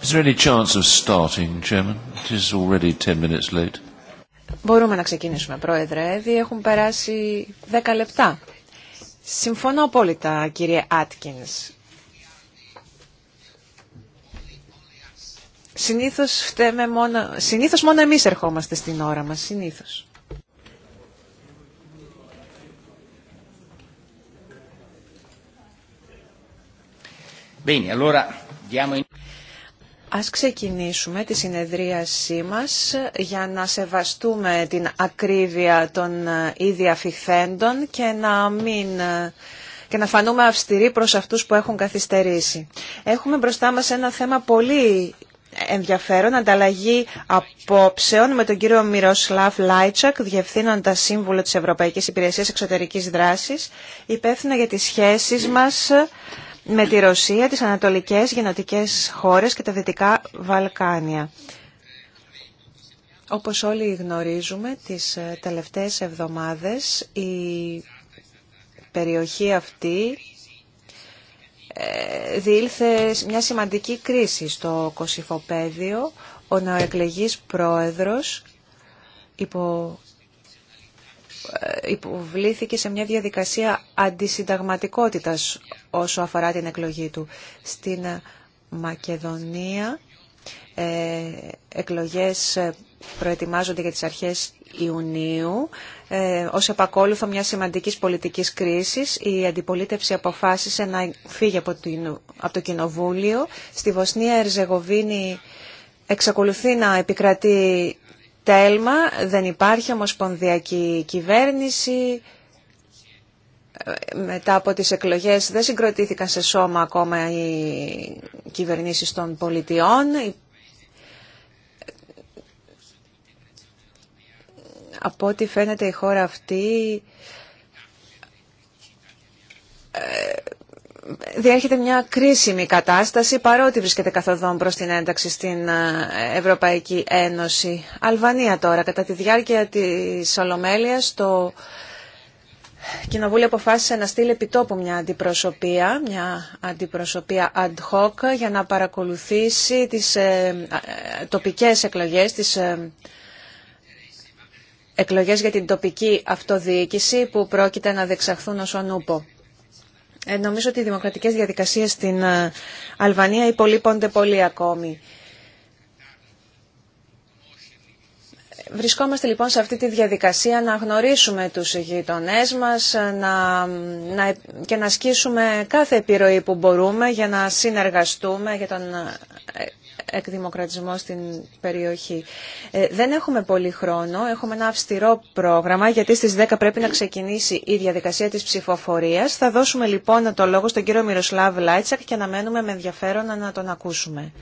Is there any chance of starting, Chairman? It is already 10 minutes late. Μπορούμε να ξεκινήσουμε, Πρόεδρε, ήδη έχουν περάσει 10 λεπτά. Συμφωνώ απόλυτα, κύριε Άτκινς. Συνήθως, φταίμε μόνο, συνήθως μόνο εμείς ερχόμαστε στην ώρα μας, συνήθως. Bene, allora diamo in... Ας ξεκινήσουμε τη συνεδρίασή μας για να σεβαστούμε την ακρίβεια των ε, ήδη και να μην ε, και να φανούμε αυστηροί προς αυτούς που έχουν καθυστερήσει. Έχουμε μπροστά μας ένα θέμα πολύ ενδιαφέρον, ανταλλαγή απόψεων με τον κύριο Μυροσλάβ Λάιτσακ, διευθύνοντα σύμβουλο της Ευρωπαϊκής Υπηρεσίας Εξωτερικής Δράσης, υπεύθυνο για τις σχέσεις μας με τη Ρωσία, τις ανατολικές γενοτικές χώρες και τα Δυτικά Βαλκάνια. Όπως όλοι γνωρίζουμε, τις ε, τελευταίες εβδομάδες η περιοχή αυτή ε, διήλθε μια σημαντική κρίση στο Κωσυφοπαίδιο. Ο νεοεκλεγής πρόεδρος υπό ε, υποβλήθηκε σε μια διαδικασία αντισυνταγματικότητας όσο αφορά την εκλογή του. Στην Μακεδονία ε, εκλογές ε, προετοιμάζονται για τις αρχές Ιουνίου. Ε, ως επακόλουθο μια σημαντικής πολιτικής κρίσης, η αντιπολίτευση αποφάσισε να φύγει από, από το Κοινοβούλιο. Στη Βοσνία Ερζεγοβίνη εξακολουθεί να επικρατεί τέλμα δεν υπάρχει ομοσπονδιακή κυβέρνηση. Μετά από τις εκλογές δεν συγκροτήθηκαν σε σώμα ακόμα οι κυβερνήσεις των πολιτιών. Από ό,τι φαίνεται η χώρα αυτή ε, διέρχεται μια κρίσιμη κατάσταση παρότι βρίσκεται καθοδόν προς την ένταξη στην ε, Ευρωπαϊκή Ένωση. Αλβανία τώρα, κατά τη διάρκεια της Ολομέλειας, το Κοινοβούλιο αποφάσισε να στείλει επιτόπου μια αντιπροσωπεία, μια αντιπροσωπεία ad hoc για να παρακολουθήσει τις ε, ε, τοπικές εκλογές, τις εκλογές για την τοπική αυτοδιοίκηση που πρόκειται να δεξαχθούν ως ονούπο. Ε, νομίζω ότι οι δημοκρατικές διαδικασίες στην ε, Αλβανία υπολείπονται πολύ ακόμη. Βρισκόμαστε λοιπόν σε αυτή τη διαδικασία να γνωρίσουμε τους γειτονές μας ε, να, να, και να ασκήσουμε κάθε επιρροή που μπορούμε για να συνεργαστούμε για τον εκδημοκρατισμό στην περιοχή. Ε, δεν έχουμε πολύ χρόνο, έχουμε ένα αυστηρό πρόγραμμα γιατί στις 10 πρέπει να ξεκινήσει η διαδικασία της ψηφοφορίας. Θα δώσουμε λοιπόν το λόγο στον κύριο Μυροσλάβ Λάιτσακ και αναμένουμε με ενδιαφέρον να τον ακούσουμε.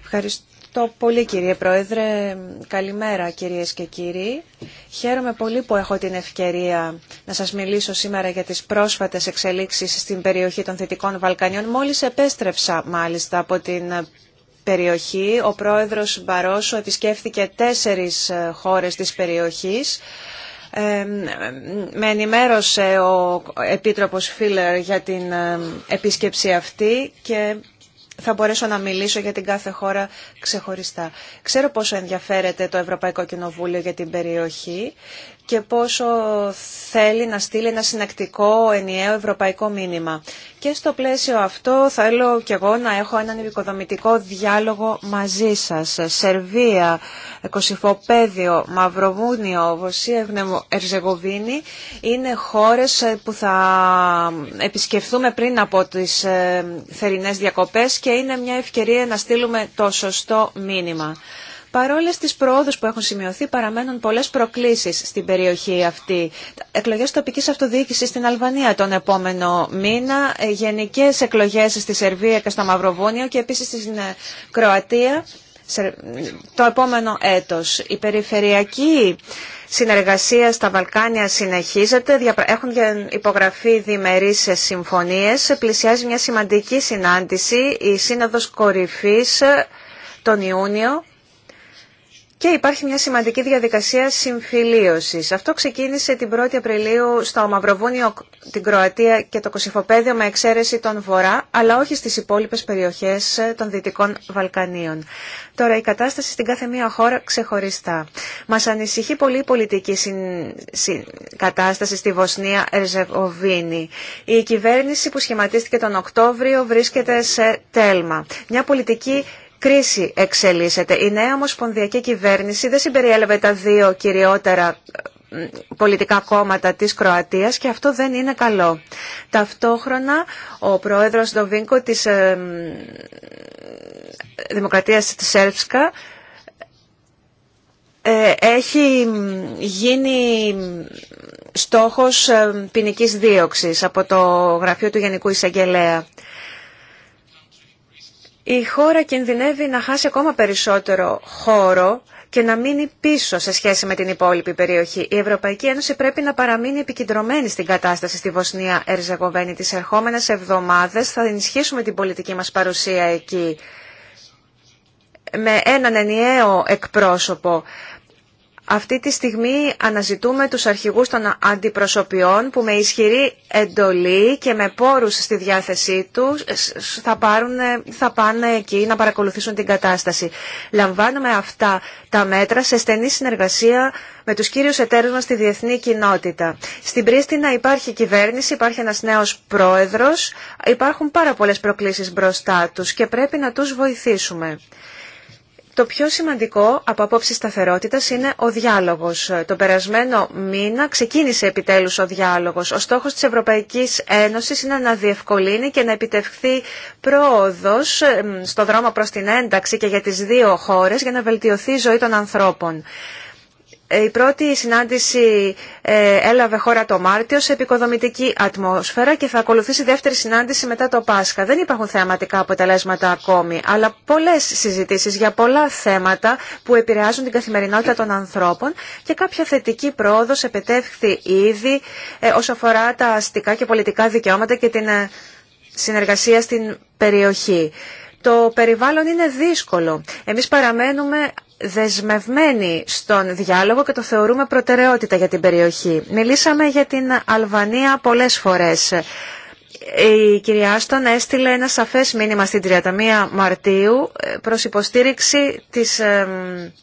Ευχαριστώ πολύ κύριε Πρόεδρε. Καλημέρα κυρίες και κύριοι. Χαίρομαι πολύ που έχω την ευκαιρία να σας μιλήσω σήμερα για τις πρόσφατες εξελίξεις στην περιοχή των Δυτικών Βαλκανιών. Μόλις επέστρεψα μάλιστα από την περιοχή. Ο πρόεδρος Μπαρόσο επισκέφθηκε τέσσερις ε, χώρες της περιοχής. Ε, με ενημέρωσε ο Επίτροπος Φίλερ για την ε, επίσκεψη αυτή και θα μπορέσω να μιλήσω για την κάθε χώρα ξεχωριστά. Ξέρω πόσο ενδιαφέρεται το Ευρωπαϊκό Κοινοβούλιο για την περιοχή και πόσο θέλει να στείλει ένα συνακτικό ενιαίο ευρωπαϊκό μήνυμα. Και στο πλαίσιο αυτό θέλω κι εγώ να έχω έναν υποδομητικό διάλογο μαζί σας. Σερβία, Κωσυφοπέδιο, Μαυροβούνιο, Βοσία, Ερζεγοβίνη είναι χώρες ε, που θα επισκεφθούμε πριν από τις ε, θερινές διακοπές και είναι μια ευκαιρία να στείλουμε το σωστό μήνυμα. Παρόλε τι προόδου που έχουν σημειωθεί, παραμένουν πολλέ προκλήσει στην περιοχή αυτή. Εκλογέ τοπική αυτοδιοίκηση στην Αλβανία τον επόμενο μήνα, ε, γενικέ εκλογέ στη Σερβία και στο Μαυροβούνιο και επίση στην ε, Κροατία ε, το επόμενο έτος. Η περιφερειακή συνεργασία στα Βαλκάνια συνεχίζεται, έχουν υπογραφεί διμερείς συμφωνίες, πλησιάζει μια σημαντική συνάντηση, η Σύνοδος Κορυφής τον Ιούνιο και υπάρχει μια σημαντική διαδικασία συμφιλίωσης. Αυτό ξεκίνησε την 1η Απριλίου στο Μαυροβούνιο, την Κροατία και το Κωσυφοπαίδιο με εξαίρεση τον Βορρά, αλλά όχι στι υπόλοιπε περιοχέ των Δυτικών Βαλκανίων. Τώρα η κατάσταση στην κάθε μία χώρα ξεχωριστά. Μας ανησυχεί πολύ η πολιτική κατάσταση στη Βοσνία Ερζεβοβίνη. Η κυβέρνηση που σχηματίστηκε τον Οκτώβριο βρίσκεται σε τέλμα. Μια χωρα ξεχωριστα μα ανησυχει πολυ η πολιτικη κατασταση στη βοσνια ερζεβοβινη η κυβερνηση που σχηματιστηκε τον οκτωβριο βρισκεται σε τελμα μια πολιτικη κρίση εξελίσσεται. Η νέα ομοσπονδιακή κυβέρνηση δεν συμπεριέλαβε τα δύο κυριότερα πολιτικά κόμματα της Κροατίας και αυτό δεν είναι καλό. Ταυτόχρονα ο πρόεδρος Ντοβίνκο της ε, Δημοκρατίας της Σέρψκα ε, έχει γίνει στόχος ε, ποινική δίωξης από το γραφείο του Γενικού Εισαγγελέα η χώρα κινδυνεύει να χάσει ακόμα περισσότερο χώρο και να μείνει πίσω σε σχέση με την υπόλοιπη περιοχή. Η Ευρωπαϊκή Ένωση πρέπει να παραμείνει επικεντρωμένη στην κατάσταση στη Βοσνία Ερζεγοβένη. Τις ερχόμενες εβδομάδες θα ενισχύσουμε την πολιτική μας παρουσία εκεί με έναν ενιαίο εκπρόσωπο αυτή τη στιγμή αναζητούμε τους αρχηγούς των αντιπροσωπιών που με ισχυρή εντολή και με πόρους στη διάθεσή τους θα, θα πάνε εκεί να παρακολουθήσουν την κατάσταση. Λαμβάνουμε αυτά τα μέτρα σε στενή συνεργασία με τους κύριους εταίρους μας στη διεθνή κοινότητα. Στην Πρίστινα υπάρχει κυβέρνηση, υπάρχει ένας νέος πρόεδρος, υπάρχουν πάρα πολλές προκλήσεις μπροστά τους και πρέπει να τους βοηθήσουμε. Το πιο σημαντικό από απόψη σταθερότητα είναι ο διάλογο. Το περασμένο μήνα ξεκίνησε επιτέλου ο διάλογο. Ο στόχο τη Ευρωπαϊκή Ένωση είναι να διευκολύνει και να επιτευχθεί πρόοδο στο δρόμο προ την ένταξη και για τι δύο χώρε για να βελτιωθεί η ζωή των ανθρώπων. Ε, η πρώτη συνάντηση ε, έλαβε χώρα το Μάρτιο σε επικοδομητική ατμόσφαιρα και θα ακολουθήσει δεύτερη συνάντηση μετά το Πάσχα. Δεν υπάρχουν θεαματικά αποτελέσματα ακόμη, αλλά πολλές συζητήσεις για πολλά θέματα που επηρεάζουν την καθημερινότητα των ανθρώπων και κάποια θετική πρόοδος επιτεύχθη ήδη ε, όσο αφορά τα αστικά και πολιτικά δικαιώματα και την συνεργασία στην περιοχή. Το περιβάλλον είναι δύσκολο. Εμείς παραμένουμε δεσμευμένοι στον διάλογο και το θεωρούμε προτεραιότητα για την περιοχή. Μιλήσαμε για την Αλβανία πολλές φορές. Η κυρία Άστον έστειλε ένα σαφές μήνυμα στην 31 Μαρτίου ε, προς υποστήριξη της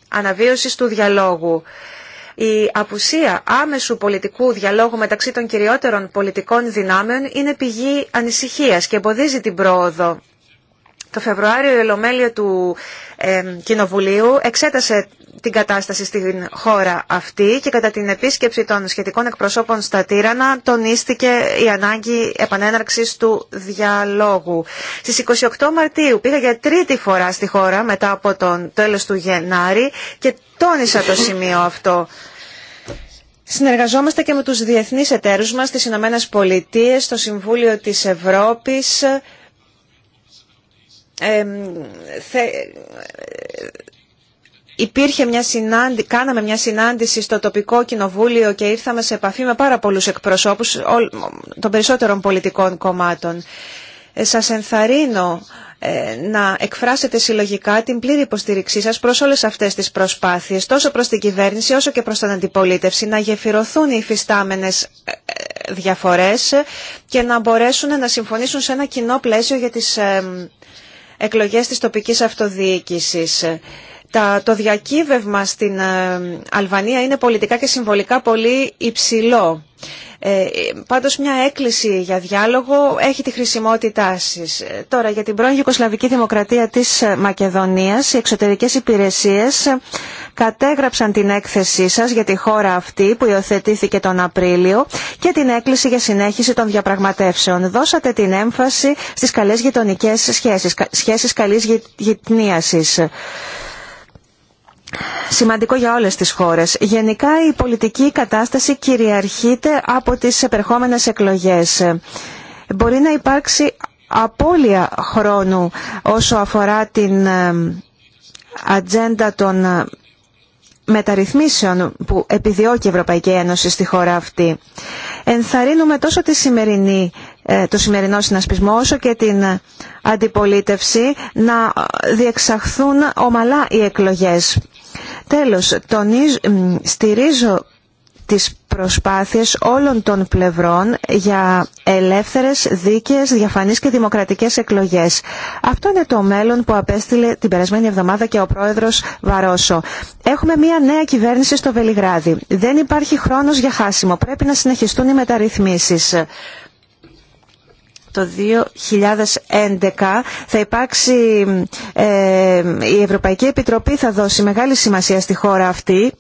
αναβίωσης του διαλόγου. Η απουσία άμεσου πολιτικού διαλόγου μεταξύ των κυριότερων πολιτικών δυνάμεων είναι πηγή ανησυχίας και εμποδίζει την πρόοδο το Φεβρουάριο η Ελομέλεια του ε, Κοινοβουλίου εξέτασε την κατάσταση στην χώρα αυτή και κατά την επίσκεψη των σχετικών εκπροσώπων στα Τύρανα τονίστηκε η ανάγκη επανέναρξης του διαλόγου. Στις 28 Μαρτίου πήγα για τρίτη φορά στη χώρα μετά από τον τέλος του Γενάρη και τόνισα το σημείο αυτό. Συνεργαζόμαστε και με τους διεθνείς εταίρους μας, τις Ηνωμένε Πολιτείες, το Συμβούλιο της Ευρώπης, ε, θε, μια κάναμε μια συνάντηση στο τοπικό κοινοβούλιο και ήρθαμε σε επαφή με πάρα πολλούς εκπροσώπους των περισσότερων πολιτικών κομμάτων. Ε, σας ενθαρρύνω ε, να εκφράσετε συλλογικά την πλήρη υποστήριξή σας προς όλες αυτές τις προσπάθειες, τόσο προς την κυβέρνηση όσο και προς την αντιπολίτευση, να γεφυρωθούν οι υφιστάμενες ε, ε, διαφορές και να μπορέσουν να συμφωνήσουν σε ένα κοινό πλαίσιο για τις εκλογές της τοπικής αυτοδιοίκησης. Το διακύβευμα στην ε, Αλβανία είναι πολιτικά και συμβολικά πολύ υψηλό. Ε, πάντως μια έκκληση για διάλογο έχει τη χρησιμότητά σας. Ε, τώρα για την πρώην Ιουκοσλαβική Δημοκρατία της Μακεδονίας οι εξωτερικές υπηρεσίες κατέγραψαν την έκθεσή σας για τη χώρα αυτή που υιοθετήθηκε τον Απρίλιο και την έκκληση για συνέχιση των διαπραγματεύσεων. Δώσατε την έμφαση στις καλές γειτονικές σχέσεις, σχέσεις καλής γειτνίασης σημαντικό για όλες τις χώρες. Γενικά η πολιτική κατάσταση κυριαρχείται από τις επερχόμενες εκλογές. Μπορεί να υπάρξει απώλεια χρόνου όσο αφορά την ε, ατζέντα των ε, μεταρρυθμίσεων που επιδιώκει η Ευρωπαϊκή Ένωση στη χώρα αυτή. Ενθαρρύνουμε τόσο τη σημερινή, ε, το σημερινό συνασπισμό όσο και την αντιπολίτευση να διεξαχθούν ομαλά οι εκλογές Τέλος, στηρίζω τις προσπάθειες όλων των πλευρών για ελεύθερες, δίκαιες, διαφανείς και δημοκρατικές εκλογές. Αυτό είναι το μέλλον που απέστειλε την περασμένη εβδομάδα και ο πρόεδρος Βαρόσο. Έχουμε μια νέα κυβέρνηση στο Βελιγράδι. Δεν υπάρχει χρόνος για χάσιμο. Πρέπει να συνεχιστούν οι μεταρρυθμίσεις το 2011 θα υπάρξει ε, η Ευρωπαϊκή Επιτροπή θα δώσει μεγάλη σημασία στη χώρα αυτή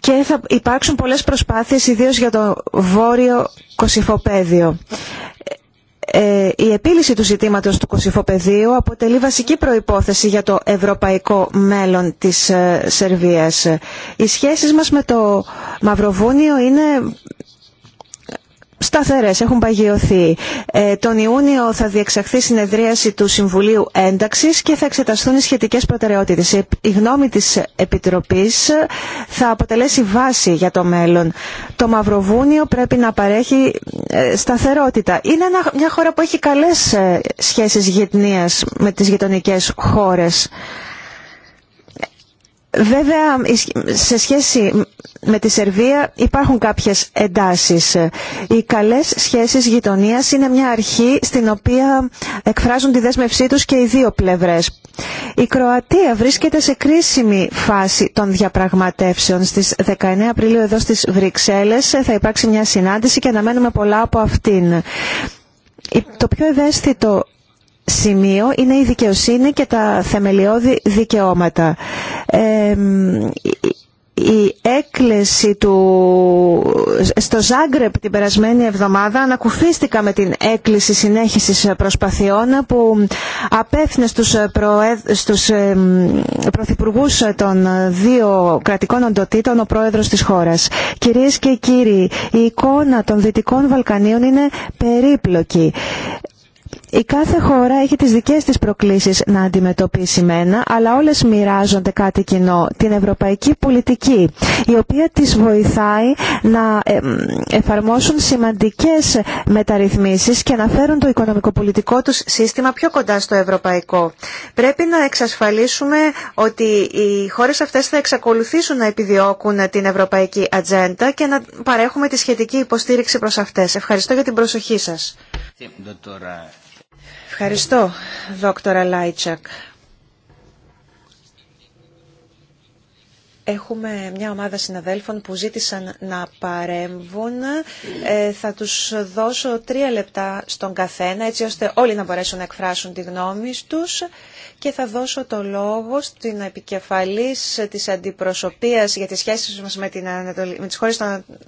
και θα υπάρξουν πολλές προσπάθειες ιδίως για το βόρειο κοσυφοπέδιο. Ε, η επίλυση του ζητήματος του κοσυφοπεδίου αποτελεί βασική προϋπόθεση για το ευρωπαϊκό μέλλον της ε, Σερβίας. Οι σχέσεις μας με το Μαυροβούνιο είναι σταθερές, έχουν παγιωθεί. Ε, τον Ιούνιο θα διεξαχθεί συνεδρίαση του Συμβουλίου Ένταξης και θα εξεταστούν οι σχετικές προτεραιότητες. Η γνώμη της Επιτροπής θα αποτελέσει βάση για το μέλλον. Το Μαυροβούνιο πρέπει να παρέχει ε, σταθερότητα. Είναι μια χώρα που έχει καλές ε, σχέσεις γειτνίας με τις γειτονικές χώρες. Βέβαια, σε σχέση με τη Σερβία υπάρχουν κάποιες εντάσεις. Οι καλές σχέσεις γειτονίας είναι μια αρχή στην οποία εκφράζουν τη δέσμευσή τους και οι δύο πλευρές. Η Κροατία βρίσκεται σε κρίσιμη φάση των διαπραγματεύσεων. Στις 19 Απριλίου εδώ στις Βρυξέλλες θα υπάρξει μια συνάντηση και αναμένουμε πολλά από αυτήν. Το πιο ευαίσθητο σημείο είναι η δικαιοσύνη και τα θεμελιώδη δικαιώματα. η έκκληση του... στο Ζάγκρεπ την περασμένη εβδομάδα ανακουφίστηκα με την έκκληση συνέχισης προσπαθειών που απέφθηνε στους, προε... στους πρωθυπουργούς των δύο κρατικών οντοτήτων ο πρόεδρος της χώρας. Κυρίες και κύριοι, η εικόνα των Δυτικών Βαλκανίων είναι περίπλοκη. Η κάθε χώρα έχει τις δικές της προκλήσεις να αντιμετωπίσει μένα, αλλά όλες μοιράζονται κάτι κοινό, την ευρωπαϊκή πολιτική, η οποία τις βοηθάει να ε, εφαρμόσουν σημαντικές μεταρρυθμίσεις και να φέρουν το οικονομικοπολιτικό τους σύστημα πιο κοντά στο ευρωπαϊκό. Πρέπει να εξασφαλίσουμε ότι οι χώρες αυτές θα εξακολουθήσουν να επιδιώκουν την ευρωπαϊκή ατζέντα και να παρέχουμε τη σχετική υποστήριξη προς αυτές. Ευχαριστώ για την προσοχή σας. Ευχαριστώ, δόκτωρα Λάιτσακ. Έχουμε μια ομάδα συναδέλφων που ζήτησαν να παρέμβουν. Ε, θα τους δώσω τρία λεπτά στον καθένα, έτσι ώστε όλοι να μπορέσουν να εκφράσουν τη γνώμη τους και θα δώσω το λόγο στην επικεφαλής της αντιπροσωπείας για τις σχέσεις μας με, την Ανατολ... με τις χώρες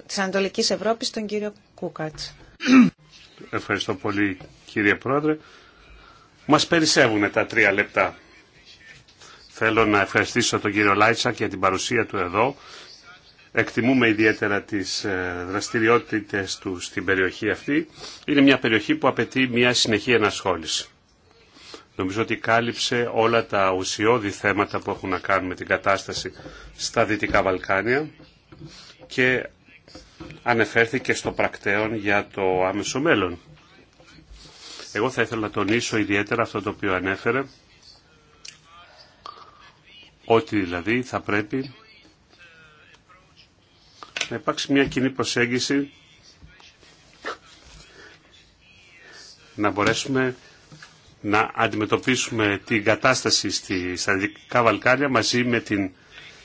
της Ανατολικής Ευρώπης, τον κύριο Κούκατ. Ευχαριστώ πολύ κύριε Πρόεδρε. Μας περισσεύουν τα τρία λεπτά. Θέλω να ευχαριστήσω τον κύριο Λάιτσακ για την παρουσία του εδώ. Εκτιμούμε ιδιαίτερα τις ε, δραστηριότητες του στην περιοχή αυτή. Είναι μια περιοχή που απαιτεί μια συνεχή ενασχόληση. Νομίζω ότι κάλυψε όλα τα ουσιώδη θέματα που έχουν να κάνουν με την κατάσταση στα Δυτικά Βαλκάνια και ανεφέρθηκε στο πρακτέον για το άμεσο μέλλον. Εγώ θα ήθελα να τονίσω ιδιαίτερα αυτό το οποίο ανέφερε, ότι δηλαδή θα πρέπει να υπάρξει μια κοινή προσέγγιση να μπορέσουμε να αντιμετωπίσουμε την κατάσταση στη Δυτικά Βαλκάνια μαζί με την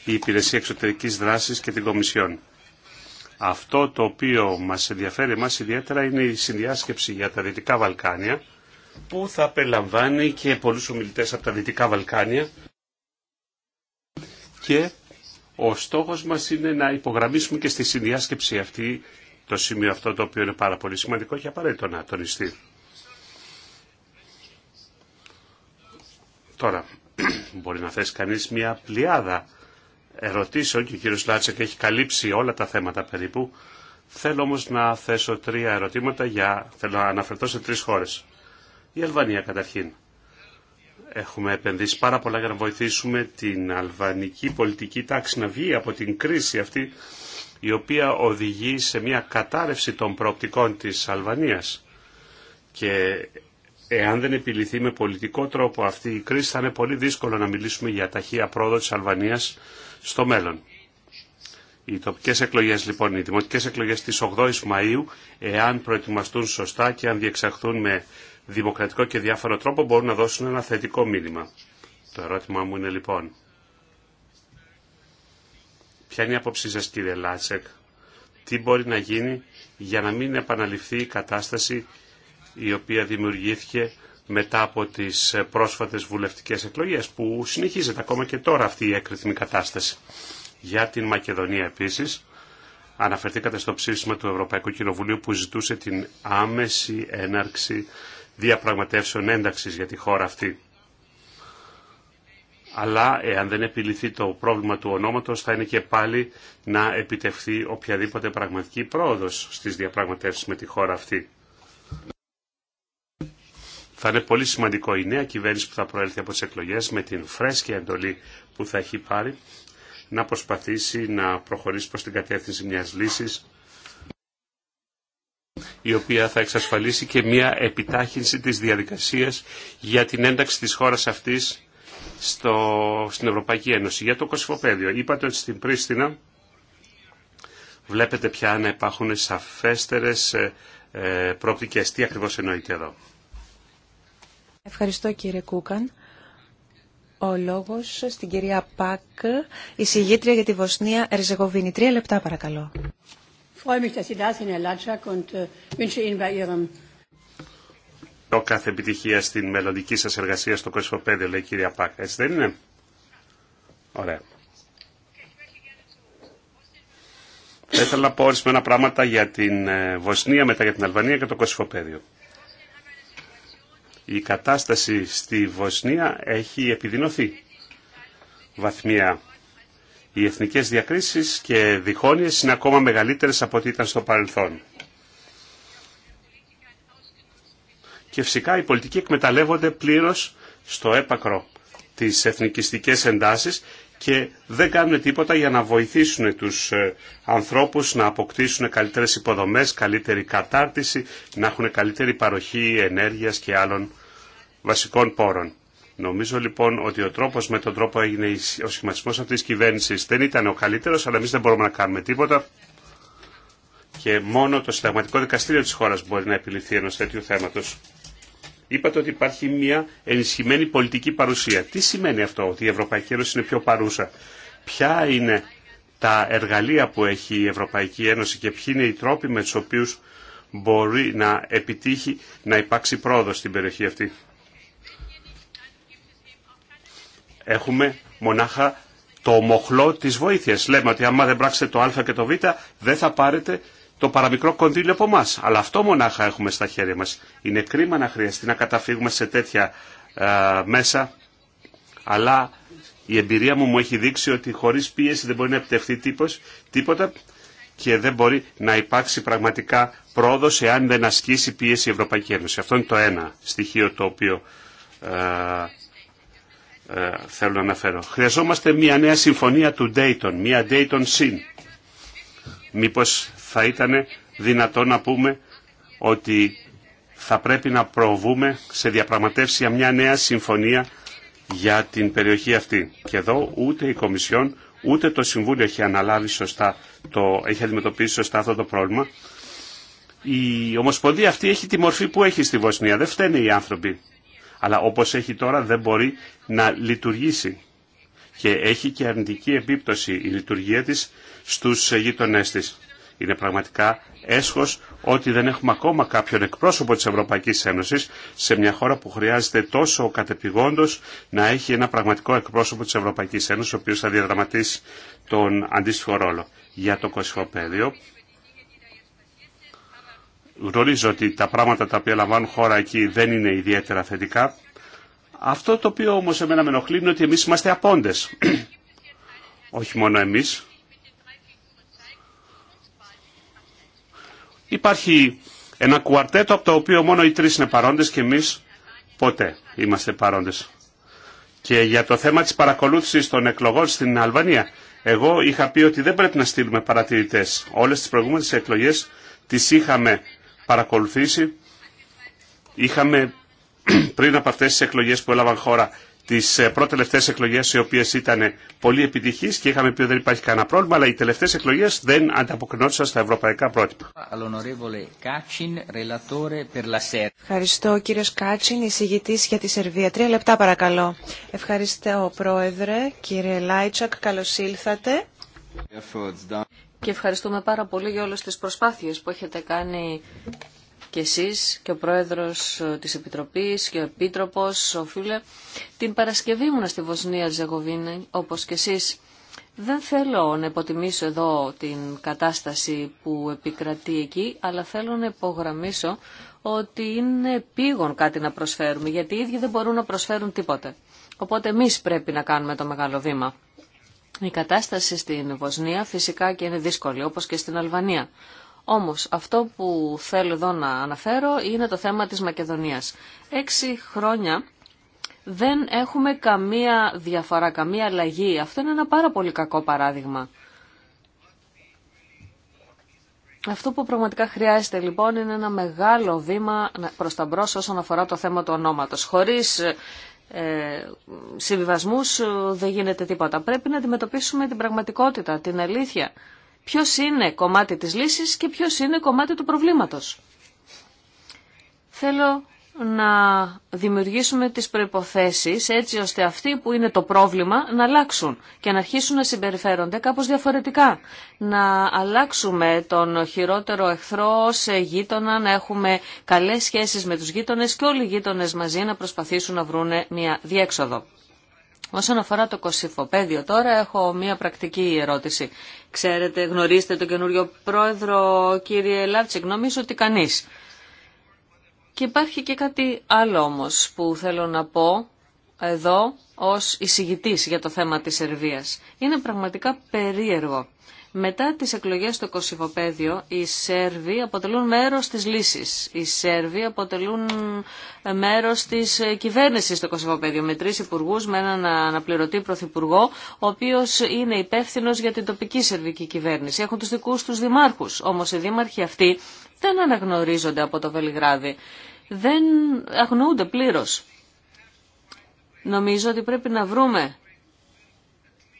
Υπηρεσία Εξωτερικής Δράσης και την Κομισιόν. Αυτό το οποίο μας ενδιαφέρει εμάς ιδιαίτερα είναι η συνδιάσκεψη για τα Δυτικά Βαλκάνια που θα περιλαμβάνει και πολλούς ομιλητές από τα Δυτικά Βαλκάνια και ο στόχος μας είναι να υπογραμμίσουμε και στη συνδιάσκεψη αυτή το σημείο αυτό το οποίο είναι πάρα πολύ σημαντικό και απαραίτητο να τονιστεί. Τώρα, μπορεί να θέσει κανείς μια πλειάδα ερωτήσεων και ο κύριος Λάτσεκ έχει καλύψει όλα τα θέματα περίπου. Θέλω όμως να θέσω τρία ερωτήματα για, θέλω να αναφερθώ σε τρεις χώρες. Η Αλβανία καταρχήν. Έχουμε επενδύσει πάρα πολλά για να βοηθήσουμε την αλβανική πολιτική τάξη να βγει από την κρίση αυτή η οποία οδηγεί σε μια κατάρρευση των προοπτικών της Αλβανίας. Και εάν δεν επιληθεί με πολιτικό τρόπο αυτή η κρίση θα είναι πολύ δύσκολο να μιλήσουμε για ταχεία πρόοδο της Αλβανίας στο μέλλον. Οι τοπικές εκλογές λοιπόν, οι δημοτικές εκλογές της 8ης Μαΐου, εάν προετοιμαστούν σωστά και αν διεξαχθούν με δημοκρατικό και διάφορο τρόπο, μπορούν να δώσουν ένα θετικό μήνυμα. Το ερώτημά μου είναι λοιπόν, ποια είναι η άποψή σας κύριε Λάτσεκ, τι μπορεί να γίνει για να μην επαναληφθεί η κατάσταση η οποία δημιουργήθηκε μετά από τις ε, πρόσφατες βουλευτικές εκλογές που συνεχίζεται ακόμα και τώρα αυτή η έκριθμη κατάσταση. Για την Μακεδονία επίσης αναφερθήκατε στο ψήφισμα του Ευρωπαϊκού Κοινοβουλίου που ζητούσε την άμεση έναρξη διαπραγματεύσεων ένταξης για τη χώρα αυτή. Αλλά εάν δεν επιληθεί το πρόβλημα του ονόματος θα είναι και πάλι να επιτευχθεί οποιαδήποτε πραγματική πρόοδος στις διαπραγματεύσεις με τη χώρα αυτή. Θα είναι πολύ σημαντικό η νέα κυβέρνηση που θα προέλθει από τις εκλογές με την φρέσκια εντολή που θα έχει πάρει να προσπαθήσει να προχωρήσει προς την κατεύθυνση μιας λύσης η οποία θα εξασφαλίσει και μια επιτάχυνση της διαδικασίας για την ένταξη της χώρας αυτής στο, στην Ευρωπαϊκή Ένωση. Για το Κωσυφοπαίδιο, είπατε ότι στην Πρίστινα βλέπετε πια να υπάρχουν σαφέστερες ε, ε Τι ακριβώς εννοείται εδώ. Ευχαριστώ κύριε Κούκαν. Ο λόγος στην κυρία Πακ, συγγήτρια για τη Βοσνία Ερζεγοβίνη. Τρία λεπτά παρακαλώ. Το äh, κάθε επιτυχία στην μελλοντική σας εργασία στο Κοσμοπέδιο, λέει η κυρία Πακ. Έτσι δεν είναι. Ωραία. Θα ήθελα να πω ορισμένα πράγματα για την ε, Βοσνία, μετά για την Αλβανία και το Κοσμοπέδιο η κατάσταση στη Βοσνία έχει επιδεινωθεί βαθμία. Οι εθνικές διακρίσεις και διχόνοιες είναι ακόμα μεγαλύτερες από ό,τι ήταν στο παρελθόν. Και φυσικά οι πολιτικοί εκμεταλλεύονται πλήρως στο έπακρο της εθνικιστικές εντάσεις και δεν κάνουν τίποτα για να βοηθήσουν τους ε, ανθρώπους να αποκτήσουν καλύτερες υποδομές, καλύτερη κατάρτιση, να έχουν καλύτερη παροχή ενέργειας και άλλων βασικών πόρων. Νομίζω λοιπόν ότι ο τρόπος με τον τρόπο έγινε ο σχηματισμός αυτής της κυβέρνηση δεν ήταν ο καλύτερος, αλλά εμεί δεν μπορούμε να κάνουμε τίποτα. Και μόνο το συνταγματικό δικαστήριο της χώρας μπορεί να επιληθεί ενό τέτοιου θέματο. Είπατε ότι υπάρχει μια ενισχυμένη πολιτική παρουσία. Τι σημαίνει αυτό, ότι η Ευρωπαϊκή Ένωση είναι πιο παρούσα. Ποια είναι τα εργαλεία που έχει η Ευρωπαϊκή Ένωση και ποιοι είναι οι τρόποι με τους οποίους μπορεί να επιτύχει να υπάρξει πρόοδο στην περιοχή αυτή. Έχουμε μονάχα το μοχλό της βοήθειας. Λέμε ότι άμα δεν πράξετε το α και το β δεν θα πάρετε το παραμικρό κονδύλιο από εμά. Αλλά αυτό μονάχα έχουμε στα χέρια μας. Είναι κρίμα να χρειαστεί να καταφύγουμε σε τέτοια ε, μέσα, αλλά η εμπειρία μου μου έχει δείξει ότι χωρίς πίεση δεν μπορεί να επιτευχθεί τίποτα και δεν μπορεί να υπάρξει πραγματικά πρόοδος εάν δεν ασκήσει πίεση η Ευρωπαϊκή Ένωση. Αυτό είναι το ένα στοιχείο το οποίο ε, ε θέλω να αναφέρω. Χρειαζόμαστε μια νέα συμφωνία του Dayton, μια Dayton Sin. Μήπως θα ήταν δυνατό να πούμε ότι θα πρέπει να προβούμε σε διαπραγματεύσει για μια νέα συμφωνία για την περιοχή αυτή. Και εδώ ούτε η Κομισιόν ούτε το Συμβούλιο έχει αναλάβει σωστά, το, έχει αντιμετωπίσει σωστά αυτό το πρόβλημα. Η Ομοσπονδία αυτή έχει τη μορφή που έχει στη Βοσνία. Δεν φταίνε οι άνθρωποι. Αλλά όπως έχει τώρα δεν μπορεί να λειτουργήσει. Και έχει και αρνητική επίπτωση η λειτουργία της στους γείτονές της. Είναι πραγματικά έσχος ότι δεν έχουμε ακόμα κάποιον εκπρόσωπο της Ευρωπαϊκής Ένωσης σε μια χώρα που χρειάζεται τόσο κατεπηγόντω να έχει ένα πραγματικό εκπρόσωπο της Ευρωπαϊκής Ένωσης ο οποίος θα διαδραματίσει τον αντίστοιχο ρόλο. Για το κοσμοπέδιο. γνωρίζω ότι τα πράγματα τα οποία λαμβάνουν χώρα εκεί δεν είναι ιδιαίτερα θετικά. Αυτό το οποίο όμως εμένα με ενοχλεί είναι ότι εμείς είμαστε απόντες. Όχι μόνο εμείς, Υπάρχει ένα κουαρτέτο από το οποίο μόνο οι τρεις είναι παρόντες και εμείς ποτέ είμαστε παρόντες. Και για το θέμα της παρακολούθησης των εκλογών στην Αλβανία, εγώ είχα πει ότι δεν πρέπει να στείλουμε παρατηρητές. Όλες τις προηγούμενες εκλογές τις είχαμε παρακολουθήσει. Είχαμε πριν από αυτές τις εκλογές που έλαβαν χώρα τι ε, προτελευταίε εκλογέ, οι οποίε ήταν πολύ επιτυχεί και είχαμε πει ότι δεν υπάρχει κανένα πρόβλημα, αλλά οι τελευταίε εκλογέ δεν ανταποκρινόντουσαν στα ευρωπαϊκά πρότυπα. Ευχαριστώ, κύριο Κάτσιν, εισηγητή για τη Σερβία. Τρία λεπτά, παρακαλώ. Ευχαριστώ, πρόεδρε, κύριε Λάιτσακ, καλώ ήλθατε. Και ευχαριστούμε πάρα πολύ για όλες τις προσπάθειες που έχετε κάνει και εσείς και ο πρόεδρος της Επιτροπής και ο Επίτροπος, ο Φίλε, την Παρασκευή να στη Βοσνία Ζεγοβίνη, όπως και εσείς. Δεν θέλω να υποτιμήσω εδώ την κατάσταση που επικρατεί εκεί, αλλά θέλω να υπογραμμίσω ότι είναι πήγον κάτι να προσφέρουμε, γιατί οι ίδιοι δεν μπορούν να προσφέρουν τίποτε. Οπότε εμείς πρέπει να κάνουμε το μεγάλο βήμα. Η κατάσταση στην Βοσνία φυσικά και είναι δύσκολη, όπως και στην Αλβανία. Όμως αυτό που θέλω εδώ να αναφέρω είναι το θέμα της Μακεδονίας. Έξι χρόνια δεν έχουμε καμία διαφορά, καμία αλλαγή. Αυτό είναι ένα πάρα πολύ κακό παράδειγμα. Αυτό που πραγματικά χρειάζεται λοιπόν είναι ένα μεγάλο βήμα προς τα μπρος όσον αφορά το θέμα του ονόματος. Χωρίς ε, συμβιβασμούς ε, δεν γίνεται τίποτα. Πρέπει να αντιμετωπίσουμε την πραγματικότητα, την αλήθεια ποιος είναι κομμάτι της λύσης και ποιος είναι κομμάτι του προβλήματος. Θέλω να δημιουργήσουμε τις προϋποθέσεις έτσι ώστε αυτοί που είναι το πρόβλημα να αλλάξουν και να αρχίσουν να συμπεριφέρονται κάπως διαφορετικά. Να αλλάξουμε τον χειρότερο εχθρό σε γείτονα, να έχουμε καλές σχέσεις με τους γείτονες και όλοι οι γείτονες μαζί να προσπαθήσουν να βρουν μια διέξοδο. Όσον αφορά το κοσυφοπέδιο τώρα έχω μια πρακτική ερώτηση. Ξέρετε, γνωρίζετε τον καινούριο πρόεδρο κύριε Λάβτσικ, νομίζω ότι κανείς. Και υπάρχει και κάτι άλλο όμως που θέλω να πω εδώ ως εισηγητής για το θέμα της Σερβίας. Είναι πραγματικά περίεργο μετά τις εκλογές στο Κωσιβοπέδιο, οι Σέρβοι αποτελούν μέρος της λύσης. Οι Σέρβοι αποτελούν ε, μέρος της ε, κυβέρνησης στο Κωσιβοπέδιο με τρεις υπουργού, με έναν αναπληρωτή πρωθυπουργό, ο οποίος είναι υπεύθυνο για την τοπική σερβική κυβέρνηση. Έχουν τους δικούς τους δημάρχους, όμως οι δήμαρχοι αυτοί δεν αναγνωρίζονται από το Βελιγράδι. Δεν αγνοούνται πλήρως. Νομίζω ότι πρέπει να βρούμε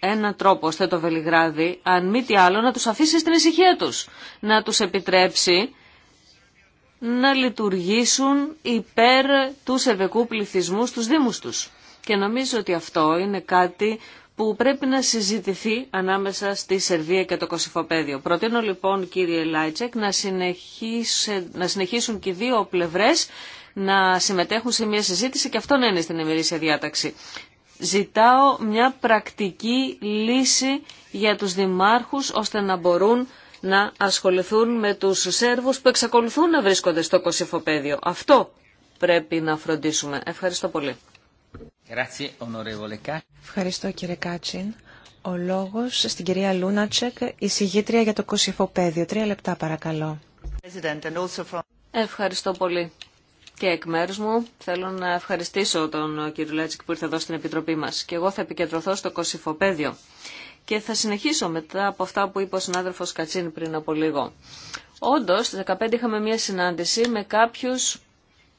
ένα τρόπο ώστε το Βελιγράδι, αν μη τι άλλο, να τους αφήσει στην ησυχία τους. Να τους επιτρέψει να λειτουργήσουν υπέρ του σεβεκού πληθυσμού στους δήμους τους. Και νομίζω ότι αυτό είναι κάτι που πρέπει να συζητηθεί ανάμεσα στη Σερβία και το Κωσυφοπαίδιο. Προτείνω λοιπόν κύριε Λάιτσεκ να, να συνεχίσουν και οι δύο πλευρές να συμμετέχουν σε μια συζήτηση και αυτό να είναι στην ημερήσια διάταξη ζητάω μια πρακτική λύση για τους δημάρχους ώστε να μπορούν να ασχοληθούν με τους Σέρβους που εξακολουθούν να βρίσκονται στο κοσυφοπαίδιο. Αυτό πρέπει να φροντίσουμε. Ευχαριστώ πολύ. Ευχαριστώ κύριε Κάτσιν. Ο λόγος στην κυρία Λούνατσεκ, εισηγήτρια για το κοσυφοπαίδιο. Τρία λεπτά παρακαλώ. Ευχαριστώ πολύ και εκ μέρους μου θέλω να ευχαριστήσω τον κύριο Λέτσικ που ήρθε εδώ στην Επιτροπή μας. Και εγώ θα επικεντρωθώ στο Κωσυφοπαίδιο. Και θα συνεχίσω μετά από αυτά που είπε ο συνάδελφος Κατσίν πριν από λίγο. Όντως, στις 15 είχαμε μια συνάντηση με κάποιους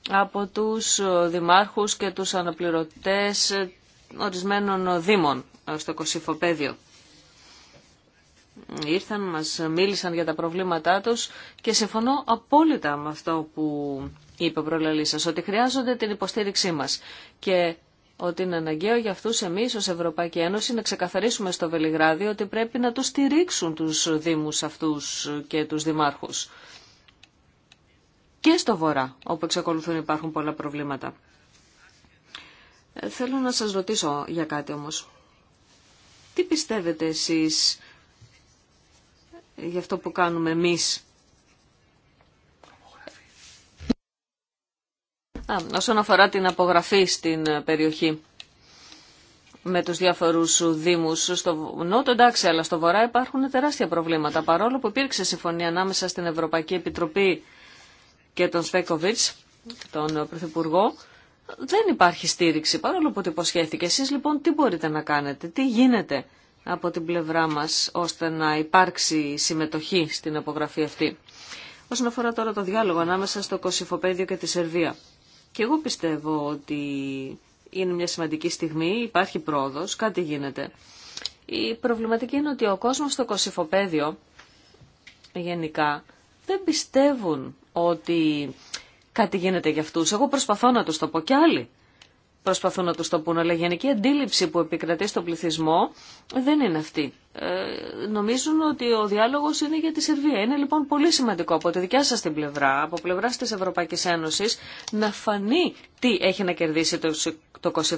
από τους δημάρχους και τους αναπληρωτές ορισμένων δήμων στο Κωσυφοπαίδιο. Ήρθαν, μας μίλησαν για τα προβλήματά τους και συμφωνώ απόλυτα με αυτό που είπε ο προλαλής ότι χρειάζονται την υποστήριξή μας και ότι είναι αναγκαίο για αυτού εμεί ω Ευρωπαϊκή Ένωση να ξεκαθαρίσουμε στο Βελιγράδι ότι πρέπει να του στηρίξουν τους δήμους αυτούς και τους δημάρχους. Και στο Βορρά, όπου εξακολουθούν υπάρχουν πολλά προβλήματα. Ε, θέλω να σας ρωτήσω για κάτι όμως. Τι πιστεύετε εσείς για αυτό που κάνουμε εμείς Α, όσον αφορά την απογραφή στην ε, περιοχή με τους διάφορους δήμους στο νότο, εντάξει, αλλά στο βορρά υπάρχουν τεράστια προβλήματα. Παρόλο που υπήρξε συμφωνία ανάμεσα στην Ευρωπαϊκή Επιτροπή και τον Σφέκοβιτς, τον ε, Πρωθυπουργό, δεν υπάρχει στήριξη, παρόλο που υποσχέθηκε. Εσείς λοιπόν τι μπορείτε να κάνετε, τι γίνεται από την πλευρά μας ώστε να υπάρξει συμμετοχή στην απογραφή αυτή. Όσον αφορά τώρα το διάλογο ανάμεσα στο Κωσυφοπαίδιο και τη Σερβία. Και εγώ πιστεύω ότι είναι μια σημαντική στιγμή, υπάρχει πρόοδος, κάτι γίνεται. Η προβληματική είναι ότι ο κόσμος στο κοσυφοπαίδιο γενικά δεν πιστεύουν ότι κάτι γίνεται για αυτούς. Εγώ προσπαθώ να τους το πω κι άλλοι προσπαθούν να του το πούν, αλλά η γενική αντίληψη που επικρατεί στον πληθυσμό δεν είναι αυτή. Ε, νομίζουν ότι ο διάλογο είναι για τη Σερβία. Είναι λοιπόν πολύ σημαντικό από τη δικιά σα την πλευρά, από πλευρά τη Ευρωπαϊκή Ένωση να φανεί τι έχει να κερδίσει το,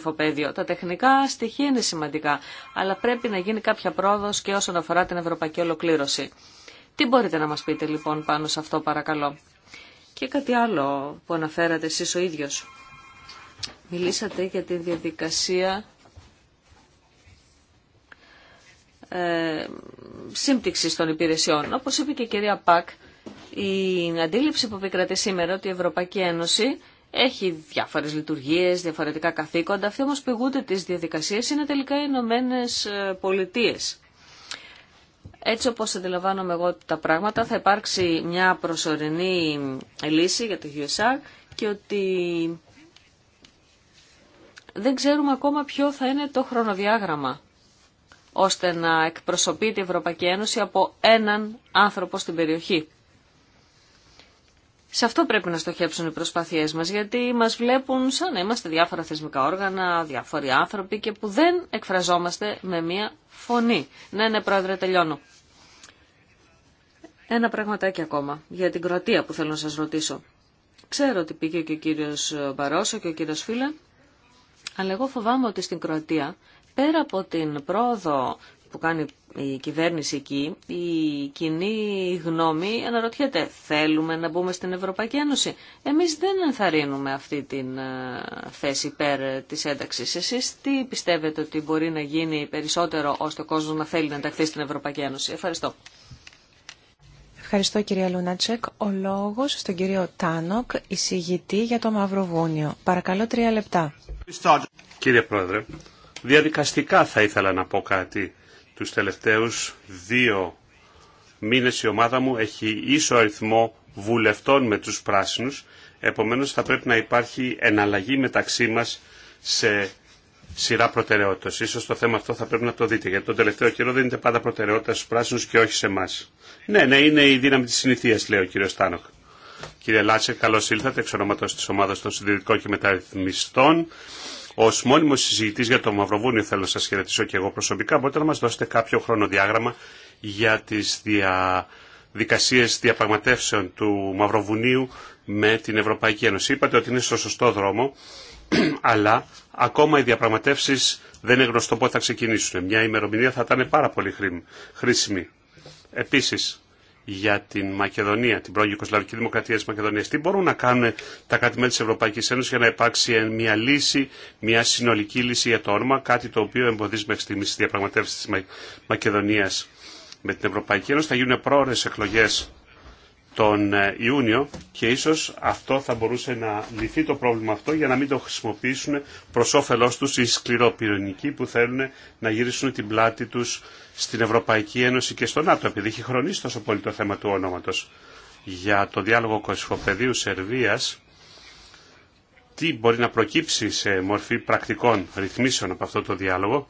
το πεδίο. Τα τεχνικά στοιχεία είναι σημαντικά, αλλά πρέπει να γίνει κάποια πρόοδο και όσον αφορά την ευρωπαϊκή ολοκλήρωση. Τι μπορείτε να μα πείτε λοιπόν πάνω σε αυτό παρακαλώ. Και κάτι άλλο που αναφέρατε εσεί ο ίδιο. Μιλήσατε για τη διαδικασία ε, σύμπτυξης των υπηρεσιών. Όπως είπε και η κυρία Πακ, η αντίληψη που επικρατεί σήμερα ότι η Ευρωπαϊκή Ένωση έχει διάφορες λειτουργίες, διαφορετικά καθήκοντα, αυτοί όμως πηγούνται τις διαδικασίες, είναι τελικά οι Ηνωμένε Πολιτείε. Έτσι όπως αντιλαμβάνομαι εγώ τα πράγματα, θα υπάρξει μια προσωρινή λύση για το USR και ότι δεν ξέρουμε ακόμα ποιο θα είναι το χρονοδιάγραμμα ώστε να εκπροσωπεί την Ευρωπαϊκή Ένωση από έναν άνθρωπο στην περιοχή. Σε αυτό πρέπει να στοχεύσουν οι προσπάθειές μας, γιατί μας βλέπουν σαν να είμαστε διάφορα θεσμικά όργανα, διάφοροι άνθρωποι και που δεν εκφραζόμαστε με μία φωνή. Ναι, ναι, πρόεδρε, τελειώνω. Ένα πραγματάκι ακόμα για την Κροατία που θέλω να σας ρωτήσω. Ξέρω ότι πήγε και ο κύριος Μπαρόσο και ο κύριος Φίλαν αλλά εγώ φοβάμαι ότι στην Κροατία, πέρα από την πρόοδο που κάνει η κυβέρνηση εκεί, η κοινή γνώμη αναρωτιέται, θέλουμε να μπούμε στην Ευρωπαϊκή Ένωση. Εμείς δεν ενθαρρύνουμε αυτή την ε, θέση υπέρ ε, της ένταξης. Εσείς τι πιστεύετε ότι μπορεί να γίνει περισσότερο ώστε ο κόσμος να θέλει να ενταχθεί στην Ευρωπαϊκή Ένωση. Ευχαριστώ. Ευχαριστώ κυρία Λούνατσεκ. Ο λόγος στον κύριο Τάνοκ, εισηγητή για το Μαυροβούνιο. Παρακαλώ τρία λεπτά. Κύριε Πρόεδρε, διαδικαστικά θα ήθελα να πω κάτι. Τους τελευταίους δύο μήνες η ομάδα μου έχει ίσο αριθμό βουλευτών με τους πράσινους, επομένως θα πρέπει να υπάρχει εναλλαγή μεταξύ μας σε σειρά προτεραιότητα. Ίσως το θέμα αυτό θα πρέπει να το δείτε, γιατί το τελευταίο καιρό δεν πάντα προτεραιότητα στους πράσινους και όχι σε εμά. Ναι, ναι, είναι η δύναμη της συνηθίας, λέει ο κύριος Τάνοκ. Κύριε Λάτσερ, καλώ ήλθατε εξ ονόματο τη ομάδα των συντηρητικών και μεταρρυθμιστών. Ω μόνιμο συζητητή για το Μαυροβούνιο, θέλω να σα χαιρετήσω και εγώ προσωπικά. Μπορείτε να μα δώσετε κάποιο χρονοδιάγραμμα για τι διαδικασίε διαπραγματεύσεων του Μαυροβουνίου με την Ευρωπαϊκή Ένωση. Είπατε ότι είναι στο σωστό δρόμο, αλλά ακόμα οι διαπραγματεύσει δεν είναι γνωστό πότε θα ξεκινήσουν. Μια ημερομηνία θα ήταν πάρα πολύ χρήσιμη. Επίση, για την Μακεδονία, την πρώην Ιουκοσλαβική Δημοκρατία τη Μακεδονία. Τι μπορούν να κάνουν τα κάτι μέλη της Ευρωπαϊκής Ένωσης για να υπάρξει μια λύση, μια συνολική λύση για το όνομα, κάτι το οποίο εμποδίζει μέχρι στιγμή τη διαπραγματεύσεις της Μακεδονίας με την Ευρωπαϊκή Ένωση. Θα γίνουν πρόορε εκλογέ τον ε, Ιούνιο και ίσω αυτό θα μπορούσε να λυθεί το πρόβλημα αυτό για να μην το χρησιμοποιήσουν προ όφελό του οι σκληροπυρηνικοί που θέλουν να γυρίσουν την πλάτη του στην Ευρωπαϊκή Ένωση και στο ΝΑΤΟ, επειδή έχει χρονίσει τόσο πολύ το θέμα του ονόματος για το διάλογο κοσφοπεδίου Σερβίας, τι μπορεί να προκύψει σε μορφή πρακτικών ρυθμίσεων από αυτό το διάλογο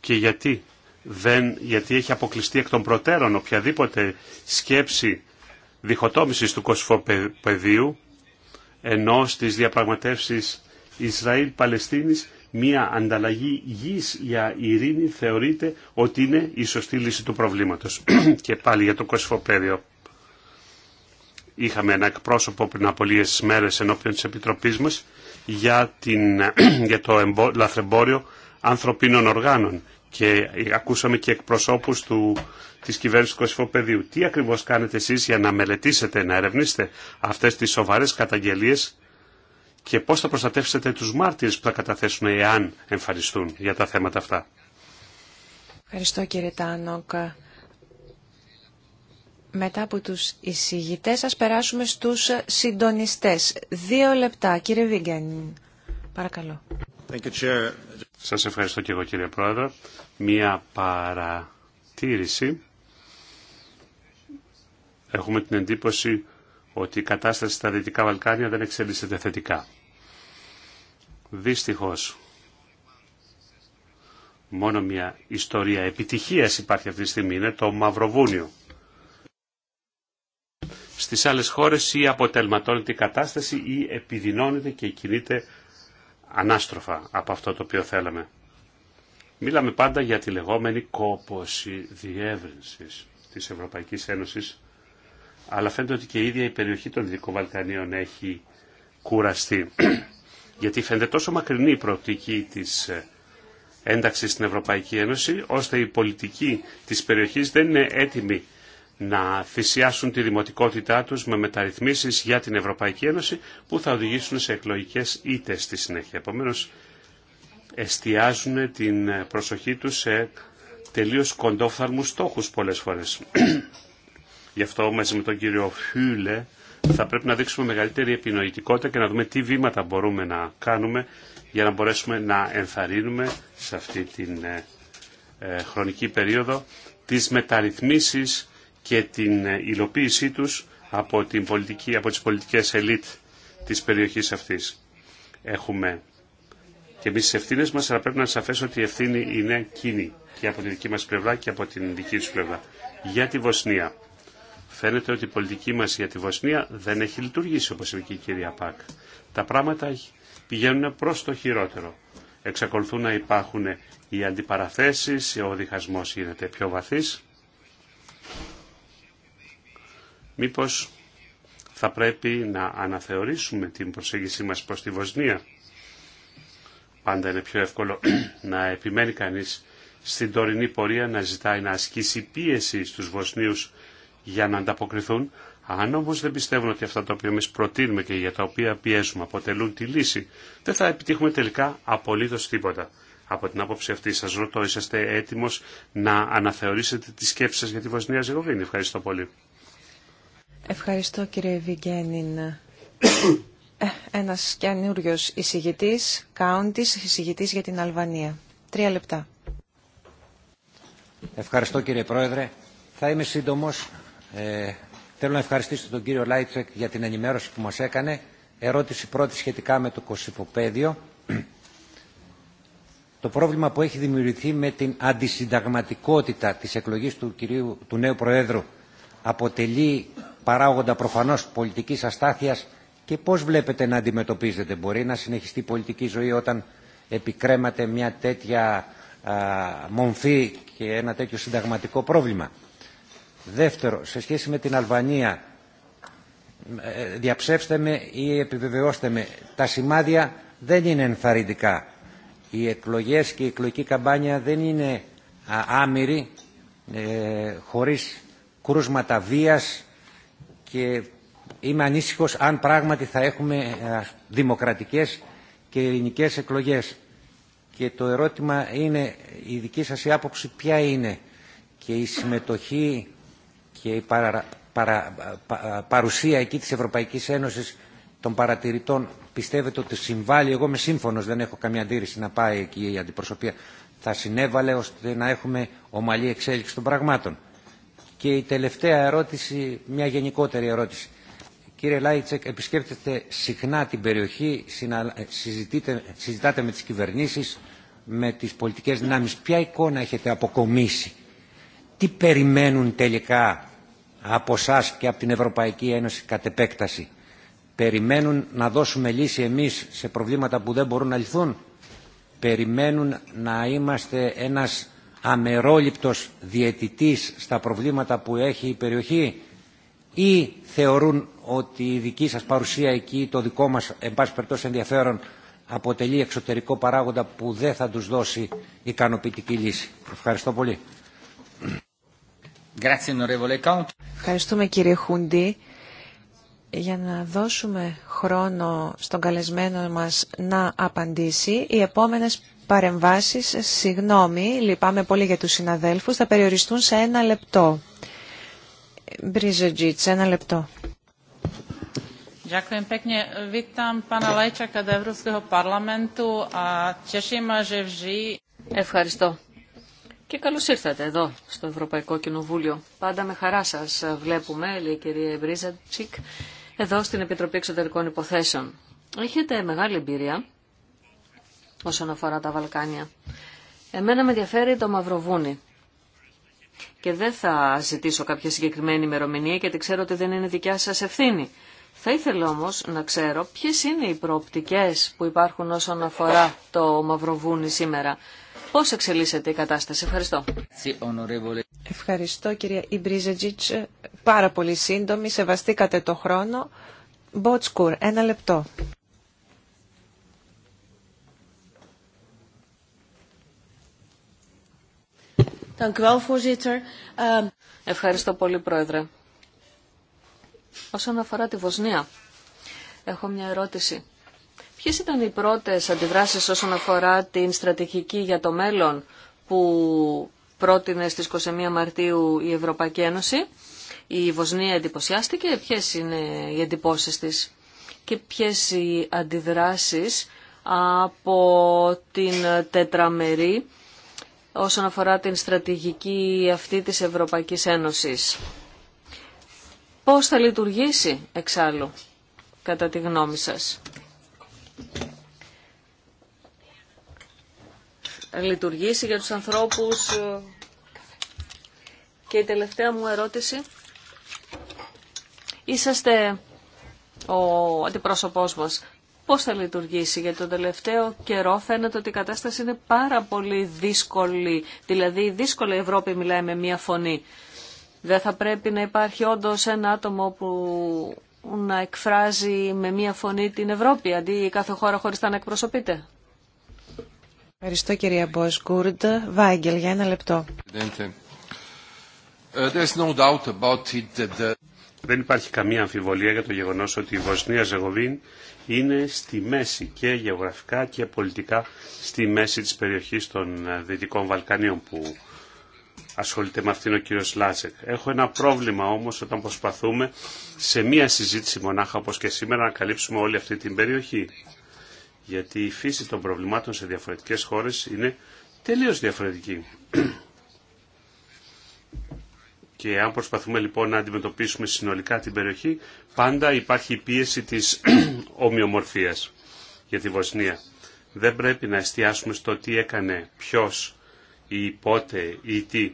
και γιατί, δεν, γιατί έχει αποκλειστεί εκ των προτέρων οποιαδήποτε σκέψη διχοτόμησης του κοσφοπεδίου ενώ στις διαπραγματεύσεις Ισραήλ-Παλαιστίνης μια ανταλλαγή γης για ειρήνη θεωρείται ότι είναι η σωστή λύση του προβλήματος. και πάλι για το κοσφοπέδιο. Είχαμε ένα εκπρόσωπο πριν από λίγε μέρες ενώπιον της Επιτροπής μας για, για το λαθρεμπόριο ανθρωπίνων οργάνων και ακούσαμε και εκπροσώπους του, της κυβέρνησης του Κωσυφοπεδίου. Τι ακριβώς κάνετε εσείς για να μελετήσετε, να ερευνήσετε αυτές τις σοβαρές καταγγελίες και πώς θα προστατεύσετε τους μάρτυρες που θα καταθέσουν εάν εμφανιστούν για τα θέματα αυτά. Ευχαριστώ κύριε Τάνοκ. Μετά από τους εισηγητές σας περάσουμε στους συντονιστές. Δύο λεπτά. Κύριε Βίγκεν. παρακαλώ. σας ευχαριστώ και εγώ κύριε πρόεδρε. Μία παρατήρηση. Έχουμε την εντύπωση ότι η κατάσταση στα Δυτικά Βαλκάνια δεν εξελίσσεται θετικά. Δυστυχώς, μόνο μια ιστορία επιτυχίας υπάρχει αυτή τη στιγμή, είναι το Μαυροβούνιο. Στις άλλες χώρες ή αποτελματώνεται η κατάσταση ή επιδεινώνεται και κινείται ανάστροφα από αυτό το οποίο θέλαμε. Μίλαμε πάντα για τη λεγόμενη κόποση διεύρυνσης της Ευρωπαϊκής Ένωσης αλλά φαίνεται ότι και η ίδια η περιοχή των Δυτικών Βαλκανίων έχει κουραστεί. Γιατί φαίνεται τόσο μακρινή η προοπτική της ε, ένταξης στην Ευρωπαϊκή Ένωση, ώστε η πολιτική της περιοχής δεν είναι έτοιμη να θυσιάσουν τη δημοτικότητά τους με μεταρρυθμίσεις για την Ευρωπαϊκή Ένωση που θα οδηγήσουν σε εκλογικές ήττες στη συνέχεια. Επομένως, εστιάζουν την προσοχή τους σε τελείως κοντόφθαρμους στόχους πολλές φορές. Γι' αυτό μαζί με τον κύριο Φιούλε θα πρέπει να δείξουμε μεγαλύτερη επινοητικότητα και να δούμε τι βήματα μπορούμε να κάνουμε για να μπορέσουμε να ενθαρρύνουμε σε αυτή την ε, ε, χρονική περίοδο τις μεταρρυθμίσεις και την ε, υλοποίησή τους από, την πολιτική, από τις πολιτικές ελίτ της περιοχής αυτής. Έχουμε και εμεί τι ευθύνε μα, αλλά πρέπει να σαφές ότι η ευθύνη είναι κοινή και από τη δική μα πλευρά και από την δική του πλευρά. Για τη Βοσνία. Φαίνεται ότι η πολιτική μας για τη Βοσνία δεν έχει λειτουργήσει, όπως είπε και η κυρία Πακ. Τα πράγματα πηγαίνουν προς το χειρότερο. Εξακολουθούν να υπάρχουν οι αντιπαραθέσεις, ο διχασμός γίνεται πιο βαθύς. Μήπως θα πρέπει να αναθεωρήσουμε την προσέγγιση μας προς τη Βοσνία. Πάντα είναι πιο εύκολο να επιμένει κανείς στην τωρινή πορεία να ζητάει να ασκήσει πίεση στους Βοσνίους για να ανταποκριθούν. Αν όμω δεν πιστεύουν ότι αυτά τα οποία εμεί προτείνουμε και για τα οποία πιέζουμε αποτελούν τη λύση, δεν θα επιτύχουμε τελικά απολύτω τίποτα. Από την άποψη αυτή σας ρωτώ, είσαστε έτοιμος να αναθεωρήσετε τη σκέψη σας για τη Βοσνία Ζεγοβίνη. Ευχαριστώ πολύ. Ευχαριστώ κύριε Βιγγένιν. Ε, ένας καινούριο εισηγητής, Κάουντης, εισηγητής για την Αλβανία. Τρία λεπτά. Ευχαριστώ κύριε Πρόεδρε. Θα είμαι σύντομο. Ε, θέλω να ευχαριστήσω τον κύριο Λάιτσεκ για την ενημέρωση που μας έκανε. Ερώτηση πρώτη σχετικά με το κοσυφοπαίδιο. Το πρόβλημα που έχει δημιουργηθεί με την αντισυνταγματικότητα της εκλογής του, του νέου Προέδρου αποτελεί παράγοντα προφανώς πολιτικής αστάθειας και πώς βλέπετε να αντιμετωπίζετε. Μπορεί να συνεχιστεί η πολιτική ζωή όταν επικρέμαται μια τέτοια α, και ένα τέτοιο συνταγματικό πρόβλημα. Δεύτερο, σε σχέση με την Αλβανία, ε, διαψεύστε με ή επιβεβαιώστε με, τα σημάδια δεν είναι ενθαρρυντικά. Οι εκλογές και η εκλογική καμπάνια δεν είναι άμυροι, ε, χωρίς κρούσματα βίας και είμαι ανήσυχος αν πράγματι θα έχουμε ε, δημοκρατικές και ελληνικές εκλογές. Και το ερώτημα είναι, η δική σας η άποψη ποια είναι και η συμμετοχή και η παρα, παρουσία εκεί της Ευρωπαϊκής Ένωσης των παρατηρητών πιστεύετε ότι συμβάλλει, εγώ είμαι σύμφωνος, δεν έχω καμία αντίρρηση να πάει εκεί η αντιπροσωπεία, θα συνέβαλε ώστε να έχουμε ομαλή εξέλιξη των πραγμάτων. Και η τελευταία ερώτηση, μια γενικότερη ερώτηση. Κύριε Λάιτσεκ, επισκέπτεστε συχνά την περιοχή, ε, συζητάτε με τις κυβερνήσεις, με τις πολιτικές δυνάμεις. Ποια εικόνα έχετε αποκομίσει. Τι περιμένουν τελικά από εσά και από την Ευρωπαϊκή Ένωση κατ' επέκταση περιμένουν να δώσουμε λύση εμείς σε προβλήματα που δεν μπορούν να λυθούν. Περιμένουν να είμαστε ένας αμερόληπτος διαιτητής στα προβλήματα που έχει η περιοχή ή θεωρούν ότι η δική σας παρουσία εκεί, το δικό μας εν πάση περιπτώσει ενδιαφέρον αποτελεί εξωτερικό παράγοντα που δεν θα τους δώσει ικανοποιητική λύση. Ευχαριστώ πολύ. Ευχαριστούμε κύριε Χούντι. Για να δώσουμε χρόνο στον καλεσμένο μας να απαντήσει, οι επόμενες παρεμβάσεις, συγγνώμη, λυπάμαι πολύ για τους συναδέλφους, θα περιοριστούν σε ένα λεπτό. ένα λεπτό. Ďakujem pána do parlamentu a ma, že Ευχαριστώ. Και καλώς ήρθατε εδώ στο Ευρωπαϊκό Κοινοβούλιο. Πάντα με χαρά σας βλέπουμε, λέει η κυρία Μπρίζατσικ, εδώ στην Επιτροπή Εξωτερικών Υποθέσεων. Έχετε μεγάλη εμπειρία όσον αφορά τα Βαλκάνια. Εμένα με ενδιαφέρει το Μαυροβούνι. Και δεν θα ζητήσω κάποια συγκεκριμένη ημερομηνία γιατί ξέρω ότι δεν είναι δικιά σα ευθύνη. Θα ήθελα όμω να ξέρω ποιε είναι οι προοπτικέ που υπάρχουν όσον αφορά το Μαυροβούνι σήμερα. Πώ εξελίσσεται η κατάσταση. Ευχαριστώ. Ευχαριστώ κυρία Ιμπρίζετζιτ. Πάρα πολύ σύντομη. Σεβαστήκατε το χρόνο. Μπότσκουρ, ένα λεπτό. Ehm, Ευχαριστώ πολύ, Πρόεδρε. Όσον αφορά τη Βοσνία, έχω μια ερώτηση. Ποιε ήταν οι πρώτε αντιδράσεις όσον αφορά την στρατηγική για το μέλλον που πρότεινε στι 21 Μαρτίου η Ευρωπαϊκή Ένωση. Η Βοσνία εντυπωσιάστηκε. ποιε είναι οι εντυπωσει τη και ποιες οι αντιδράσεις από την τετραμερή όσον αφορά την στρατηγική αυτή της Ευρωπαϊκής Ένωσης. Πώς θα λειτουργήσει εξάλλου, κατά τη γνώμη σας λειτουργήσει για τους ανθρώπους. Και η τελευταία μου ερώτηση. Είσαστε ο αντιπρόσωπός μας. Πώς θα λειτουργήσει, γιατί τον τελευταίο καιρό φαίνεται ότι η κατάσταση είναι πάρα πολύ δύσκολη. Δηλαδή, δύσκολη η Ευρώπη μιλάει με μία φωνή. Δεν θα πρέπει να υπάρχει όντω ένα άτομο που να εκφράζει με μία φωνή την Ευρώπη, αντί κάθε χώρα χωριστά να εκπροσωπείται. Ευχαριστώ κυρία Μποσκούρντ. Βάγγελ, για ένα λεπτό. Ε, Δεν υπάρχει καμία αμφιβολία για το γεγονός ότι η Βοσνία Ζεγοβίν είναι στη μέση και γεωγραφικά και πολιτικά στη μέση της περιοχής των ε, Δυτικών Βαλκανίων που ασχολείται με αυτήν ο κύριο Λάτσεκ. Έχω ένα πρόβλημα όμως όταν προσπαθούμε σε μία συζήτηση μονάχα όπω και σήμερα να καλύψουμε όλη αυτή την περιοχή. Γιατί η φύση των προβλημάτων σε διαφορετικές χώρες είναι τελείως διαφορετική. Και αν προσπαθούμε λοιπόν να αντιμετωπίσουμε συνολικά την περιοχή, πάντα υπάρχει η πίεση τη ομοιομορφία για τη Βοσνία. Δεν πρέπει να εστιάσουμε στο τι έκανε ποιο ή πότε ή τι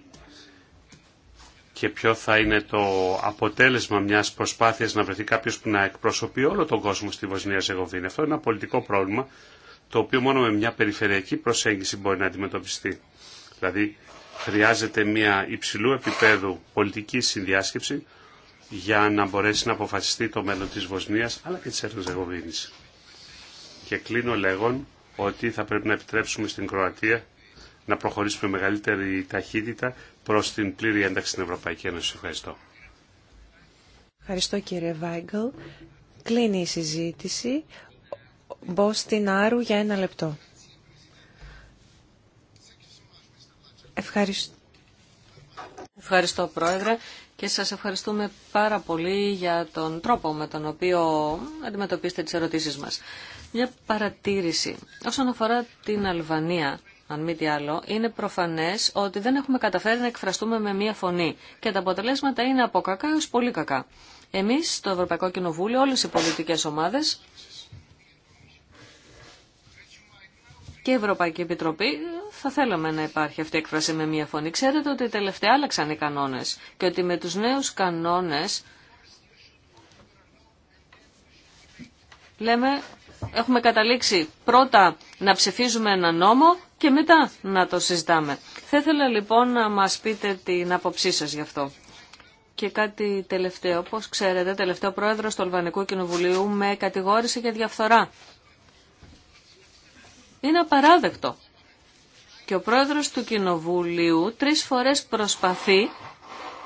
και ποιο θα είναι το αποτέλεσμα μιας προσπάθειας να βρεθεί κάποιος που να εκπροσωπεί όλο τον κόσμο στη Βοσνία Ζεγοβίνη. Αυτό είναι ένα πολιτικό πρόβλημα το οποίο μόνο με μια περιφερειακή προσέγγιση μπορεί να αντιμετωπιστεί. Δηλαδή χρειάζεται μια υψηλού επίπεδου πολιτική συνδιάσκεψη για να μπορέσει να αποφασιστεί το μέλλον της Βοσνίας αλλά και της Ερζεγοβίνης. Και κλείνω λέγον ότι θα πρέπει να επιτρέψουμε στην Κροατία να προχωρήσουμε με μεγαλύτερη ταχύτητα προς την πλήρη ένταξη στην Ευρωπαϊκή Ένωση. Ευχαριστώ. Ευχαριστώ κύριε Βάγκελ. Κλείνει η συζήτηση. στην Άρου για ένα λεπτό. Ευχαριστώ. Ευχαριστώ Πρόεδρε και σας ευχαριστούμε πάρα πολύ για τον τρόπο με τον οποίο αντιμετωπίσετε τις ερωτήσεις μας. Μια παρατήρηση. Όσον αφορά την Αλβανία, αν μη τι άλλο, είναι προφανέ ότι δεν έχουμε καταφέρει να εκφραστούμε με μία φωνή και τα αποτελέσματα είναι από κακά έω πολύ κακά. Εμεί, το Ευρωπαϊκό Κοινοβούλιο, όλε οι πολιτικέ ομάδε. και η Ευρωπαϊκή Επιτροπή θα θέλαμε να υπάρχει αυτή η έκφραση με μία φωνή. Ξέρετε ότι τελευταία άλλαξαν οι κανόνες και ότι με τους νέους κανόνες λέμε έχουμε καταλήξει πρώτα να ψηφίζουμε ένα νόμο και μετά να το συζητάμε. Θα ήθελα λοιπόν να μας πείτε την άποψή σας γι' αυτό. Και κάτι τελευταίο, όπως ξέρετε, τελευταίο πρόεδρος του Αλβανικού Κοινοβουλίου με κατηγόρησε για διαφθορά. Είναι απαράδεκτο. Και ο πρόεδρος του Κοινοβουλίου τρεις φορές προσπαθεί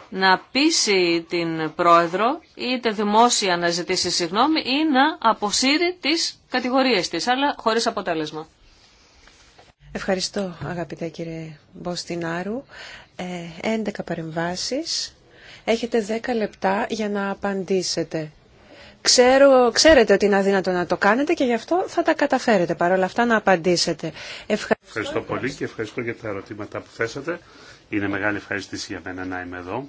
να πείσει την πρόεδρο είτε δημόσια να ζητήσει συγγνώμη ή να αποσύρει τις κατηγορίες της, αλλά χωρίς αποτέλεσμα. Ευχαριστώ αγαπητέ κύριε Μποστινάρου. 11 ε, παρεμβάσεις. Έχετε 10 λεπτά για να απαντήσετε. Ξέρω, ξέρετε ότι είναι αδύνατο να το κάνετε και γι' αυτό θα τα καταφέρετε παρόλα αυτά να απαντήσετε. Ευχαριστώ, πολύ και ευχαριστώ για τα ερωτήματα που θέσατε. Είναι μεγάλη ευχαριστήση για μένα να είμαι εδώ.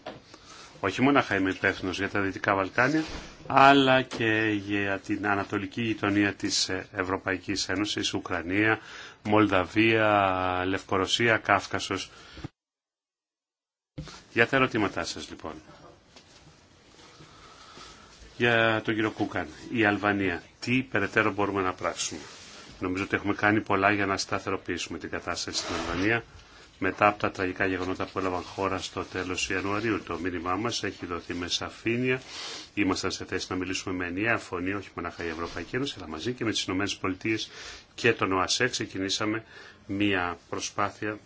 Όχι μόνο είμαι υπεύθυνο για τα Δυτικά Βαλκάνια, αλλά και για την ανατολική γειτονία της Ευρωπαϊκής Ένωσης, Ουκρανία, Μολδαβία, Λευκορωσία, Κάφκασος. Για τα ερωτήματά σας λοιπόν. Για τον κύριο Κούκαν, η Αλβανία, τι περαιτέρω μπορούμε να πράξουμε. Νομίζω ότι έχουμε κάνει πολλά για να σταθεροποιήσουμε την κατάσταση στην Αλβανία μετά από τα τραγικά γεγονότα που έλαβαν χώρα στο τέλος Ιανουαρίου. Το μήνυμά μας έχει δοθεί με σαφήνεια. Ήμασταν σε θέση να μιλήσουμε με ενιαία φωνή, όχι μόνο η Ευρωπαϊκή Ένωση, αλλά μαζί και με τις ΗΠΑ και τον ΟΑΣΕ. Ξεκινήσαμε μία προσπάθεια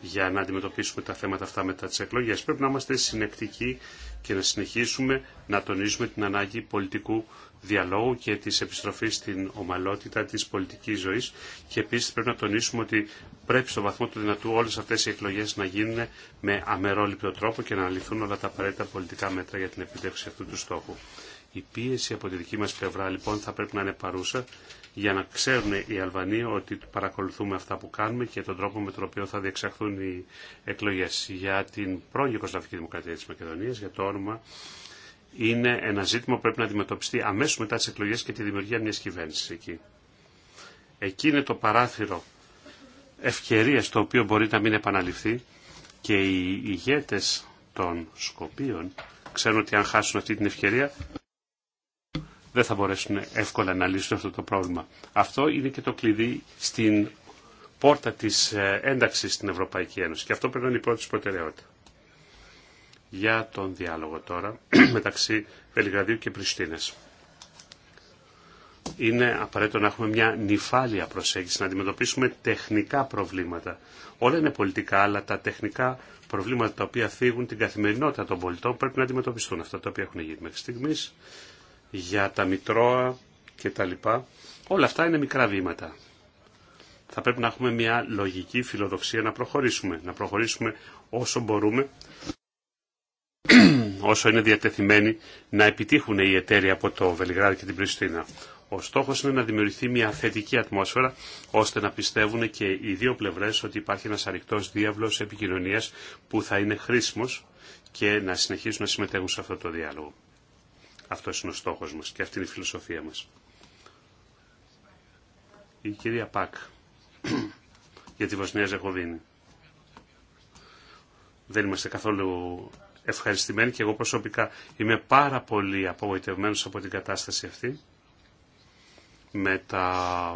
για να αντιμετωπίσουμε τα θέματα αυτά μετά τις εκλογές. Πρέπει να είμαστε συνεκτικοί και να συνεχίσουμε να τονίζουμε την ανάγκη πολιτικού διαλόγου και της επιστροφής στην ομαλότητα της πολιτικής ζωής και επίσης πρέπει να τονίσουμε ότι πρέπει στο βαθμό του δυνατού όλες αυτές οι εκλογές να γίνουν με αμερόληπτο τρόπο και να αναλυθούν όλα τα απαραίτητα πολιτικά μέτρα για την επιτεύξη αυτού του στόχου. Η πίεση από τη δική μας πλευρά λοιπόν θα πρέπει να είναι παρούσα για να ξέρουν οι Αλβανοί ότι παρακολουθούμε αυτά που κάνουμε και τον τρόπο με τον οποίο θα διεξαχθούν οι εκλογές. Για την πρώην Ιουκοσλαβική Δημοκρατία της Μακεδονίας, για το όνομα είναι ένα ζήτημα που πρέπει να αντιμετωπιστεί αμέσως μετά τις εκλογές και τη δημιουργία μιας κυβέρνησης εκεί. Εκεί είναι το παράθυρο ευκαιρίας το οποίο μπορεί να μην επαναληφθεί και οι ηγέτες των Σκοπίων ξέρουν ότι αν χάσουν αυτή την ευκαιρία δεν θα μπορέσουν εύκολα να λύσουν αυτό το πρόβλημα. Αυτό είναι και το κλειδί στην πόρτα της ε, ένταξης στην Ευρωπαϊκή Ένωση και αυτό πρέπει να είναι η πρώτη προτεραιότητα για τον διάλογο τώρα μεταξύ Βελιγραδίου και Πριστίνες. Είναι απαραίτητο να έχουμε μια νυφάλια προσέγγιση, να αντιμετωπίσουμε τεχνικά προβλήματα. Όλα είναι πολιτικά, αλλά τα τεχνικά προβλήματα τα οποία φύγουν την καθημερινότητα των πολιτών πρέπει να αντιμετωπιστούν. Αυτά τα οποία έχουν γίνει μέχρι στιγμή για τα μητρώα κτλ. Όλα αυτά είναι μικρά βήματα. Θα πρέπει να έχουμε μια λογική φιλοδοξία να προχωρήσουμε. Να προχωρήσουμε όσο μπορούμε όσο είναι διατεθειμένοι να επιτύχουν οι εταίροι από το Βελιγράδι και την Πριστίνα. Ο στόχος είναι να δημιουργηθεί μια θετική ατμόσφαιρα ώστε να πιστεύουν και οι δύο πλευρές ότι υπάρχει ένας αρρηκτός διάβλος επικοινωνίας που θα είναι χρήσιμος και να συνεχίσουν να συμμετέχουν σε αυτό το διάλογο. Αυτό είναι ο στόχος μας και αυτή είναι η φιλοσοφία μας. Η κυρία Πακ για τη Βοσνία Ζεχοβίνη. Δεν είμαστε καθόλου ευχαριστημένοι και εγώ προσωπικά είμαι πάρα πολύ απογοητευμένος από την κατάσταση αυτή με τα,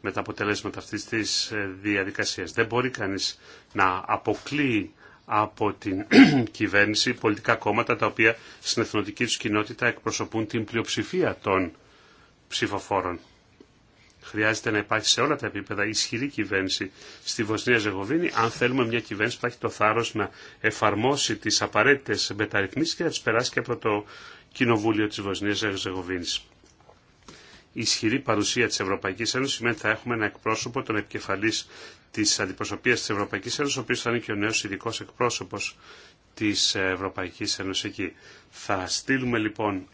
με τα αποτελέσματα αυτής της ε, διαδικασίας. Δεν μπορεί κανείς να αποκλείει από την κυβέρνηση πολιτικά κόμματα τα οποία στην εθνοτική τους κοινότητα εκπροσωπούν την πλειοψηφία των ψηφοφόρων. Χρειάζεται να υπάρχει σε όλα τα επίπεδα ισχυρή κυβέρνηση στη Βοσνία Ζεγοβίνη, αν θέλουμε μια κυβέρνηση που θα έχει το θάρρο να εφαρμόσει τι απαραίτητε μεταρρυθμίσει και να τι περάσει και από το Κοινοβούλιο τη Βοσνία Ζεγοβίνη. Η ισχυρή παρουσία τη Ευρωπαϊκή Ένωση σημαίνει ότι θα έχουμε ένα εκπρόσωπο, τον επικεφαλή τη αντιπροσωπεία τη Ευρωπαϊκή Ένωση, ο οποίο θα είναι και ο νέο ειδικό εκπρόσωπο τη Ευρωπαϊκή Ένωση εκεί. Θα στείλουμε λοιπόν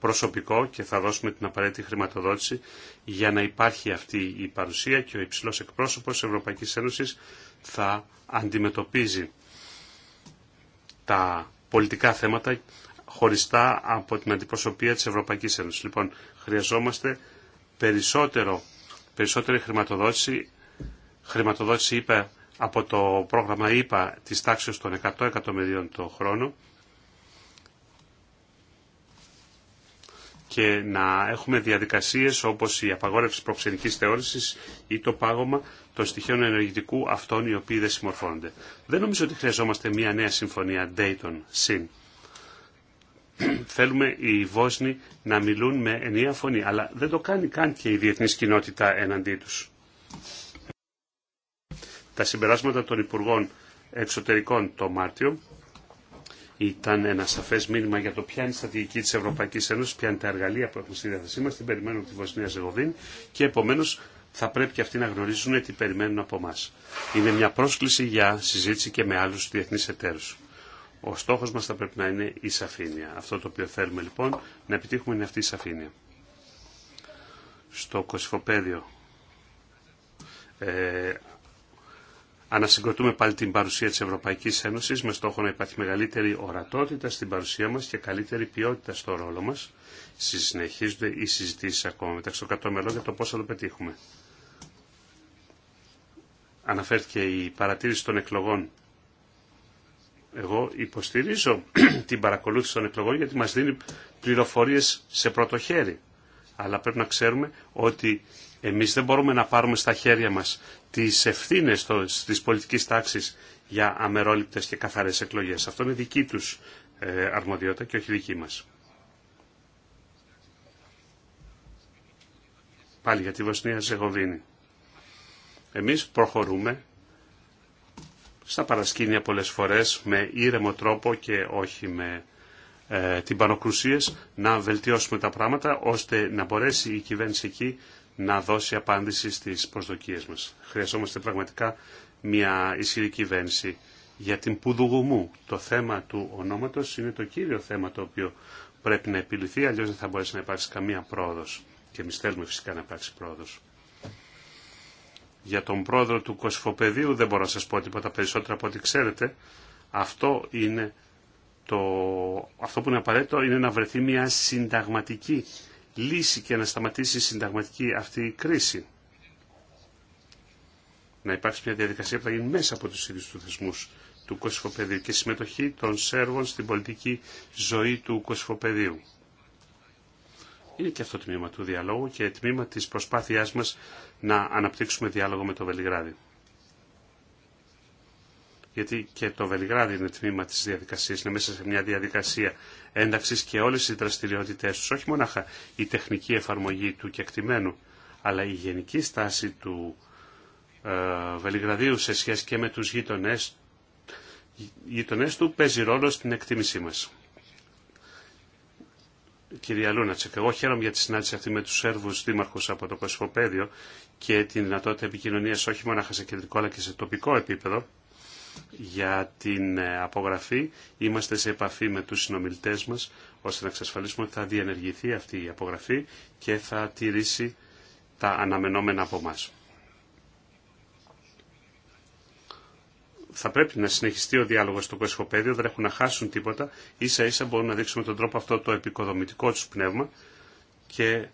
προσωπικό και θα δώσουμε την απαραίτητη χρηματοδότηση για να υπάρχει αυτή η παρουσία και ο υψηλός εκπρόσωπος της Ευρωπαϊκής Ένωσης θα αντιμετωπίζει τα πολιτικά θέματα χωριστά από την αντιπροσωπεία της Ευρωπαϊκής Ένωσης. Λοιπόν, χρειαζόμαστε περισσότερο, περισσότερη χρηματοδότηση, χρηματοδότηση είπε, από το πρόγραμμα ΕΙΠΑ της τάξης των 100 εκατομμυρίων το χρόνο και να έχουμε διαδικασίες όπως η απαγόρευση προξενικής θεώρησης ή το πάγωμα των στοιχείων ενεργητικού αυτών οι οποίοι δεν συμμορφώνονται. Δεν νομίζω ότι χρειαζόμαστε μια νέα συμφωνία Dayton Sin. Θέλουμε οι Βόσνοι να μιλούν με ενιαία φωνή, αλλά δεν το κάνει καν και η διεθνής κοινότητα εναντί τους. Τα συμπεράσματα των Υπουργών Εξωτερικών το Μάρτιο ήταν ένα σαφέ μήνυμα για το ποια είναι η στρατηγική τη Ευρωπαϊκή Ένωση, ποια είναι τα εργαλεία που έχουμε στη διάθεσή μα, την περιμένουν από τη Βοσνία Ζεγοβίνη και επομένω θα πρέπει και αυτοί να γνωρίζουν τι περιμένουν από εμά. Είναι μια πρόσκληση για συζήτηση και με άλλου διεθνεί εταίρου. Ο στόχο μα θα πρέπει να είναι η σαφήνεια. Αυτό το οποίο θέλουμε λοιπόν να επιτύχουμε είναι αυτή η σαφήνεια. Στο κοσυφοπαίδιο. ε, ανασυγκροτούμε πάλι την παρουσία της Ευρωπαϊκής Ένωσης με στόχο να υπάρχει μεγαλύτερη ορατότητα στην παρουσία μας και καλύτερη ποιότητα στο ρόλο μας. Συνεχίζονται οι συζητήσεις ακόμα μεταξύ των 100 μελών για το πώς θα το πετύχουμε. Αναφέρθηκε η παρατήρηση των εκλογών. Εγώ υποστηρίζω την παρακολούθηση των εκλογών γιατί μας δίνει πληροφορίες σε πρώτο χέρι. Αλλά πρέπει να ξέρουμε ότι εμείς δεν μπορούμε να πάρουμε στα χέρια μας τις ευθύνες της πολιτικής τάξης για αμερόληπτες και καθαρές εκλογές. Αυτό είναι δική τους ε, αρμοδιότητα και όχι δική μας. Πάλι για τη Βοσνία Ζεγοβίνη. Εμείς προχωρούμε στα παρασκήνια πολλές φορές με ήρεμο τρόπο και όχι με ε, την πανοκρουσίες να βελτιώσουμε τα πράγματα ώστε να μπορέσει η κυβέρνηση εκεί να δώσει απάντηση στις προσδοκίες μας. Χρειαζόμαστε πραγματικά μια ισχυρή κυβέρνηση για την Πουδουγουμού. Το θέμα του ονόματος είναι το κύριο θέμα το οποίο πρέπει να επιληθεί, αλλιώς δεν θα μπορέσει να υπάρξει καμία πρόοδος. Και εμεί θέλουμε φυσικά να υπάρξει πρόοδος. Για τον πρόεδρο του Κοσφοπεδίου δεν μπορώ να σας πω τίποτα περισσότερο από ό,τι ξέρετε. Αυτό, είναι το... Αυτό που είναι απαραίτητο είναι να βρεθεί μια συνταγματική Λύση και να σταματήσει η συνταγματική αυτή η κρίση. Να υπάρξει μια διαδικασία που θα γίνει μέσα από τους ίδιους του θεσμούς του και συμμετοχή των Σέρβων στην πολιτική ζωή του κωσφοπεδίου. Είναι και αυτό το τμήμα του διαλόγου και τμήμα της προσπάθειάς μας να αναπτύξουμε διάλογο με το Βελιγράδι γιατί και το Βελιγράδι είναι τμήμα της διαδικασίας, είναι μέσα σε μια διαδικασία ένταξης και όλες οι δραστηριότητές τους, όχι μόνο η τεχνική εφαρμογή του κεκτημένου, αλλά η γενική στάση του ε, Βελιγραδίου σε σχέση και με τους γείτονές, γείτονές του παίζει ρόλο στην εκτίμησή μας. Κυρία Λούνατσεκ, εγώ χαίρομαι για τη συνάντηση αυτή με τους Σέρβους δήμαρχους από το Κοσμοπέδιο και τη δυνατότητα επικοινωνίας όχι μόνο σε κεντρικό αλλά και σε τοπικό επίπεδο για την ε, απογραφή. Είμαστε σε επαφή με τους συνομιλητές μας ώστε να εξασφαλίσουμε ότι θα διενεργηθεί αυτή η απογραφή και θα τηρήσει τα αναμενόμενα από εμά. Θα πρέπει να συνεχιστεί ο διάλογος στο κοσχοπέδιο, δεν έχουν να χάσουν τίποτα. Ίσα ίσα μπορούν να δείξουμε τον τρόπο αυτό το επικοδομητικό τους πνεύμα και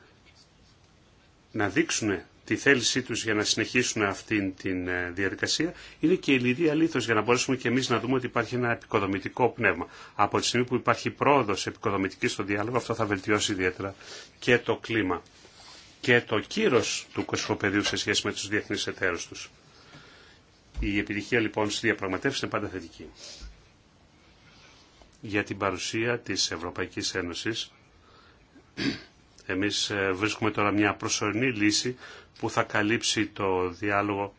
να δείξουν τη θέλησή τους για να συνεχίσουν αυτήν την ε, διαδικασία είναι και η λυδία λίθος για να μπορέσουμε και εμείς να δούμε ότι υπάρχει ένα επικοδομητικό πνεύμα. Από τη στιγμή που υπάρχει πρόοδος επικοδομητική στο διάλογο αυτό θα βελτιώσει ιδιαίτερα και το κλίμα και το κύρος του κοσμοπεδίου σε σχέση με τους διεθνείς εταίρους τους. Η επιτυχία λοιπόν στη διαπραγματεύση είναι πάντα θετική. Για την παρουσία της Ευρωπαϊκής Ένωσης εμείς ε, βρίσκουμε τώρα μια προσωρινή λύση που θα καλύψει το διάλογο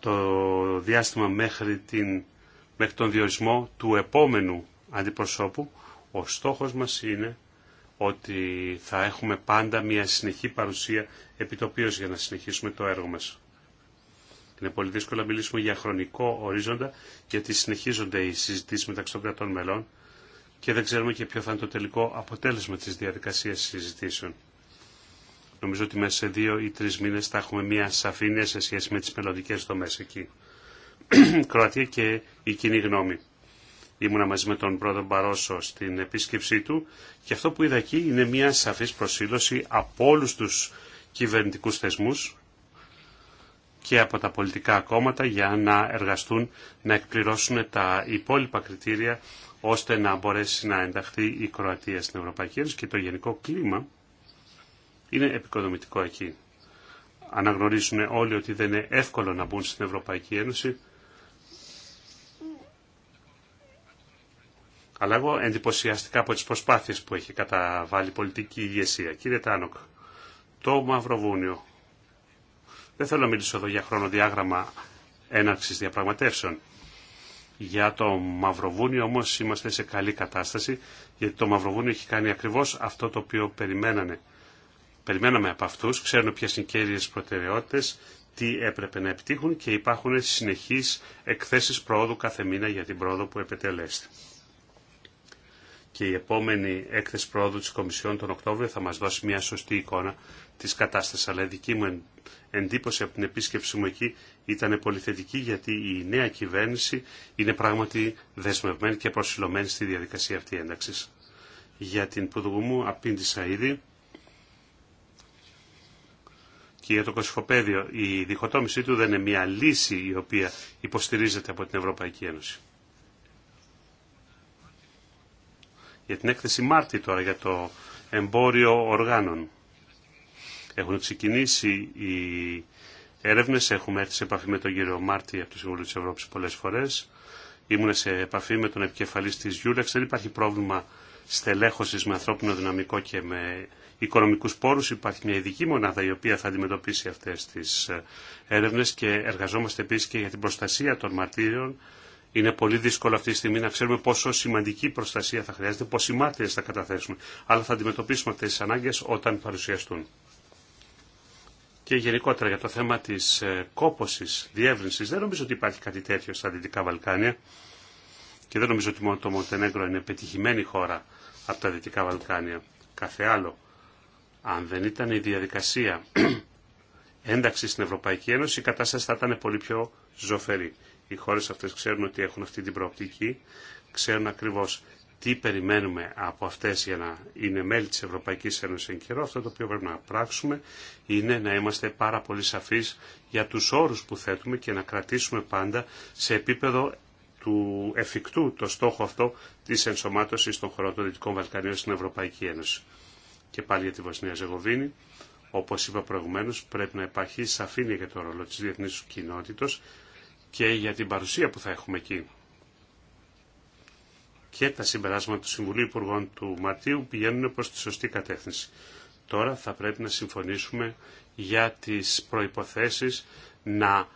το διάστημα μέχρι, την, μέχρι τον διορισμό του επόμενου αντιπροσώπου. Ο στόχος μας είναι ότι θα έχουμε πάντα μια συνεχή παρουσία επιτοπίως για να συνεχίσουμε το έργο μας. Είναι πολύ δύσκολο να μιλήσουμε για χρονικό ορίζοντα, γιατί συνεχίζονται οι συζητήσεις μεταξύ των κρατών μελών και δεν ξέρουμε και ποιο θα είναι το τελικό αποτέλεσμα της διαδικασίας συζητήσεων. Νομίζω ότι μέσα σε δύο ή τρει μήνε θα έχουμε μια σαφήνεια σε σχέση με τι μελλοντικέ δομέ εκεί. Κροατία και η κοινή γνώμη. Ήμουνα μαζί με τον πρόεδρο Μπαρόσο στην επίσκεψή του και αυτό που είδα εκεί είναι μια σαφής προσήλωση από όλου του κυβερνητικού θεσμού και από τα πολιτικά κόμματα για να εργαστούν, να εκπληρώσουν τα υπόλοιπα κριτήρια ώστε να μπορέσει να ενταχθεί η Κροατία στην Ευρωπαϊκή Ένωση και το γενικό κλίμα είναι επικοδομητικό εκεί. Αναγνωρίζουν όλοι ότι δεν είναι εύκολο να μπουν στην Ευρωπαϊκή Ένωση. Αλλά εγώ εντυπωσιαστικά από τις προσπάθειες που έχει καταβάλει η πολιτική ηγεσία. Κύριε Τάνοκ, το Μαυροβούνιο. Δεν θέλω να μιλήσω εδώ για χρονοδιάγραμμα έναρξης διαπραγματεύσεων. Για το Μαυροβούνιο όμως είμαστε σε καλή κατάσταση, γιατί το Μαυροβούνιο έχει κάνει ακριβώς αυτό το οποίο περιμένανε περιμέναμε από αυτού, ξέρουν ποιε είναι οι κύριες προτεραιότητε, τι έπρεπε να επιτύχουν και υπάρχουν συνεχεί εκθέσει πρόοδου κάθε μήνα για την πρόοδο που επετελέστη. Και η επόμενη έκθεση πρόοδου τη Κομισιόν τον Οκτώβριο θα μα δώσει μια σωστή εικόνα τη κατάσταση. Αλλά η δική μου εντύπωση από την επίσκεψή μου εκεί ήταν πολύ θετική γιατί η νέα κυβέρνηση είναι πράγματι δεσμευμένη και προσιλωμένη στη διαδικασία αυτή ένταξη. Για την Πουδουγού μου απήντησα ήδη και για το κοσυφοπαίδιο η διχοτόμησή του δεν είναι μια λύση η οποία υποστηρίζεται από την Ευρωπαϊκή Ένωση. Για την έκθεση Μάρτη τώρα για το εμπόριο οργάνων. Έχουν ξεκινήσει οι έρευνες, έχουμε έρθει σε επαφή με τον κύριο Μάρτη από το Συμβούλιο της Ευρώπης πολλές φορές. Ήμουν σε επαφή με τον επικεφαλής της Γιούλεξ, δεν υπάρχει πρόβλημα στελέχωσης με ανθρώπινο δυναμικό και με οικονομικούς πόρους. Υπάρχει μια ειδική μονάδα η οποία θα αντιμετωπίσει αυτές τις ε, έρευνες και εργαζόμαστε επίσης και για την προστασία των μαρτύριων. Είναι πολύ δύσκολο αυτή τη στιγμή να ξέρουμε πόσο σημαντική προστασία θα χρειάζεται, πόσοι μάρτυρες θα καταθέσουμε. Αλλά θα αντιμετωπίσουμε αυτές τις ανάγκες όταν παρουσιαστούν. Και γενικότερα για το θέμα της ε, κόπωσης, διεύρυνσης, δεν νομίζω ότι υπάρχει κάτι τέτοιο στα Δυτικά Βαλκάνια. Και δεν νομίζω ότι μόνο το Μοντενέγκρο είναι πετυχημένη χώρα από τα Δυτικά Βαλκάνια. Κάθε άλλο. Αν δεν ήταν η διαδικασία ένταξη στην Ευρωπαϊκή Ένωση, η κατάσταση θα ήταν πολύ πιο ζωφερή. Οι χώρες αυτές ξέρουν ότι έχουν αυτή την προοπτική, ξέρουν ακριβώς τι περιμένουμε από αυτές για να είναι μέλη της Ευρωπαϊκής Ένωσης εν καιρό. Αυτό το οποίο πρέπει να πράξουμε είναι να είμαστε πάρα πολύ σαφείς για τους όρους που θέτουμε και να κρατήσουμε πάντα σε επίπεδο του εφικτού το στόχο αυτό της ενσωμάτωσης των χωρών των Δυτικών Βαλκανίων στην Ευρωπαϊκή Ένωση και πάλι για τη Βοσνία Ζεγοβίνη. Όπως είπα προηγουμένως, πρέπει να υπάρχει σαφήνεια για το ρόλο της διεθνή κοινότητα και για την παρουσία που θα έχουμε εκεί. Και τα συμπεράσματα του Συμβουλίου Υπουργών του Μαρτίου πηγαίνουν προ τη σωστή κατεύθυνση. Τώρα θα πρέπει να συμφωνήσουμε για τις προποθέσει να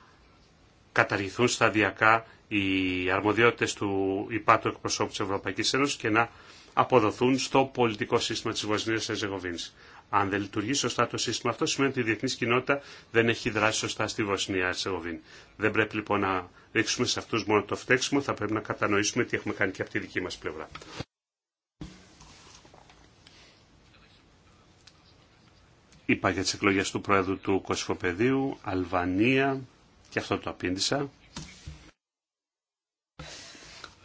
καταργηθούν σταδιακά οι αρμοδιότητες του υπάτου εκπροσώπου τη Ευρωπαϊκής Ένωσης και να αποδοθούν στο πολιτικό σύστημα της Βοσνίας Ερζεγοβίνης. Αν δεν λειτουργεί σωστά το σύστημα αυτό, σημαίνει ότι η διεθνή κοινότητα δεν έχει δράσει σωστά στη Βοσνία Ερζεγοβίνη. Δεν πρέπει λοιπόν να ρίξουμε σε αυτού μόνο το φταίξιμο, θα πρέπει να κατανοήσουμε τι έχουμε κάνει και από τη δική μα πλευρά. Είπα για τι εκλογέ του Πρόεδρου του Κωσυφοπεδίου, Αλβανία, και αυτό το απήντησα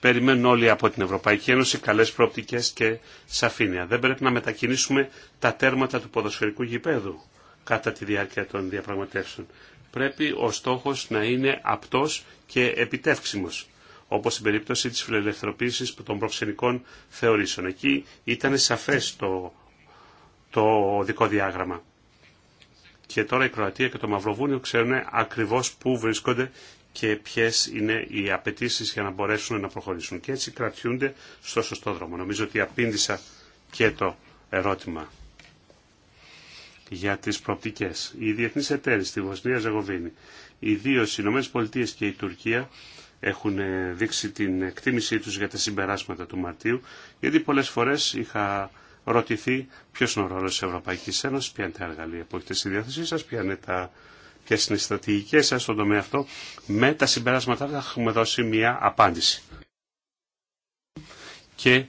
περιμένουν όλοι από την Ευρωπαϊκή Ένωση καλές προοπτικές και σαφήνεια. Δεν πρέπει να μετακινήσουμε τα τέρματα του ποδοσφαιρικού γηπέδου κατά τη διάρκεια των διαπραγματεύσεων. Πρέπει ο στόχος να είναι απτός και επιτεύξιμος όπως στην περίπτωση της φιλελευθεροποίησης των προξενικών θεωρήσεων. Εκεί ήταν σαφές το, το δικό διάγραμμα. Και τώρα η Κροατία και το Μαυροβούνιο ξέρουν ακριβώς πού βρίσκονται και ποιε είναι οι απαιτήσει για να μπορέσουν να προχωρήσουν. Και έτσι κρατιούνται στο σωστό δρόμο. Νομίζω ότι απήντησα και το ερώτημα για τις προοπτικές. Οι διεθνείς εταίροι στη Βοσνία Ζεγοβίνη, ιδίω οι Ηνωμένες Πολιτείες και η Τουρκία έχουν δείξει την εκτίμησή τους για τα συμπεράσματα του Μαρτίου, γιατί πολλές φορές είχα ρωτηθεί ποιος είναι ο ρόλος της Ευρωπαϊκής Ένωσης, ποια είναι τα εργαλεία που έχετε στη διάθεσή σα ποια είναι τα και στις στρατηγικές σας στον τομέα αυτό, με τα συμπεράσματα θα έχουμε δώσει μια απάντηση. Και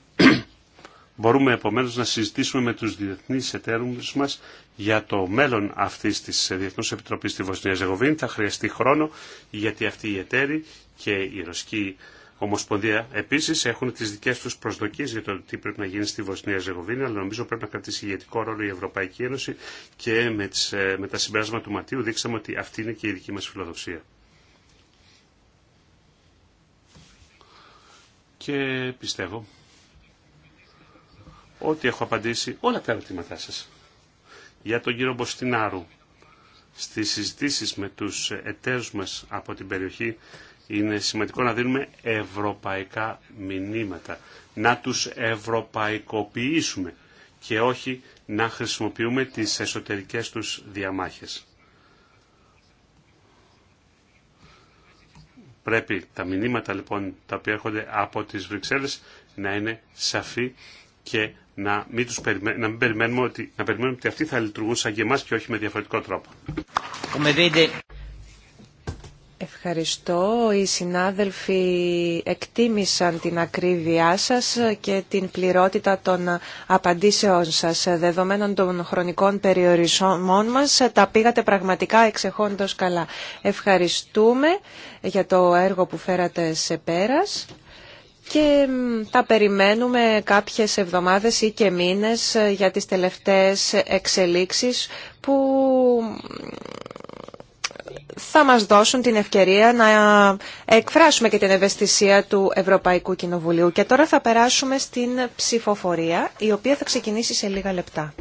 μπορούμε επομένως να συζητήσουμε με τους διεθνείς εταίρους μας για το μέλλον αυτής της Διεθνούς Επιτροπής στη Βοσνία Ζεγοβίνη. Θα χρειαστεί χρόνο γιατί αυτοί οι εταίροι και οι ρωσικοί... Ομοσπονδία επίση έχουν τι δικέ του προσδοκίε για το τι πρέπει να γίνει στη Βοσνία Ζεγοβίνη, αλλά νομίζω πρέπει να κρατήσει ηγετικό ρόλο η Ευρωπαϊκή Ένωση και με, ε, με τα συμπέρασμα του Ματίου δείξαμε ότι αυτή είναι και η δική μα φιλοδοξία. Και πιστεύω ότι έχω απαντήσει όλα τα ερωτήματά σα Για τον κύριο Μποστινάρου, στι συζητήσεις με του εταίρους μα από την περιοχή είναι σημαντικό να δίνουμε ευρωπαϊκά μηνύματα, να τους ευρωπαϊκοποιήσουμε και όχι να χρησιμοποιούμε τις εσωτερικές τους διαμάχες. Πρέπει τα μηνύματα λοιπόν τα οποία έρχονται από τις Βρυξέλλες να είναι σαφή και να μην, τους να περιμένουμε ότι... να περιμένουμε ότι αυτοί θα λειτουργούν σαν και εμάς και όχι με διαφορετικό τρόπο. Ευχαριστώ. Οι συνάδελφοι εκτίμησαν την ακρίβειά σας και την πληρότητα των απαντήσεών σας. Δεδομένων των χρονικών περιορισμών μας, τα πήγατε πραγματικά εξεχόντως καλά. Ευχαριστούμε για το έργο που φέρατε σε πέρας και τα περιμένουμε κάποιες εβδομάδες ή και μήνες για τις τελευταίες εξελίξεις που θα μας δώσουν την ευκαιρία να εκφράσουμε και την ευαισθησία του Ευρωπαϊκού Κοινοβουλίου. Και τώρα θα περάσουμε στην ψηφοφορία, η οποία θα ξεκινήσει σε λίγα λεπτά.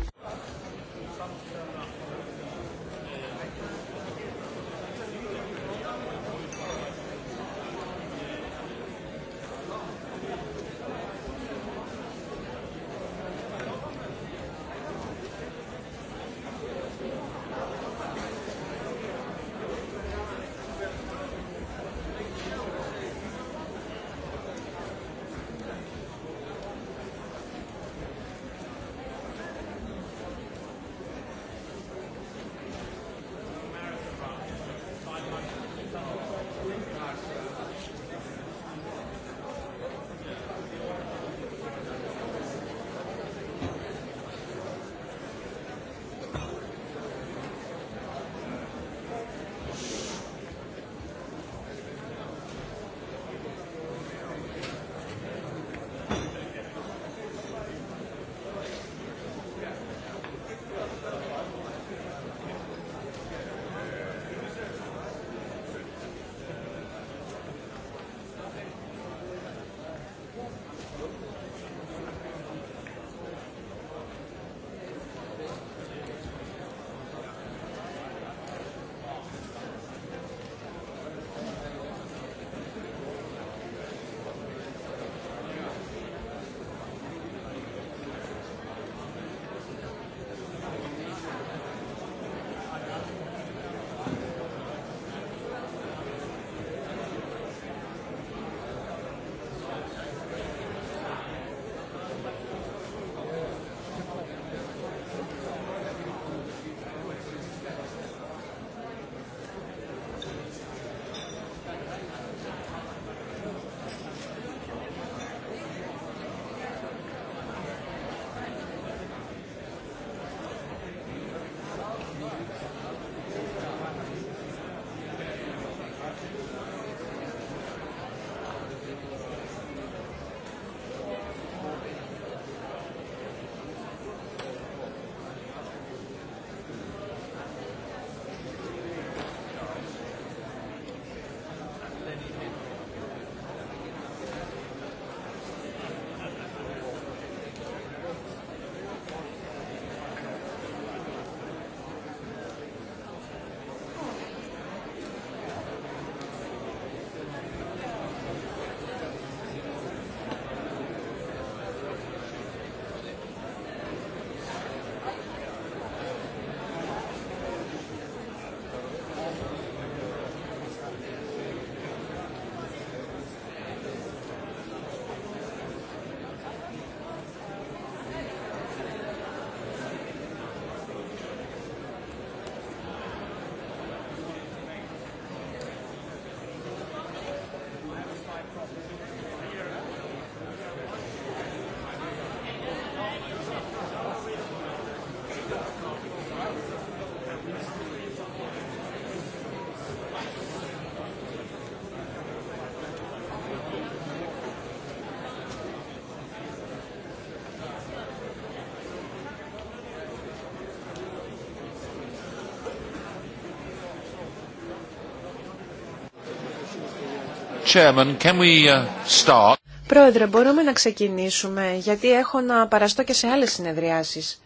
Chairman, can we uh, start? Πρόεδρε, μπορούμε να ξεκινήσουμε, γιατί έχω να παραστώ και σε άλλες συνεδριάσεις.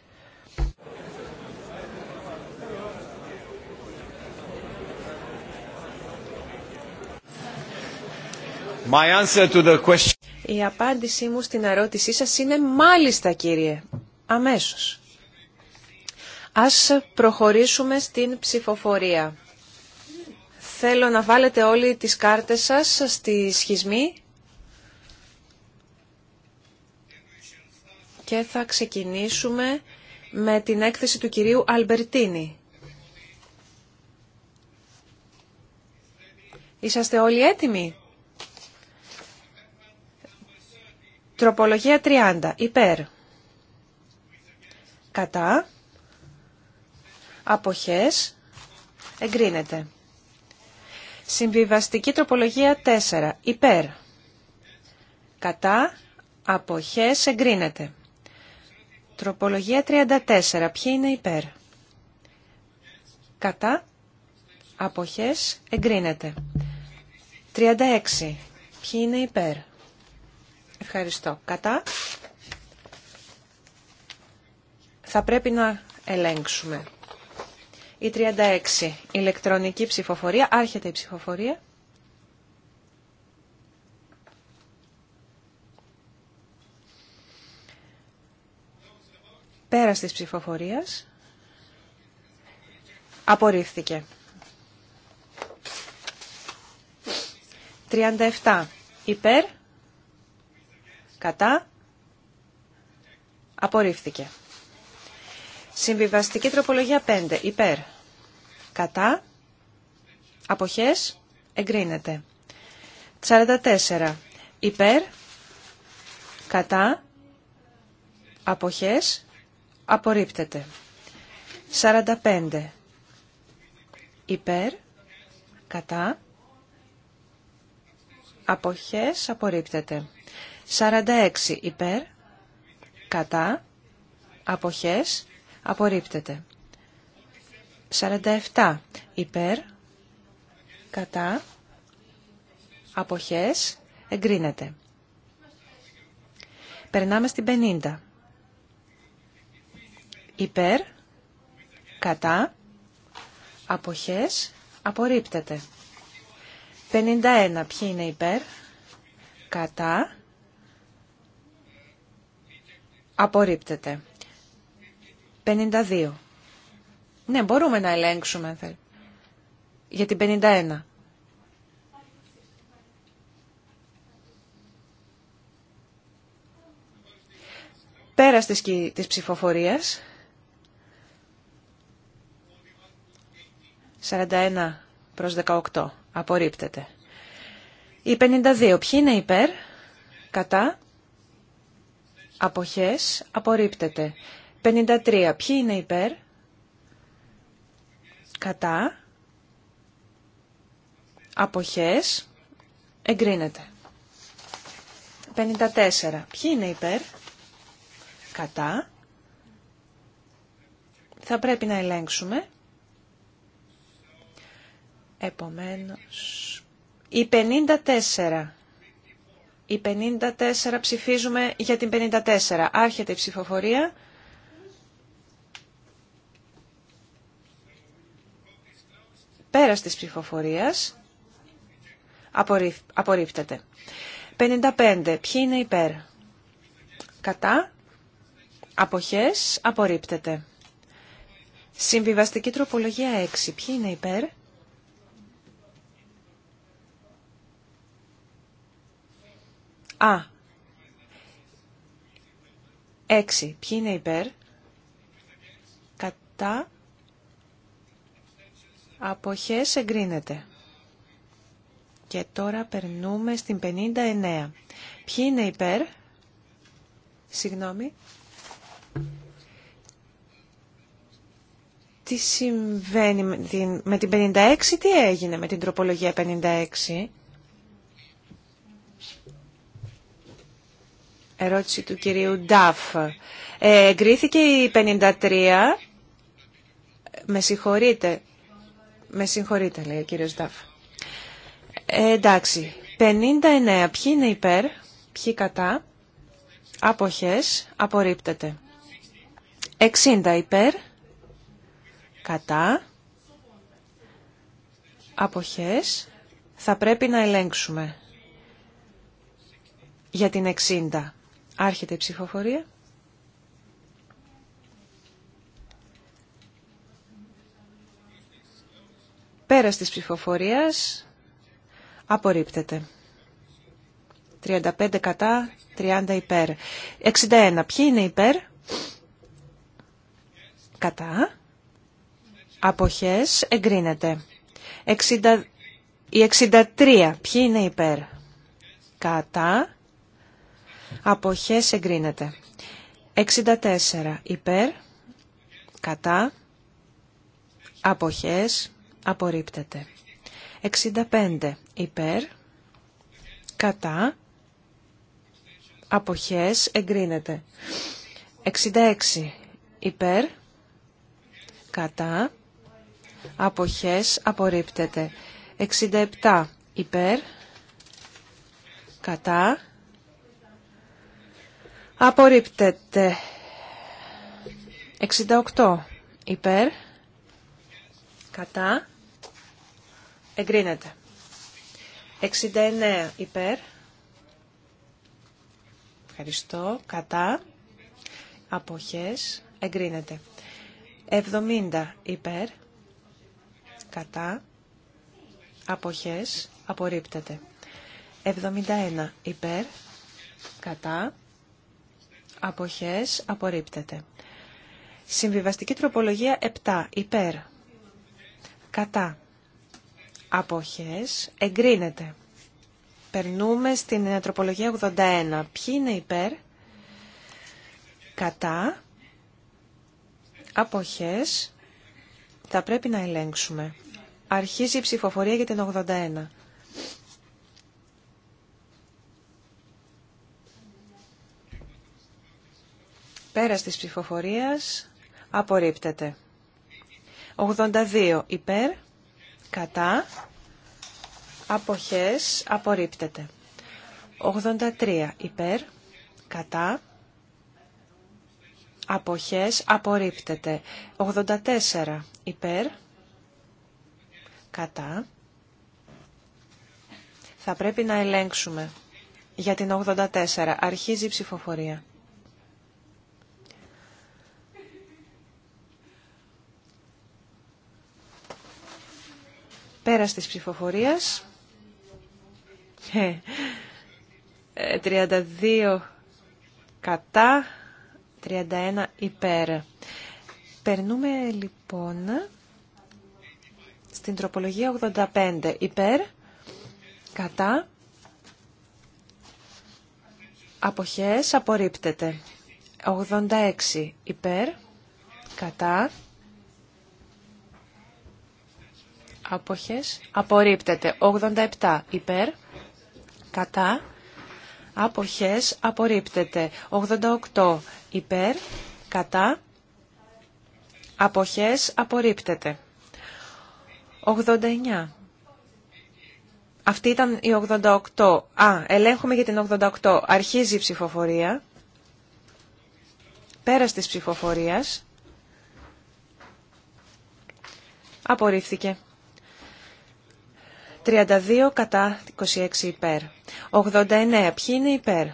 My answer to the question... Η απάντησή μου στην ερώτησή σας είναι μάλιστα κύριε, αμέσως. Ας προχωρήσουμε στην ψηφοφορία. Θέλω να βάλετε όλοι τις κάρτες σας στη σχισμή και θα ξεκινήσουμε με την έκθεση του κυρίου Αλμπερτίνη. Είσαστε όλοι έτοιμοι. Τροπολογία 30. Υπέρ. Κατά. Αποχές. Εγκρίνεται. Συμβιβαστική τροπολογία 4. Υπέρ. Κατά. Αποχές εγκρίνεται. Τροπολογία 34. Ποιοι είναι υπέρ. Κατά. Αποχές εγκρίνεται. 36. Ποιοι είναι υπέρ. Ευχαριστώ. Κατά. Θα πρέπει να ελέγξουμε. Η 36. Ηλεκτρονική ψηφοφορία. Άρχεται η ψηφοφορία. Πέρας της ψηφοφορίας. Απορρίφθηκε. 37. Υπέρ. Κατά. Απορρίφθηκε. Συμβιβαστική τροπολογία 5. Υπέρ. Κατά. Αποχές. Εγκρίνεται. 44. Υπέρ. Κατά. Αποχές. Απορρίπτεται. 45. Υπέρ. Κατά. Αποχές. Απορρίπτεται. 46. Υπέρ. Κατά. Αποχές απορρίπτεται. 47 υπέρ, κατά, αποχές, εγκρίνεται. Περνάμε στην 50. Υπέρ, κατά, αποχές, απορρίπτεται. 51. Ποιοι είναι υπέρ, κατά, απορρίπτεται. 52. Ναι, μπορούμε να ελέγξουμε, αν θέλει. Για την 51. Πέρα της, της ψηφοφορίας. 41 προς 18. Απορρίπτεται. Η 52. Ποιοι είναι υπέρ, κατά, αποχές, απορρίπτεται. 53. Ποιοι είναι υπέρ. Κατά. Αποχές. Εγκρίνεται. 54. Ποιοι είναι υπέρ. Κατά. Θα πρέπει να ελέγξουμε. Επομένως... Η 54. Η 54 ψηφίζουμε για την 54. Άρχεται η ψηφοφορία. Πέρας της ψηφοφορίας απορρίπτεται. 55. Ποιοι είναι υπέρ. Κατά. Αποχές. Απορρίπτεται. Συμβιβαστική τροπολογία 6. Ποιοι είναι υπέρ. Α. 6. Ποιοι είναι υπέρ. Κατά. Αποχές εγκρίνεται. Και τώρα περνούμε στην 59. Ποιοι είναι υπέρ? Συγγνώμη. Τι συμβαίνει με την, με την 56, τι έγινε με την τροπολογία 56. Ερώτηση του κυρίου Νταφ. Ε, εγκρίθηκε η 53. Με συγχωρείτε. Με συγχωρείτε, λέει ο κύριο Νταφ. Ε, εντάξει, 59. Ποιοι είναι υπέρ, ποιοι κατά. Αποχές, απορρίπτεται. 60 υπέρ, κατά. Αποχές, θα πρέπει να ελέγξουμε για την 60. Άρχεται η ψηφοφορία. Πέρας της ψηφοφορίας απορρίπτεται. 35 κατά, 30 υπέρ. 61. Ποιοι είναι υπέρ? Κατά. Αποχές εγκρίνεται. 60... Η 63. Ποιοι είναι υπέρ? Κατά. Αποχές εγκρίνεται. 64. Υπέρ. Κατά. Αποχές απορρίπτεται. 65 υπέρ, κατά, αποχές, εγκρίνεται. 66 υπέρ, κατά, αποχές, απορρίπτεται. 67 υπέρ, κατά, απορρίπτεται. 68 υπέρ, Κατά. Εγκρίνεται. 69 υπέρ. Ευχαριστώ. Κατά. Αποχές. Εγκρίνεται. 70 υπέρ. Κατά. Αποχές. Απορρίπτεται. 71 υπέρ. Κατά. Αποχές. Απορρίπτεται. Συμβιβαστική τροπολογία 7 υπέρ κατά αποχές εγκρίνεται. Περνούμε στην τροπολογία 81. Ποιοι είναι υπέρ, κατά, αποχές, θα πρέπει να ελέγξουμε. Αρχίζει η ψηφοφορία για την 81. Πέρας της ψηφοφορίας απορρίπτεται. 82 υπέρ, κατά, αποχές, απορρίπτεται. 83 υπέρ, κατά, αποχές, απορρίπτεται. 84 υπέρ, κατά, θα πρέπει να ελέγξουμε. Για την 84 αρχίζει η ψηφοφορία. Πέρας της ψηφοφορίας. 32 ε, κατά, 31 υπέρ. Περνούμε λοιπόν στην τροπολογία 85 υπέρ, κατά, αποχές απορρίπτεται. 86 υπέρ, κατά, Αποχές. Απορρίπτεται. 87 υπέρ. Κατά. Αποχές. Απορρίπτεται. 88 υπέρ. Κατά. Αποχές. Απορρίπτεται. 89. Αυτή ήταν η 88. Α, ελέγχουμε για την 88. Αρχίζει η ψηφοφορία. Πέρας της ψηφοφορίας. Απορρίφθηκε. 32 κατά 26 υπέρ. 89. Ποιοι είναι υπέρ.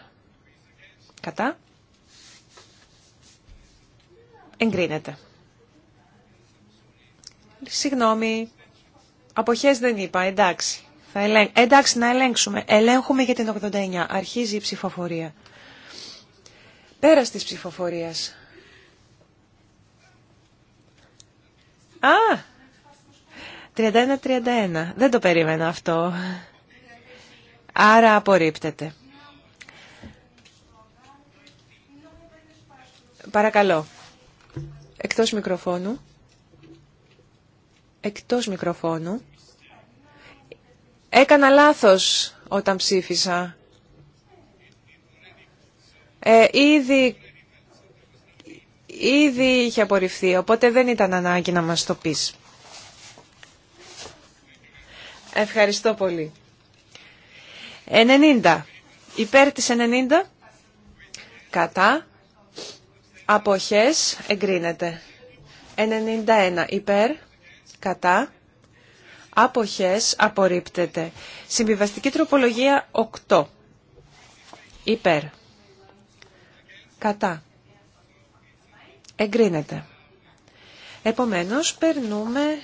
Κατά. Εγκρίνεται. Συγγνώμη. Αποχές δεν είπα. Εντάξει. Θα Εντάξει να ελέγξουμε. Ελέγχουμε για την 89. Αρχίζει η ψηφοφορία. Πέρας της ψηφοφορίας. Α, 31-31. Δεν το περίμενα αυτό. Άρα απορρίπτεται. Παρακαλώ. Εκτός μικροφώνου. Εκτός μικροφώνου. Έκανα λάθος όταν ψήφισα. Ε, ήδη, ήδη είχε απορριφθεί, οπότε δεν ήταν ανάγκη να μας το πεις. Ευχαριστώ πολύ. 90. Υπέρ της 90. Κατά. Αποχές. Εγκρίνεται. 91. Υπέρ. Κατά. Αποχές. Απορρίπτεται. Συμβιβαστική τροπολογία 8. Υπέρ. Κατά. Εγκρίνεται. Επομένως, περνούμε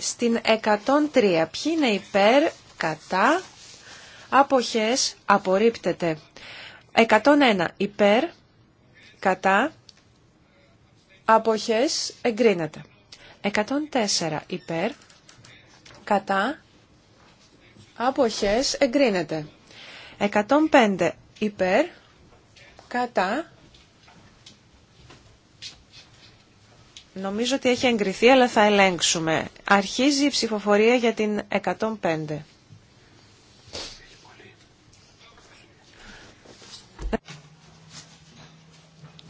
στην 103. Ποιοι είναι υπέρ, κατά, αποχές, απορρίπτεται. 101. Υπέρ, κατά, αποχές, εγκρίνεται. 104. Υπέρ, κατά, αποχές, εγκρίνεται. 105. Υπέρ, κατά, Νομίζω ότι έχει εγκριθεί, αλλά θα ελέγξουμε. Αρχίζει η ψηφοφορία για την 105.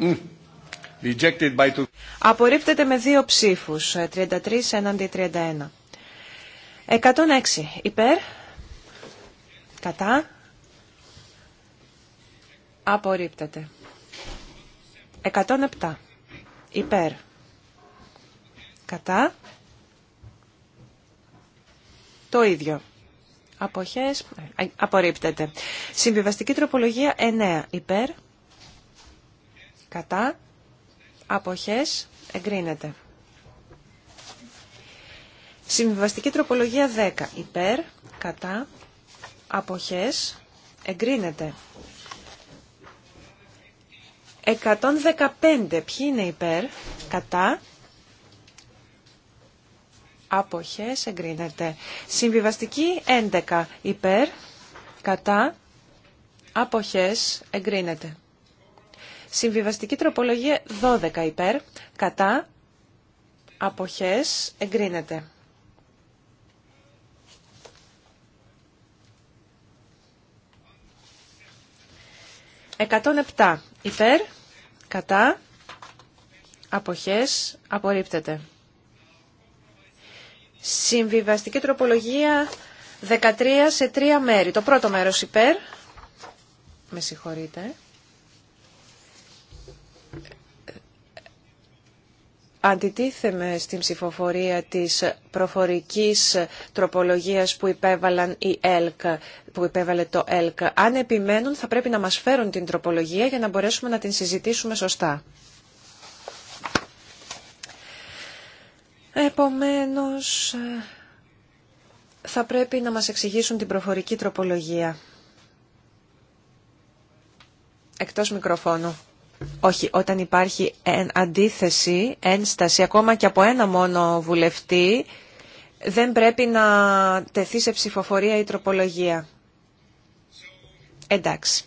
Mm. Απορρίπτεται με δύο ψήφους, 33 ε, έναντι 31. 106 υπέρ, κατά, απορρίπτεται. 107 υπέρ. Κατά. Το ίδιο. Αποχές. Απορρίπτεται. Συμβιβαστική τροπολογία 9. Υπέρ. Κατά. Αποχές. Εγκρίνεται. Συμβιβαστική τροπολογία 10. Υπέρ. Κατά. Αποχές. Εγκρίνεται. 115. Ποιοι είναι υπέρ. Κατά αποχές εγκρίνεται. Συμβιβαστική 11 υπέρ, κατά, αποχές εγκρίνεται. Συμβιβαστική τροπολογία 12 υπέρ, κατά, αποχές εγκρίνεται. Εκατόν υπέρ, κατά, αποχές απορρίπτεται. Συμβιβαστική τροπολογία 13 σε 3 μέρη. Το πρώτο μέρος υπέρ. Με συγχωρείτε. Αντιτίθεμαι στην ψηφοφορία της προφορικής τροπολογίας που, υπέβαλαν η ΕΛΚ, που υπέβαλε το ΕΛΚ. Αν επιμένουν θα πρέπει να μας φέρουν την τροπολογία για να μπορέσουμε να την συζητήσουμε σωστά. Επομένως, ε, θα πρέπει να μας εξηγήσουν την προφορική τροπολογία. Εκτός μικροφώνου. Όχι, όταν υπάρχει αντίθεση, ένσταση, ακόμα και από ένα μόνο βουλευτή, δεν πρέπει να τεθεί σε ψηφοφορία η τροπολογία. Εντάξει.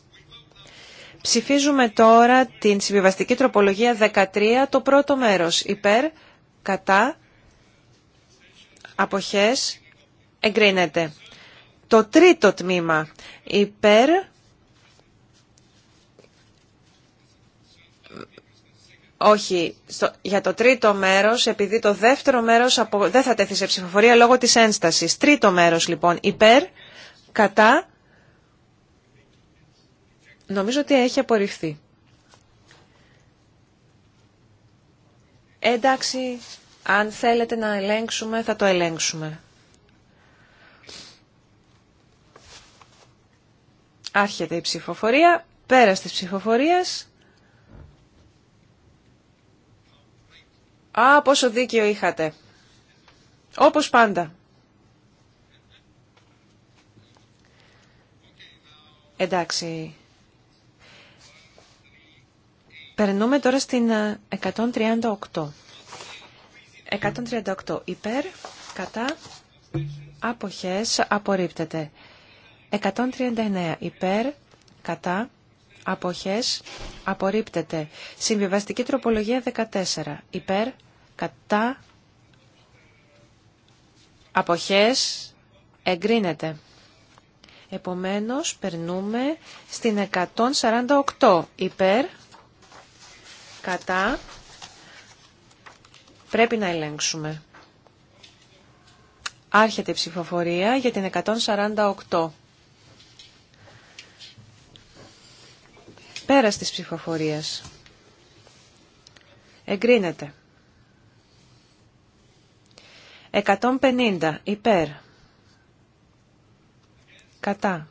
Ψηφίζουμε τώρα την συμβιβαστική τροπολογία 13, το πρώτο μέρος. Υπέρ, κατά, αποχές εγκρίνεται. Το τρίτο τμήμα υπέρ Όχι, για το τρίτο μέρος, επειδή το δεύτερο μέρος δεν θα τέθει σε ψηφοφορία λόγω της ένστασης. Τρίτο μέρος λοιπόν, υπέρ, κατά, νομίζω ότι έχει απορριφθεί. Εντάξει, αν θέλετε να ελέγξουμε, θα το ελέγξουμε. Άρχεται η ψηφοφορία, πέρα της ψηφοφορίας. Α, πόσο δίκιο είχατε. Όπως πάντα. Εντάξει. Περνούμε τώρα στην 138. Ε, 138 υπέρ, κατά, αποχές, απορρίπτεται. 139 υπέρ, κατά, αποχές, απορρίπτεται. Συμβιβαστική τροπολογία 14 υπέρ, κατά, αποχές, εγκρίνεται. Επομένως, περνούμε στην 148 υπέρ, κατά, Πρέπει να ελέγξουμε. Άρχεται η ψηφοφορία για την 148. Πέρας της ψηφοφορίας. Εγκρίνεται. 150 υπέρ. Κατά.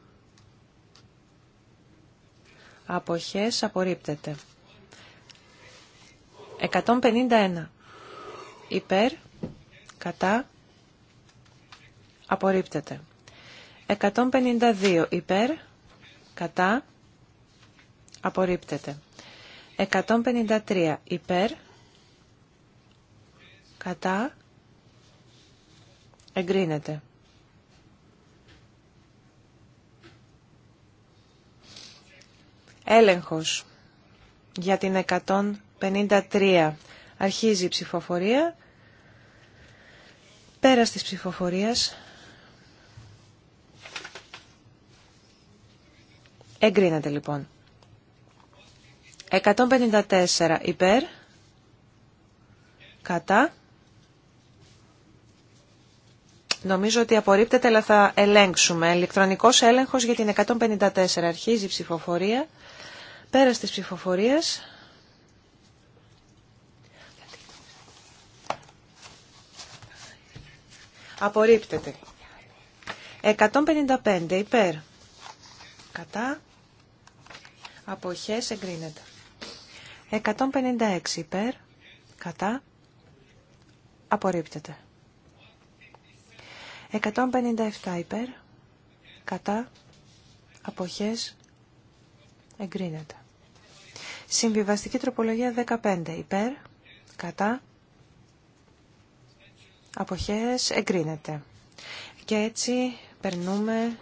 Αποχές απορρίπτεται. 151 υπέρ, κατά, απορρίπτεται. 152 υπέρ, κατά, απορρίπτεται. 153 υπέρ, κατά, εγκρίνεται. έλεγχος για την 153. Αρχίζει η ψηφοφορία. Πέρας της ψηφοφορίας. Εγκρίνεται λοιπόν. 154 υπέρ. Κατά. Νομίζω ότι απορρίπτεται, αλλά θα ελέγξουμε. Ηλεκτρονικός έλεγχος για την 154. Αρχίζει η ψηφοφορία. Πέρας της ψηφοφορίας. Απορρίπτεται. 155 υπέρ. Κατά. Αποχές εγκρίνεται. 156 υπέρ. Κατά. Απορρίπτεται. 157 υπέρ. Κατά. Αποχές εγκρίνεται. Συμβιβαστική τροπολογία 15 υπέρ. Κατά αποχές εγκρίνεται. Και έτσι περνούμε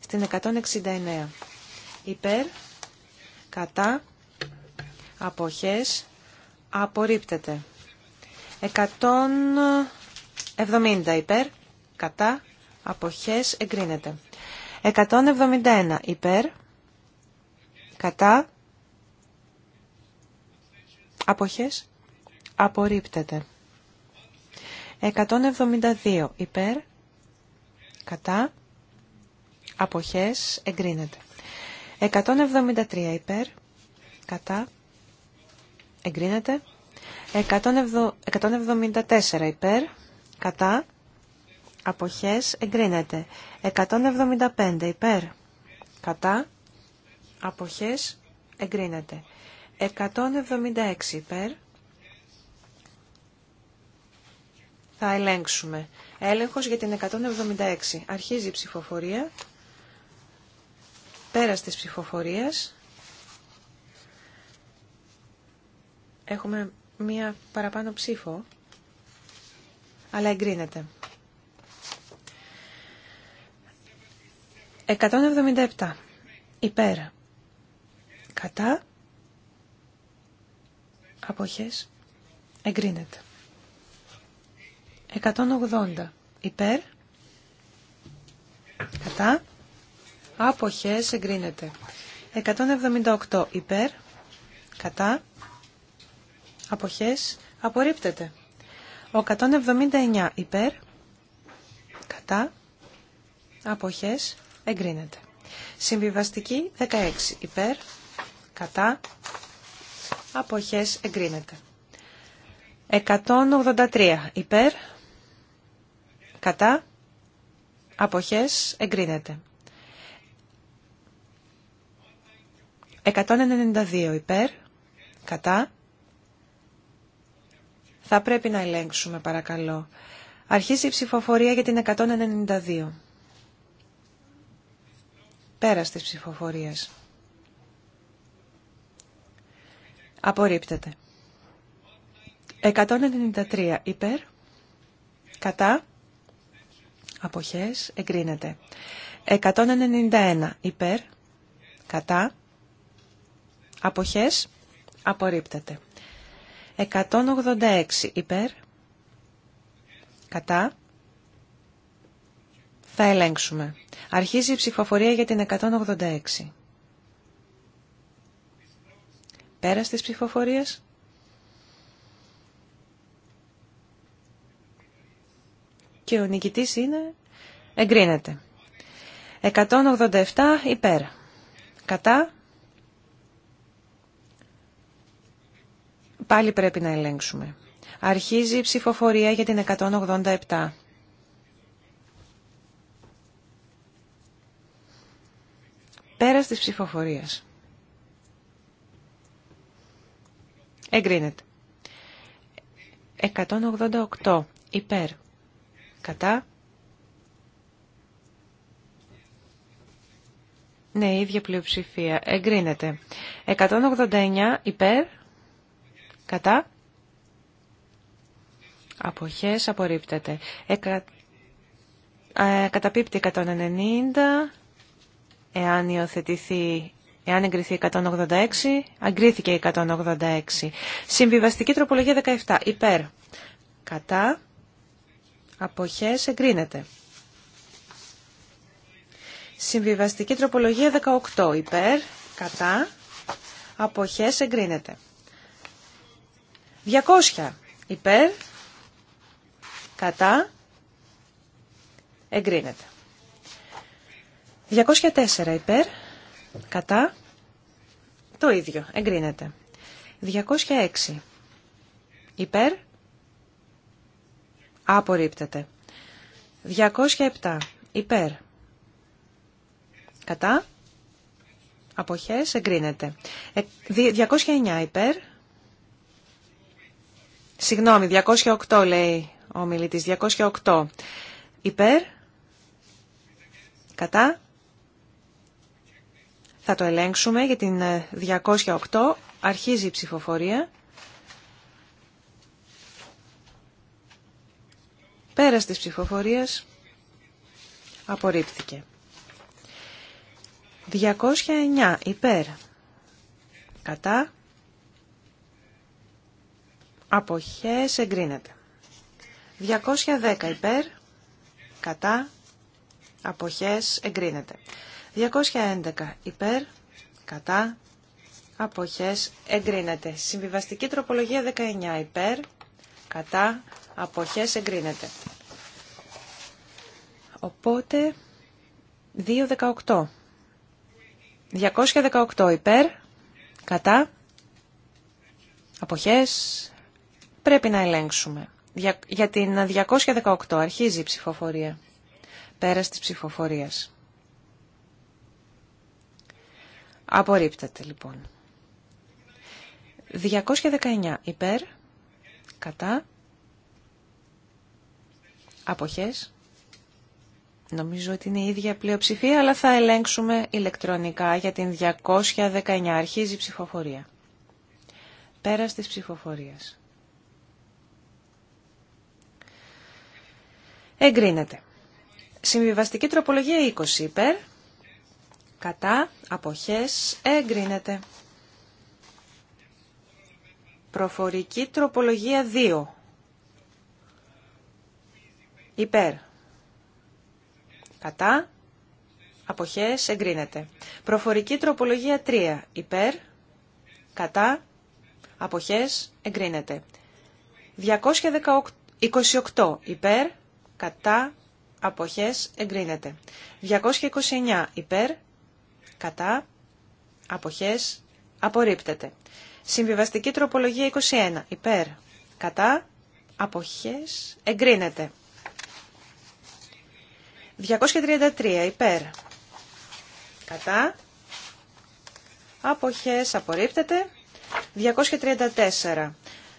στην 169. Υπέρ, κατά, αποχές, απορρίπτεται. 170 υπέρ, κατά, αποχές, εγκρίνεται. 171 υπέρ, κατά, αποχές, απορρίπτεται. 172 υπέρ, κατά, αποχές, εγκρίνεται. 173 υπέρ, κατά, εγκρίνεται. 174 υπέρ, κατά, αποχές, εγκρίνεται. 175 υπέρ, κατά, αποχές, εγκρίνεται. 176 υπέρ, Θα ελέγξουμε. Έλεγχος για την 176. Αρχίζει η ψηφοφορία. Πέρας της ψηφοφορίας. Έχουμε μία παραπάνω ψήφο, αλλά εγκρίνεται. 177. Υπέρα. Κατά. Αποχές. Εγκρίνεται. 180 υπέρ, κατά, άποχες εγκρίνεται. 178 υπέρ, κατά, αποχές απορρίπτεται. 179 υπέρ, κατά, αποχές εγκρίνεται. Συμβιβαστική 16 υπέρ, κατά, αποχές εγκρίνεται. 183 υπέρ, Κατά. Αποχές. Εγκρίνεται. 192 υπέρ. Κατά. Θα πρέπει να ελέγξουμε παρακαλώ. Αρχίζει η ψηφοφορία για την 192. Πέρας της ψηφοφορίας. Απορρίπτεται. 193 υπέρ. Κατά αποχές εγκρίνεται. 191 υπέρ, κατά, αποχές απορρίπτεται. 186 υπέρ, κατά, θα ελέγξουμε. Αρχίζει η ψηφοφορία για την 186. Πέρας της ψηφοφορίας. και ο νικητής είναι εγκρίνεται. 187 υπέρ. Κατά. Πάλι πρέπει να ελέγξουμε. Αρχίζει η ψηφοφορία για την 187. Πέρας της ψηφοφορίας. Εγκρίνεται. 188 υπέρ. Κατά. Ναι, η ίδια πλειοψηφία. Εγκρίνεται. 189 υπέρ. Κατά. Αποχές απορρίπτεται. Εκα... Ε, καταπίπτει 190. Εάν υιοθετηθεί... Εάν εγκριθεί 186, αγκρίθηκε 186. Συμβιβαστική τροπολογία 17. Υπέρ. Κατά. Αποχές εγκρίνεται. Συμβιβαστική τροπολογία 18. Υπέρ, κατά, αποχές εγκρίνεται. 200. Υπέρ, κατά, εγκρίνεται. 204. Υπέρ, κατά, το ίδιο, εγκρίνεται. 206. Υπέρ, Απορρίπτεται. 207. Υπέρ. Κατά. Αποχές. Εγκρίνεται. 209. Ε, Υπέρ. Συγγνώμη, 208 λέει ο μιλητής. 208. Υπέρ. Κατά. Θα το ελέγξουμε για την 208. Ε, Αρχίζει η ψηφοφορία. Πέρας της ψηφοφορίας απορρίφθηκε. 209 υπέρ. Κατά. Αποχές εγκρίνεται. 210 υπέρ. Κατά. Αποχές εγκρίνεται. 211 υπέρ. Κατά. Αποχές εγκρίνεται. Συμβιβαστική τροπολογία 19 υπέρ. Κατά αποχές εγκρίνεται. Οπότε 2.18. 218 υπέρ, κατά, αποχές, πρέπει να ελέγξουμε. Για, την 218 αρχίζει η ψηφοφορία, πέρας της ψηφοφορίας. Απορρίπτεται λοιπόν. 219 υπέρ, κατά, Αποχές. Νομίζω ότι είναι η ίδια πλειοψηφία, αλλά θα ελέγξουμε ηλεκτρονικά για την 219. Αρχίζει η ψηφοφορία. Πέρας της ψηφοφορίας. Εγκρίνεται. Συμβιβαστική τροπολογία 20 υπέρ. Κατά. Αποχές. Εγκρίνεται. Προφορική τροπολογία 2 Υπέρ. Κατά. Αποχές εγκρίνεται. Προφορική τροπολογία 3. Υπέρ. Κατά. Αποχές εγκρίνεται. 228. Υπέρ. Κατά. Αποχές εγκρίνεται. 229. Υπέρ. Κατά. Αποχές απορρίπτεται. Συμβιβαστική τροπολογία 21. Υπέρ. Κατά. Αποχές εγκρίνεται. 233 υπέρ. Κατά. Αποχές απορρίπτεται. 234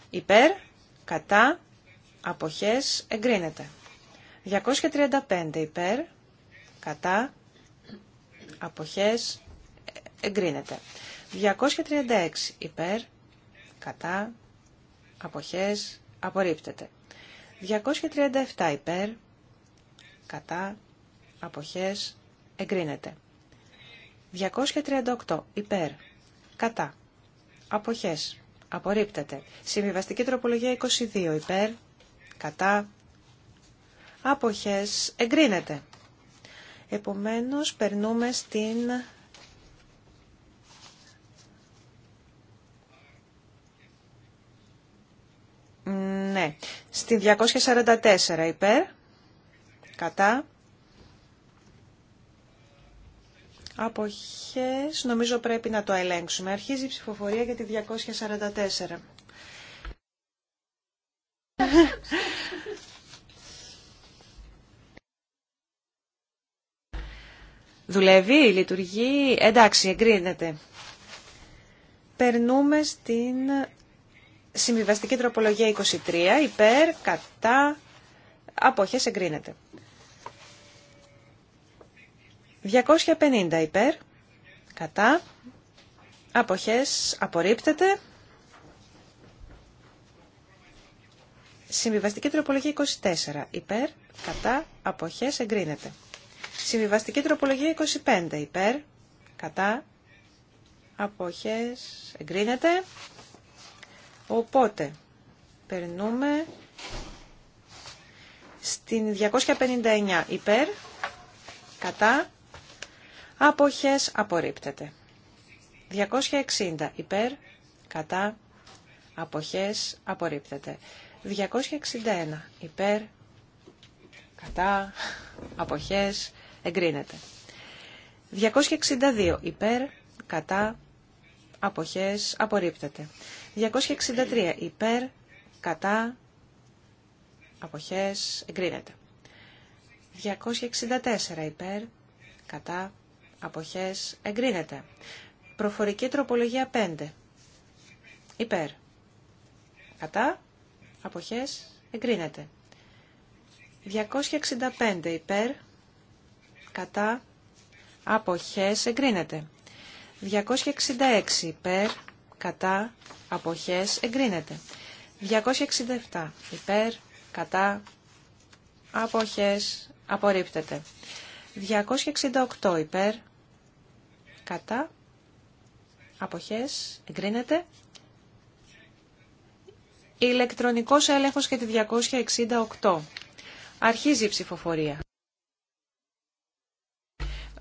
υπέρ. Κατά. Αποχές εγκρίνεται. 235 υπέρ. Κατά. Αποχές εγκρίνεται. 236 υπέρ. Κατά. Αποχές απορρίπτεται. 237 υπέρ. Κατά αποχές εγκρίνεται. 238 υπέρ, κατά, αποχές, απορρίπτεται. Συμβιβαστική τροπολογία 22 υπέρ, κατά, αποχές εγκρίνεται. Επομένως, περνούμε στην... Ναι, στην 244 υπέρ, κατά, Αποχές νομίζω πρέπει να το ελέγξουμε. Αρχίζει η ψηφοφορία για τη 244. Δουλεύει, λειτουργεί, εντάξει, εγκρίνεται. Περνούμε στην συμβιβαστική τροπολογία 23, υπέρ, κατά, αποχές εγκρίνεται. 250 υπέρ, κατά, αποχές, απορρίπτεται. Συμβιβαστική τροπολογία 24 υπέρ, κατά, αποχές, εγκρίνεται. Συμβιβαστική τροπολογία 25 υπέρ, κατά, αποχές, εγκρίνεται. Οπότε, περνούμε στην 259 υπέρ, κατά, Αποχές απορρίπτεται. 260 υπέρ, κατά, αποχές απορρίπτεται. 261 υπέρ, κατά, αποχές εγκρίνεται. 262 υπέρ, κατά, αποχές απορρίπτεται. 263 υπέρ, κατά, αποχές εγκρίνεται. 264 υπέρ, κατά, αποχές εγκρίνεται. Προφορική τροπολογία 5. Υπέρ. Κατά. Αποχές εγκρίνεται. 265 υπέρ. Κατά. Αποχές εγκρίνεται. 266 υπέρ. Κατά. Αποχές εγκρίνεται. 267 υπέρ. Κατά. Αποχές απορρίπτεται. 268 υπέρ, κατά, αποχές, εγκρίνεται. Ηλεκτρονικός έλεγχος για τη 268. Αρχίζει η ψηφοφορία.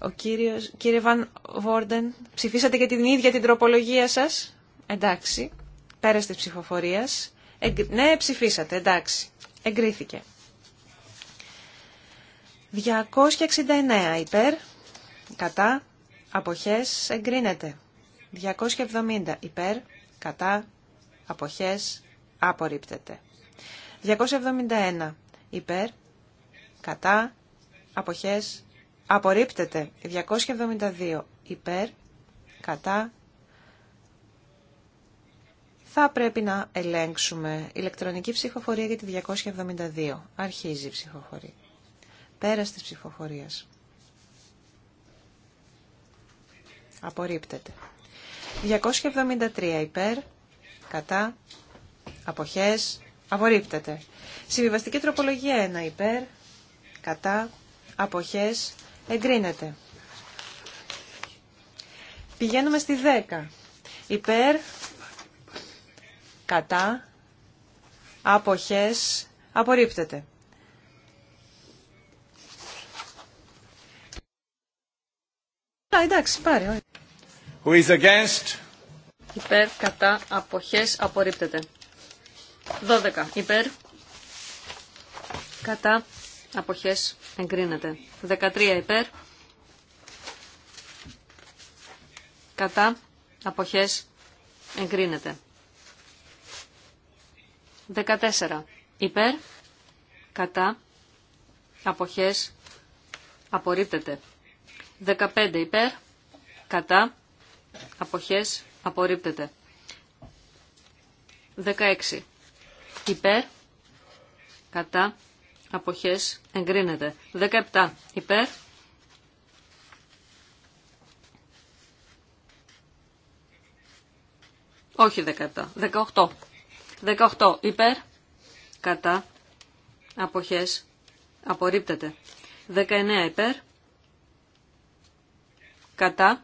Ο κύριος, κύριε Βαν Βόρντεν, ψηφίσατε και την ίδια την τροπολογία σας. Εντάξει, Πέρασε τη ψηφοφορίας. Ναι, ψηφίσατε, εντάξει. Εγκρίθηκε. 269 υπέρ, κατά, αποχές, εγκρίνεται. 270 υπέρ, κατά, αποχές, απορρίπτεται. 271 υπέρ, κατά, αποχές, απορρίπτεται. 272 υπέρ, κατά, θα πρέπει να ελέγξουμε ηλεκτρονική ψηφοφορία για τη 272. Αρχίζει η ψηφοφορία. Πέρας της ψηφοφορίας. Απορρίπτεται. 273 υπέρ, κατά, αποχές, απορρίπτεται. Συμβιβαστική τροπολογία 1 υπέρ, κατά, αποχές, εγκρίνεται. Πηγαίνουμε στη 10. Υπέρ, κατά, αποχές, απορρίπτεται. εντάξει, πάρει. Who is against? Υπέρ, κατά, αποχές, απορρίπτεται. 12. Υπέρ, κατά, αποχές, εγκρίνεται. 13. Υπέρ, κατά, αποχές, εγκρίνεται. 14. Υπέρ, κατά, αποχές, απορρίπτεται. 15 υπέρ, κατά, αποχές, απορρίπτεται. 16 υπέρ, κατά, αποχές, εγκρίνεται. 17 υπέρ, όχι 17, 18. 18 υπέρ, κατά, αποχές, απορρίπτεται. 19 υπέρ, Κατά.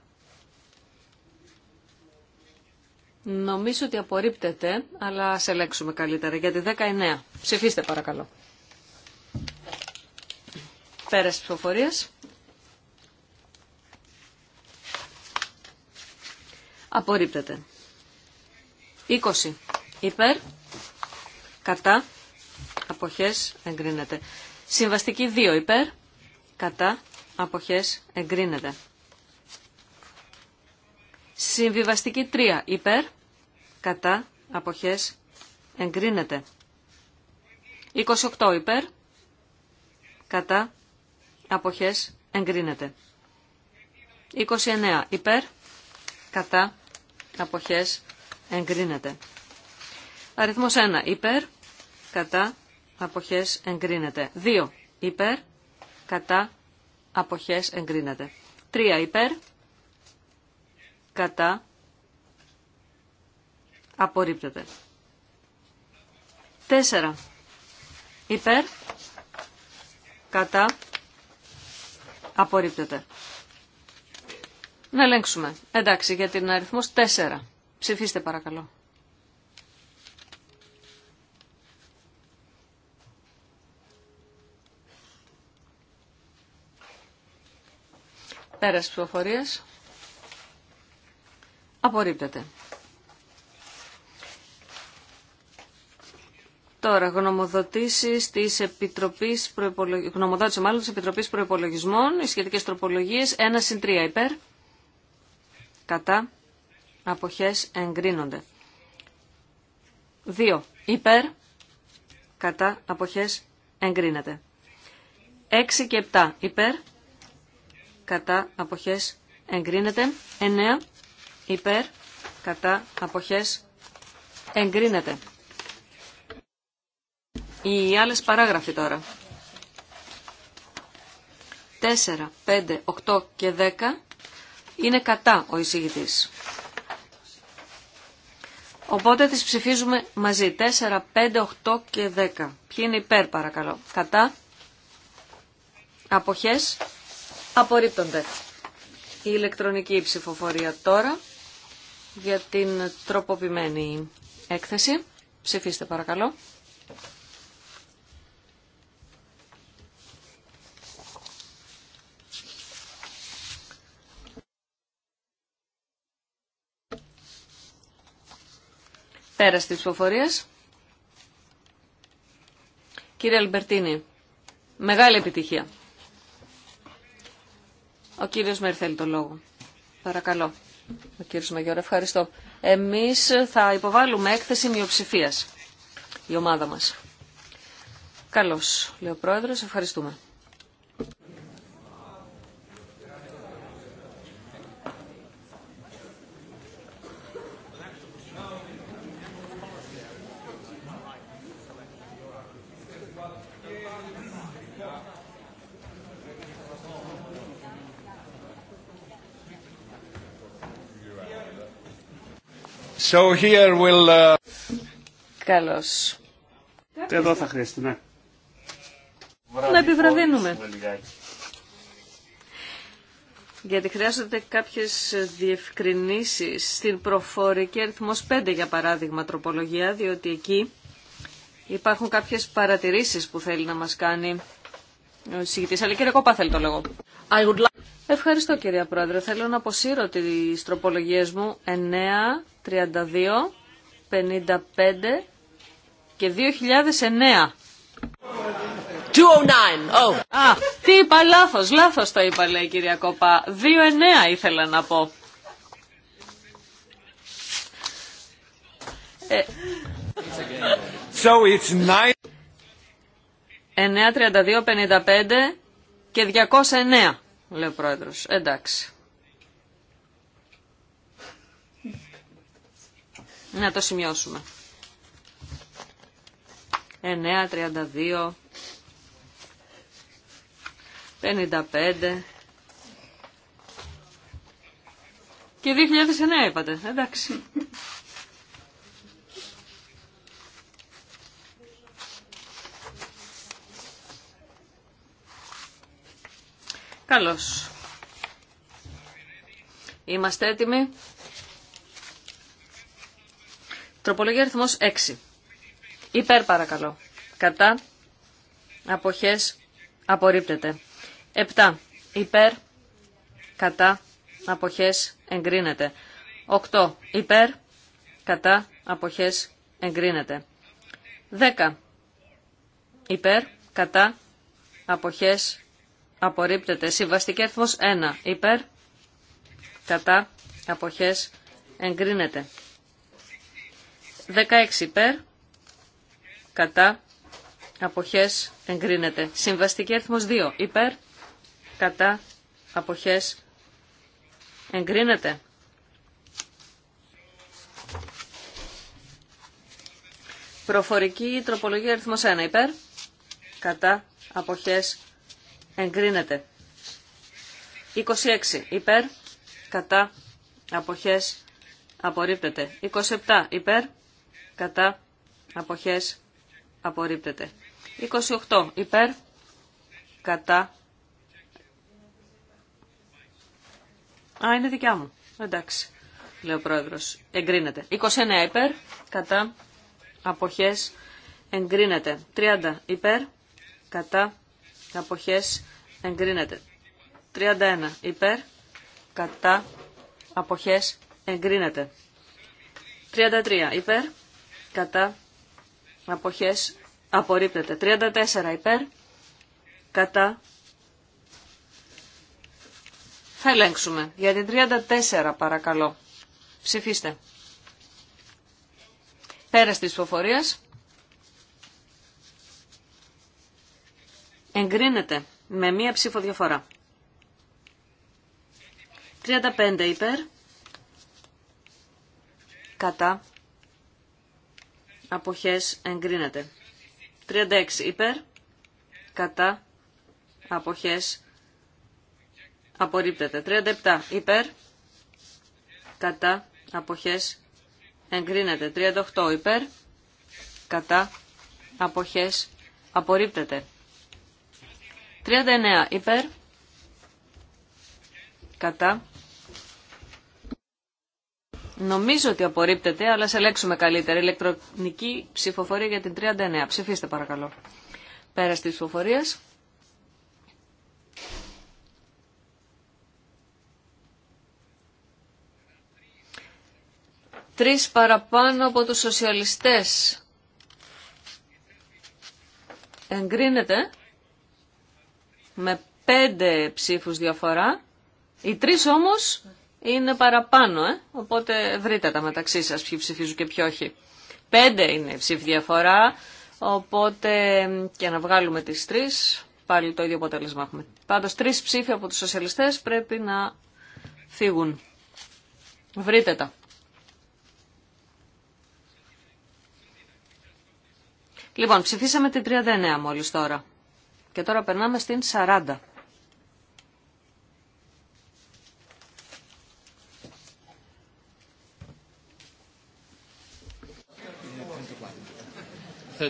Νομίζω ότι απορρίπτεται, αλλά ας ελέγξουμε καλύτερα. Για τη 19. Ψηφίστε παρακαλώ. Πέρας ψηφοφορίας. Απορρίπτεται. 20. Υπέρ. Κατά. Αποχές. Εγκρίνεται. Συμβαστική 2. Υπέρ. Κατά. Αποχές. Εγκρίνεται. Συμβιβαστική 3 υπέρ, κατά, αποχές, εγκρίνεται. 28 υπέρ, κατά, αποχές, εγκρίνεται. 29 υπέρ, κατά, αποχές, εγκρίνεται. Αριθμός 1 υπέρ, κατά, αποχές, εγκρίνεται. 2 υπέρ, κατά, αποχές, εγκρίνεται. 3 υπέρ, κατά απορρίπτεται. 4 υπέρ κατά απορρίπτεται. Να ελέγξουμε. Εντάξει, για την αριθμός 4. Ψηφίστε παρακαλώ. Πέρας ψηφοφορίας. Απορρίπτεται. Τώρα, γνωμοδοτήσει τη Επιτροπή Προπολογισμών. Γνωμοδότηση, μάλλον τη Επιτροπή Προπολογισμών. Οι σχετικέ τροπολογίε 1 συν 3 υπέρ. Κατά. Αποχέ εγκρίνονται. 2 υπέρ. Κατά. Αποχέ εγκρίνεται. 6 και 7 υπέρ. Κατά. Αποχέ εγκρίνεται. 9 υπέρ, κατά, αποχές, εγκρίνεται. Οι άλλες παράγραφοι τώρα. 4, 5, 8 και 10 είναι κατά ο εισηγητής. Οπότε τις ψηφίζουμε μαζί. 4, 5, 8 και 10. Ποιοι είναι υπέρ παρακαλώ. Κατά. Αποχές. Απορρίπτονται. Η ηλεκτρονική ψηφοφορία τώρα για την τροποποιημένη έκθεση. Ψηφίστε παρακαλώ. Πέρα τη ψηφοφορίας. Κύριε Αλμπερτίνη, μεγάλη επιτυχία. Ο κύριος Μέρ το λόγο. Παρακαλώ. Ο κύριος Μαγιώρα, ευχαριστώ. Εμείς θα υποβάλουμε έκθεση μειοψηφίας, η ομάδα μας. Καλώς, λέει ο Πρόεδρος, ευχαριστούμε. So here uh, Καλώς. Εδώ θα χρειαστεί, ναι. Να επιβραδύνουμε. Γιατί χρειάζονται κάποιες διευκρινήσεις στην προφορική αριθμός 5 για παράδειγμα τροπολογία, διότι εκεί υπάρχουν κάποιες παρατηρήσεις που θέλει να μας κάνει ο εισηγητής. Αλλά κύριε Κόπα θέλει το λόγο. Ευχαριστώ κυρία Πρόεδρε. Θέλω να αποσύρω τις τροπολογίες μου 9, 32, 55 και 2009. 209. Oh. Α, τι είπα λάθος, λάθος το είπα λέει η κυρία Κόπα. 9 ήθελα να πω. Ε... So it's 9. 9, 32, 55 και 209, λέει ο πρόεδρος. Εντάξει. Να το σημειώσουμε. 9, 32, 55 και 2009 είπατε. Εντάξει. Καλώς. Είμαστε έτοιμοι. Τροπολογία αριθμό 6. Υπέρ παρακαλώ. Κατά. απόχέ, Απορρίπτεται. 7. Υπέρ. Κατά. αποχέ, Εγκρίνεται. 8. Υπέρ. Κατά. Αποχέ. Εγκρίνεται. 10. Υπέρ. Κατά. Αποχέ. Απορρίπτεται. Συμβαστική αριθμό 1. Υπέρ. Κατά. αποχέ, Εγκρίνεται. 16 υπέρ, κατά, αποχές εγκρίνεται. Συμβαστική αριθμός 2 υπέρ, κατά, αποχές εγκρίνεται. Προφορική τροπολογία αριθμός 1 υπέρ, κατά, αποχές εγκρίνεται. 26 υπέρ, κατά, αποχές απορρίπτεται. 27 υπέρ, κατά αποχές απορρίπτεται. 28 υπέρ κατά Α, είναι δικιά μου. Εντάξει, λέει ο πρόεδρος. Εγκρίνεται. 29 υπέρ, κατά, αποχές, εγκρίνεται. 30 υπέρ, κατά, αποχές, εγκρίνεται. 31 υπέρ, κατά, αποχές, εγκρίνεται. 33 υπέρ, κατά αποχές απορρίπτεται. 34 υπέρ κατά θα ελέγξουμε. Για την 34 παρακαλώ. Ψηφίστε. Πέρας της ψηφοφορίας. Εγκρίνεται με μία ψήφο διαφορά. 35 υπέρ. Κατά αποχές εγκρίνεται. 36 υπέρ, κατά, αποχές απορρίπτεται. 37 υπέρ, κατά, αποχές εγκρίνεται. 38 υπέρ, κατά, αποχές απορρίπτεται. 39 υπέρ, κατά, Νομίζω ότι απορρίπτεται, αλλά σε λέξουμε καλύτερα. Ηλεκτρονική ψηφοφορία για την 39. Ψηφίστε παρακαλώ. Πέρα τη ψηφοφορία. Τρεις παραπάνω από τους σοσιαλιστές. Εγκρίνεται με πέντε ψήφους διαφορά. Οι τρεις όμως είναι παραπάνω, ε? οπότε βρείτε τα μεταξύ σας ποιοι ψηφίζουν και ποιοι όχι. Πέντε είναι η διαφορά, οπότε και να βγάλουμε τις τρεις, πάλι το ίδιο αποτέλεσμα έχουμε. Πάντως τρεις ψήφοι από τους σοσιαλιστές πρέπει να φύγουν. Βρείτε τα. Λοιπόν, ψηφίσαμε την 39 μόλις τώρα. Και τώρα περνάμε στην 40. 34.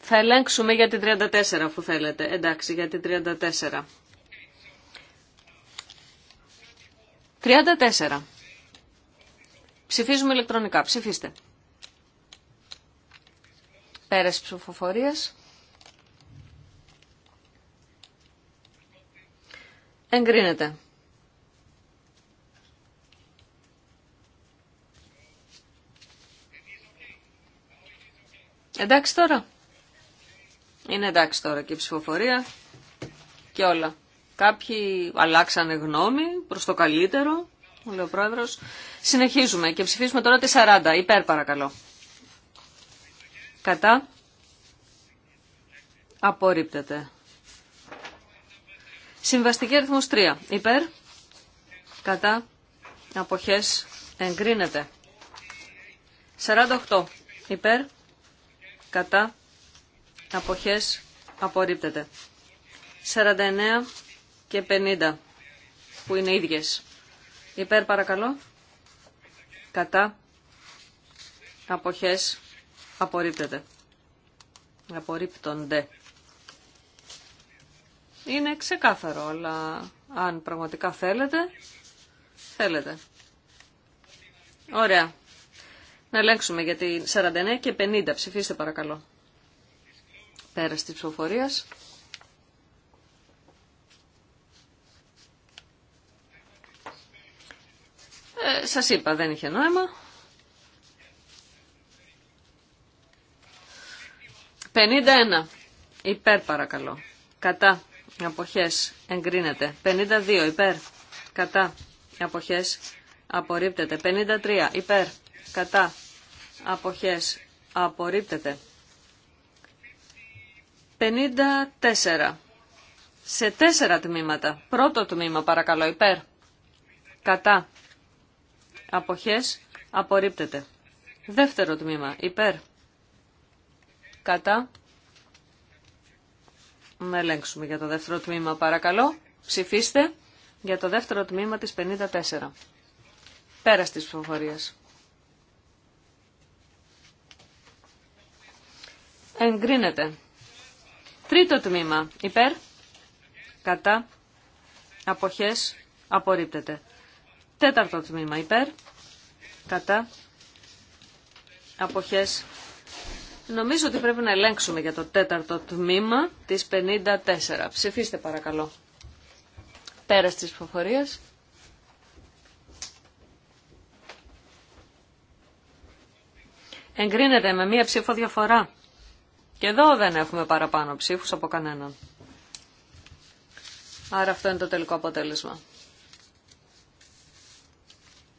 Θα ελέγξουμε για την 34 αφού θέλετε. Εντάξει, για την 34. 34. Ψηφίζουμε ηλεκτρονικά. Ψηφίστε. Πέρες ψηφοφορίας. Εγκρίνεται. Εντάξει τώρα. Είναι εντάξει τώρα και η ψηφοφορία και όλα. Κάποιοι αλλάξανε γνώμη προς το καλύτερο, λέει ο πρόεδρος. Συνεχίζουμε και ψηφίσουμε τώρα τη 40. Υπέρ παρακαλώ. Κατά. Απορρίπτεται. Συμβαστική αριθμός 3. Υπέρ. Κατά. Αποχές. Εγκρίνεται. 48. Υπέρ κατά αποχές απορρίπτεται. 49 και 50 που είναι ίδιες. Υπέρ παρακαλώ. Κατά αποχές απορρίπτεται. Απορρίπτονται. Είναι ξεκάθαρο, αλλά αν πραγματικά θέλετε, θέλετε. Ωραία. Να ελέγξουμε για την 49 και 50. Ψηφίστε παρακαλώ. Πέρα της ψηφοφορία. Ε, σας είπα, δεν είχε νόημα. 51. Υπέρ παρακαλώ. Κατά. Αποχές. Εγκρίνεται. 52. Υπέρ. Κατά. Αποχές. Απορρίπτεται. 53. Υπέρ κατά αποχές απορρίπτεται. 54. Σε τέσσερα τμήματα. Πρώτο τμήμα παρακαλώ υπέρ. Κατά. Αποχές απορρίπτεται. Δεύτερο τμήμα υπέρ. Κατά. Να για το δεύτερο τμήμα παρακαλώ. Ψηφίστε για το δεύτερο τμήμα της 54. Πέρας της Εγκρίνεται. Τρίτο τμήμα. Υπέρ. Κατά. Αποχές. Απορρίπτεται. Τέταρτο τμήμα. Υπέρ. Κατά. Αποχές. Νομίζω ότι πρέπει να ελέγξουμε για το τέταρτο τμήμα της 54. Ψηφίστε παρακαλώ. Πέρας της ψηφοφορίας. Εγκρίνεται με μία ψήφο διαφορά. Και εδώ δεν έχουμε παραπάνω ψήφους από κανέναν. Άρα αυτό είναι το τελικό αποτέλεσμα.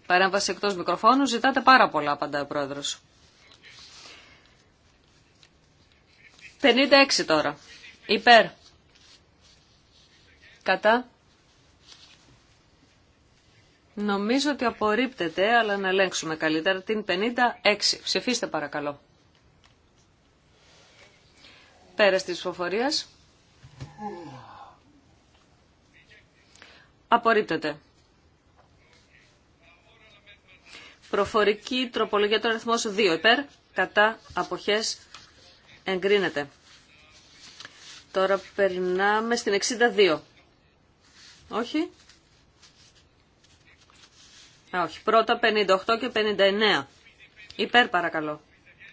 Παρέμβαση εκτός μικροφώνου ζητάτε πάρα πολλά, απαντάει ο Πρόεδρος. 56 τώρα. Υπέρ. Κατά. Νομίζω ότι απορρίπτεται, αλλά να ελέγξουμε καλύτερα την 56. Ψηφίστε παρακαλώ. Πέρας της ψηφοφορίας. Απορρίπτεται. Προφορική τροπολογία των αριθμών 2 υπέρ, κατά, αποχές, εγκρίνεται. Τώρα περνάμε στην 62. Όχι. Α, όχι. Πρώτα 58 και 59. Υπέρ παρακαλώ.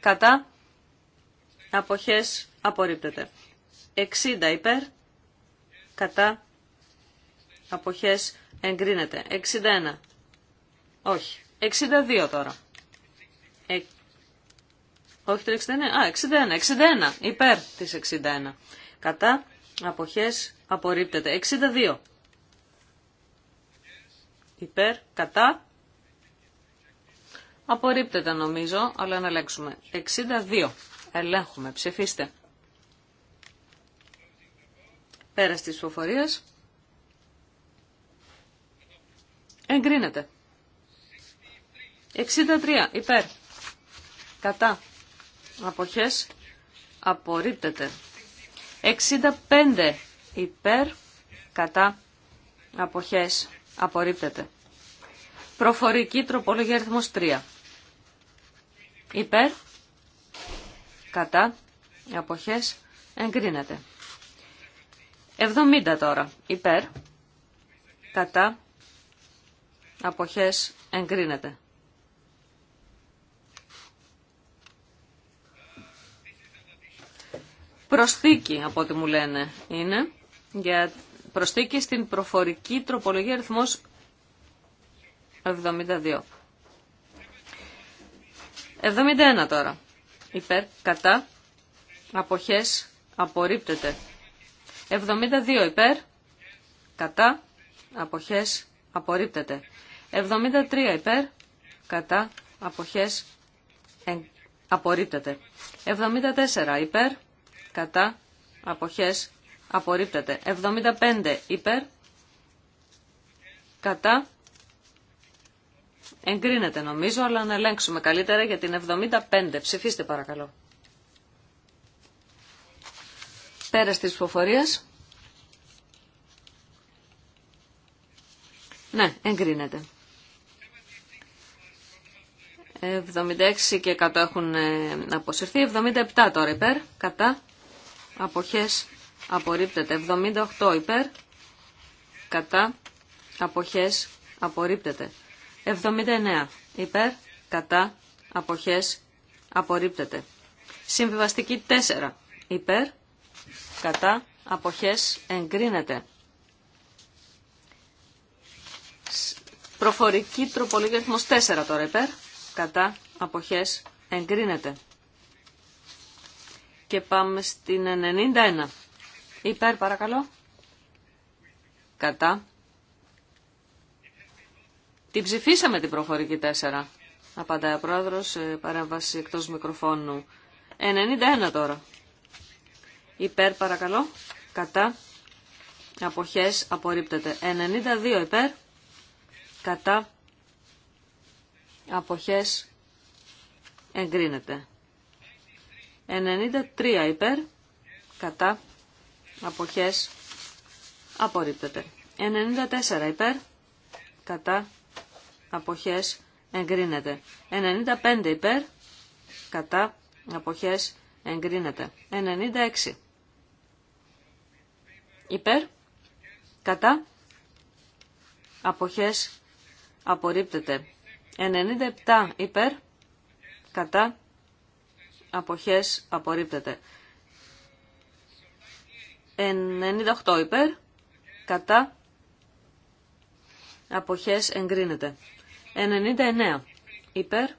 Κατά. Αποχές απορρίπτεται. 60 υπέρ, κατά, αποχές, εγκρίνεται. 61, όχι. 62 τώρα. Ε, όχι το 61, α, 61, 61, υπέρ της 61. Κατά, αποχές, απορρίπτεται. 62. Υπέρ, κατά, απορρίπτεται νομίζω, αλλά να ελέγξουμε. 62, ελέγχουμε, ψηφίστε. Πέρα της ψηφοφορίας. Εγκρίνεται. 63 υπέρ. Κατά. Αποχές. Απορρίπτεται. 65 υπέρ. Κατά. Αποχές. Απορρίπτεται. Προφορική τροπολογία αριθμός 3. Υπέρ. Κατά. Αποχές. Εγκρίνεται. 70 τώρα. Υπέρ. Κατά. Αποχές εγκρίνεται. Προσθήκη από ό,τι μου λένε είναι. Για προσθήκη στην προφορική τροπολογία αριθμός 72. 71 τώρα. Υπέρ. Κατά. Αποχές απορρίπτεται. 72 υπέρ, κατά, αποχές, απορρίπτεται. 73 υπέρ, κατά, αποχές, απορρίπτεται. 74 υπέρ, κατά, αποχές, απορρίπτεται. 75 υπέρ, κατά, εγκρίνεται νομίζω, αλλά να ελέγξουμε καλύτερα για την 75. Ψηφίστε παρακαλώ. Πέρας της ψηφοφορίας. Ναι, εγκρίνεται. 76 και 100 έχουν ε, αποσυρθεί. 77 τώρα υπέρ, κατά, αποχές απορρίπτεται. 78 υπέρ, κατά, αποχές απορρίπτεται. 79 υπέρ, κατά, αποχές απορρίπτεται. Συμβιβαστική 4 υπέρ, κατά αποχές εγκρίνεται. Προφορική τροπολογία 4 τώρα υπέρ, κατά αποχές εγκρίνεται. Και πάμε στην 91. Υπέρ παρακαλώ. Κατά. Την ψηφίσαμε την προφορική 4. Απαντάει ο πρόεδρος, ε, παρέμβαση εκτός μικροφώνου. 91 τώρα υπέρ παρακαλώ, κατά, αποχές απορρίπτεται. 92 υπέρ, κατά, αποχές εγκρίνεται. 93 υπέρ, κατά, αποχές απορρίπτεται. 94 υπέρ, κατά, αποχές εγκρίνεται. 95 υπέρ, κατά, αποχές εγκρίνεται. 96 υπέρ, κατά, αποχές, απορρίπτεται. 97 υπέρ, κατά, αποχές, απορρίπτεται. 98 υπέρ, κατά, αποχές, εγκρίνεται. 99 υπέρ,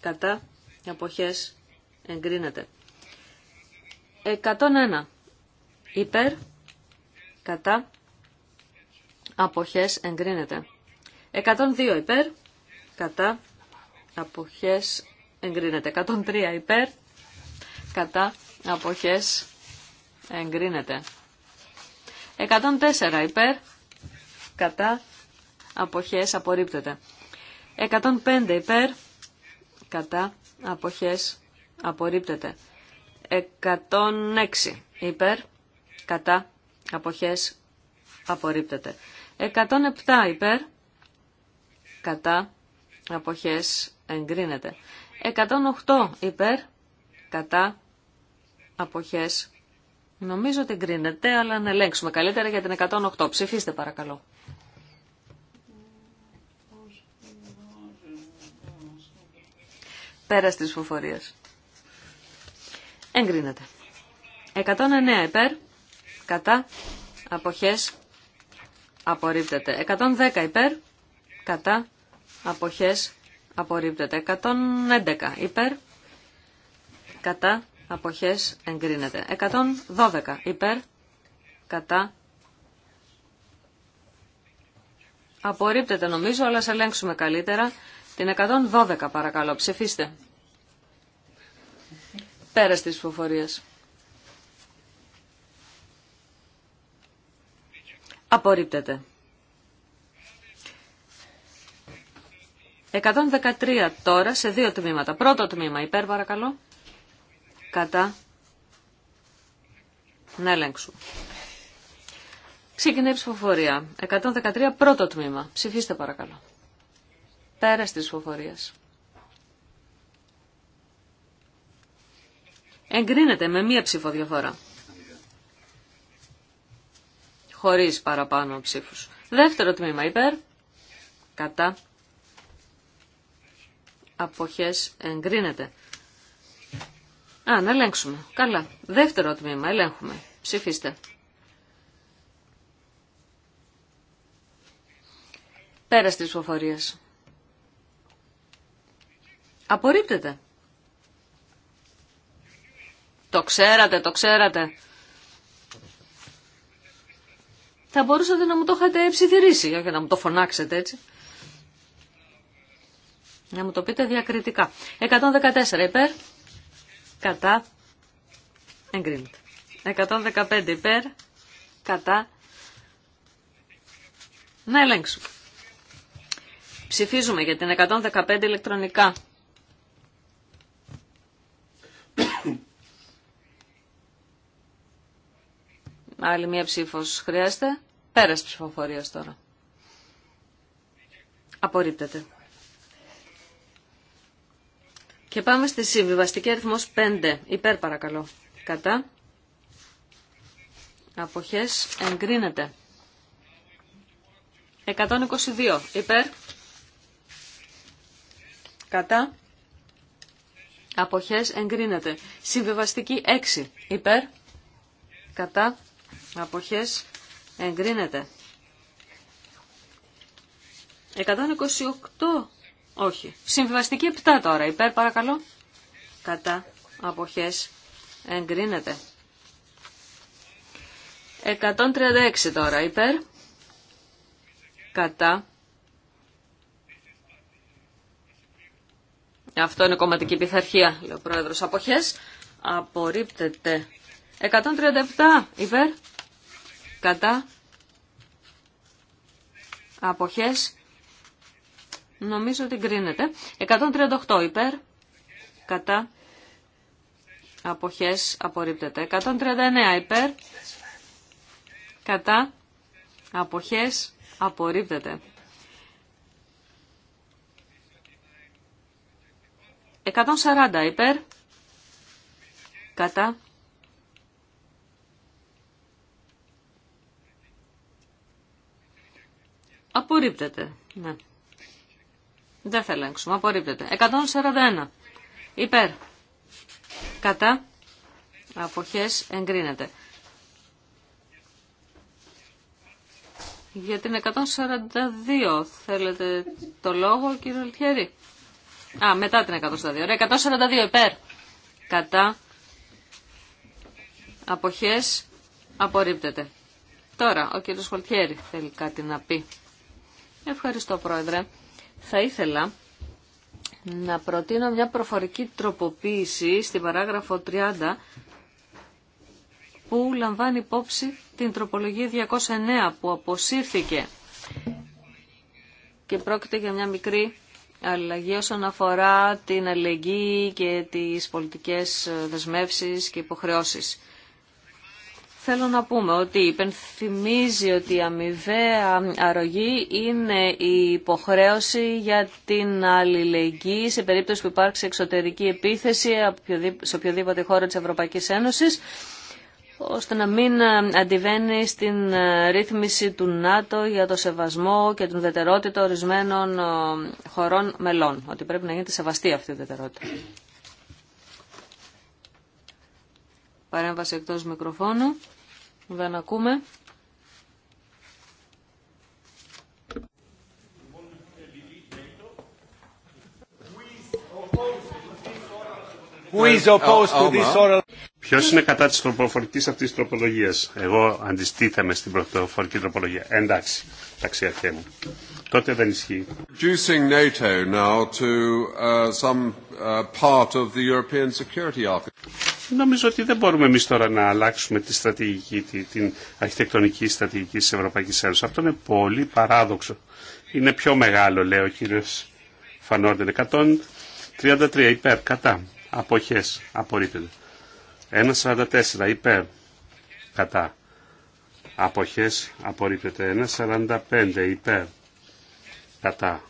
κατά, αποχές, εγκρίνεται. 101 υπέρ, κατά αποχές εγκρίνεται. 102 υπέρ κατά αποχές εγκρίνεται. 103 υπέρ κατά αποχές εγκρίνεται. 104 υπέρ κατά αποχές απορρίπτεται. 105 υπέρ κατά αποχές απορρίπτεται. 106 υπέρ κατά Αποχές απορρίπτεται. 107 υπέρ. Κατά. Αποχές εγκρίνεται. 108 υπέρ. Κατά. Αποχές. Νομίζω ότι εγκρίνεται, αλλά να ελέγξουμε καλύτερα για την 108. Ψηφίστε παρακαλώ. Πέρα τη φοφορίας. Εγκρίνεται. 109 υπέρ κατά, αποχές, απορρίπτεται. 110 υπέρ, κατά, αποχές, απορρίπτεται. 111 υπέρ, κατά, αποχές, εγκρίνεται. 112 υπέρ, κατά, απορρίπτεται νομίζω, αλλά σε ελέγξουμε καλύτερα. Την 112 παρακαλώ, ψηφίστε. Πέρας της ψηφοφορίας. Απορρίπτεται. 113 τώρα σε δύο τμήματα. Πρώτο τμήμα υπέρ παρακαλώ. Κατά. Να έλεγξουν. Ξεκινάει η ψηφοφορία. 113 πρώτο τμήμα. Ψηφίστε παρακαλώ. Πέρα τη ψηφοφορία. Εγκρίνεται με μία ψηφοδιαφορά χωρίς παραπάνω ψήφους. Δεύτερο τμήμα υπέρ, κατά, αποχές εγκρίνεται. Α, να ελέγξουμε. Καλά. Δεύτερο τμήμα, ελέγχουμε. Ψηφίστε. Πέρα στις ψηφοφορίες. Απορρίπτεται. Το ξέρατε, το ξέρατε. Θα μπορούσατε να μου το είχατε ψιθυρίσει για να μου το φωνάξετε έτσι. Να μου το πείτε διακριτικά. 114 υπέρ. Κατά. Εγκρίνεται. 115 υπέρ. Κατά. Να ελέγξουμε. Ψηφίζουμε για την 115 ηλεκτρονικά. Άλλη μία ψήφος χρειάζεται. Πέρας ψηφοφορίας τώρα. Απορρίπτεται. Και πάμε στη συμβιβαστική αριθμός 5. Υπέρ παρακαλώ. Κατά. Αποχές εγκρίνεται. 122. Υπέρ. Κατά. Αποχές εγκρίνεται. Συμβιβαστική 6. Υπέρ. Κατά αποχές εγκρίνεται. 128, όχι. Συμβιβαστική 7 τώρα, υπέρ παρακαλώ. Κατά αποχές εγκρίνεται. 136 τώρα, υπέρ. Κατά. Αυτό είναι κομματική πειθαρχία, λέει ο πρόεδρος. Αποχές απορρίπτεται. 137 υπέρ κατά αποχές νομίζω ότι γκρίνεται 138 υπέρ κατά αποχές απορρίπτεται 139 υπέρ κατά αποχές απορρίπτεται 140 υπέρ κατά Απορρίπτεται. Ναι. Δεν θα ελέγξουμε. Απορρίπτεται. 141. Υπέρ. Κατά. Αποχές εγκρίνεται. Για την 142 θέλετε το λόγο κύριε Λτιέρη. Α, μετά την 142. Ωραία, 142 υπέρ. Κατά. Αποχές απορρίπτεται. Τώρα ο κύριος Χολτιέρη θέλει κάτι να πει. Ευχαριστώ Πρόεδρε. Θα ήθελα να προτείνω μια προφορική τροποποίηση στην παράγραφο 30 που λαμβάνει υπόψη την τροπολογία 209 που αποσύρθηκε και πρόκειται για μια μικρή αλλαγή όσον αφορά την αλληλεγγύη και τις πολιτικές δεσμεύσεις και υποχρεώσεις θέλω να πούμε ότι υπενθυμίζει ότι η αμοιβαία αρρωγή είναι η υποχρέωση για την αλληλεγγύη σε περίπτωση που υπάρξει εξωτερική επίθεση σε οποιοδήποτε χώρο της Ευρωπαϊκής Ένωσης ώστε να μην αντιβαίνει στην ρύθμιση του ΝΑΤΟ για το σεβασμό και την δετερότητο ορισμένων ε, χωρών μελών. Ότι πρέπει να γίνεται σεβαστή αυτή η δετερότητα. Παρέμβαση εκτός μικροφώνου. Δεν ακούμε. Ποιο είναι κατά τη τροποφορικής αυτή τη τροπολογίας. Εγώ αντιστήθαμε στην τροποφορική τροπολογία. Εντάξει, ταξιαρχέ μου. Τότε δεν ισχύει νομίζω ότι δεν μπορούμε εμεί τώρα να αλλάξουμε τη στρατηγική, την αρχιτεκτονική στρατηγική τη Ευρωπαϊκή Ένωση. Αυτό είναι πολύ παράδοξο. Είναι πιο μεγάλο, λέει ο κύριο Φανόρντεν. 133 υπέρ, κατά. Αποχέ, απορρίπτεται. 1,44 υπέρ, κατά. Αποχέ, απορρίπτεται. 1,45 υπέρ, κατά.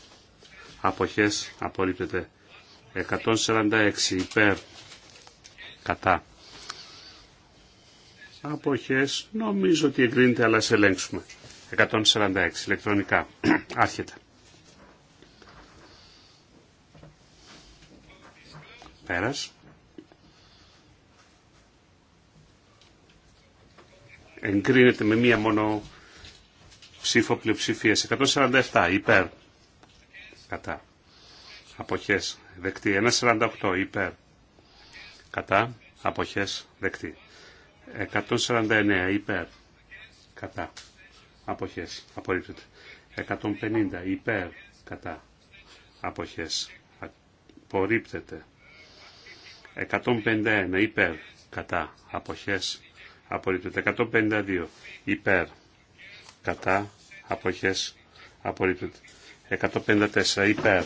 Αποχέ, απορρίπτεται. 146 υπέρ, κατά αποχές νομίζω ότι εγκρίνεται αλλά σε ελέγξουμε 146 ηλεκτρονικά άρχεται πέρας εγκρίνεται με μία μόνο ψήφο πλειοψηφία 147 υπέρ κατά αποχές δεκτή 148 υπέρ κατά αποχές δεκτή. 149 υπέρ κατά αποχές απορρίπτεται. 150 υπέρ κατά αποχές απορρίπτεται. 151 υπέρ κατά αποχές απορρίπτεται. 152 υπέρ κατά αποχές απορρίπτεται. 154 υπέρ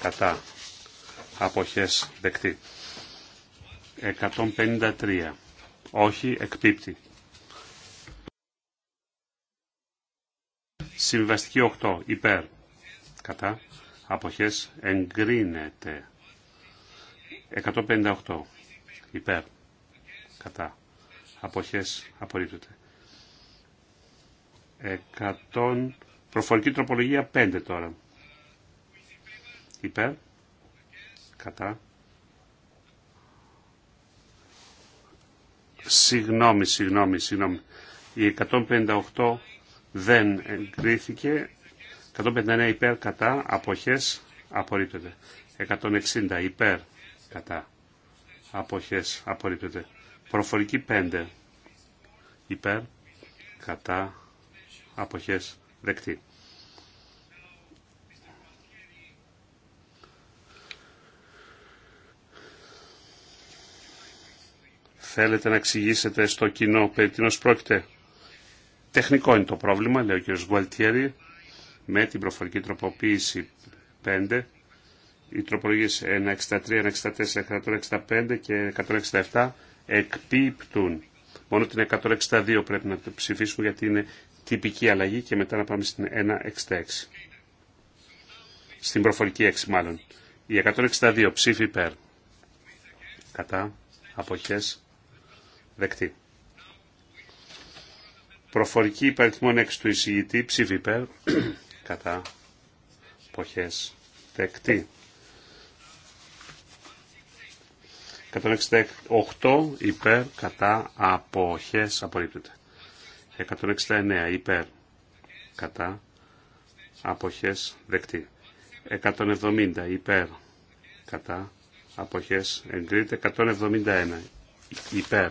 κατά αποχές δεκτή. 153. Όχι, εκπίπτει. Συμβαστική 8. Υπέρ. Κατά. Αποχές εγκρίνεται. 158. Υπέρ. Κατά. Αποχές απορρίπτεται. 100... Προφορική τροπολογία 5 τώρα. Υπέρ. Κατά. Συγγνώμη, συγγνώμη, συγγνώμη. Η 158 δεν εγκρίθηκε. 159 υπέρ κατά αποχές απορρίπτεται. 160 υπέρ κατά αποχές απορρίπτεται. Προφορική 5 υπέρ κατά αποχές δεκτή. θέλετε να εξηγήσετε στο κοινό περί τίνος πρόκειται. Τεχνικό είναι το πρόβλημα, λέει ο κ. Γκουαλτιέρη, με την προφορική τροποποίηση 5, οι τροπολογίες 163, 164, 165 και 167 εκπίπτουν. Μόνο την 162 πρέπει να το ψηφίσουμε γιατί είναι τυπική αλλαγή και μετά να πάμε στην 166. Στην προφορική 6 μάλλον. Η 162 ψήφι υπέρ. Κατά. Αποχές. Δεκτή. Προφορική υπαριθμών 6 του εισηγητή. Ψήφι υπέρ. Κατά. ποχές Δεκτή. 168 υπέρ. Κατά. Αποχές. Απορρίπτεται. 169 υπέρ. Κατά. Αποχές. Δεκτή. 170 υπέρ. Κατά. Αποχές. Εγκρίνεται. 171 υπέρ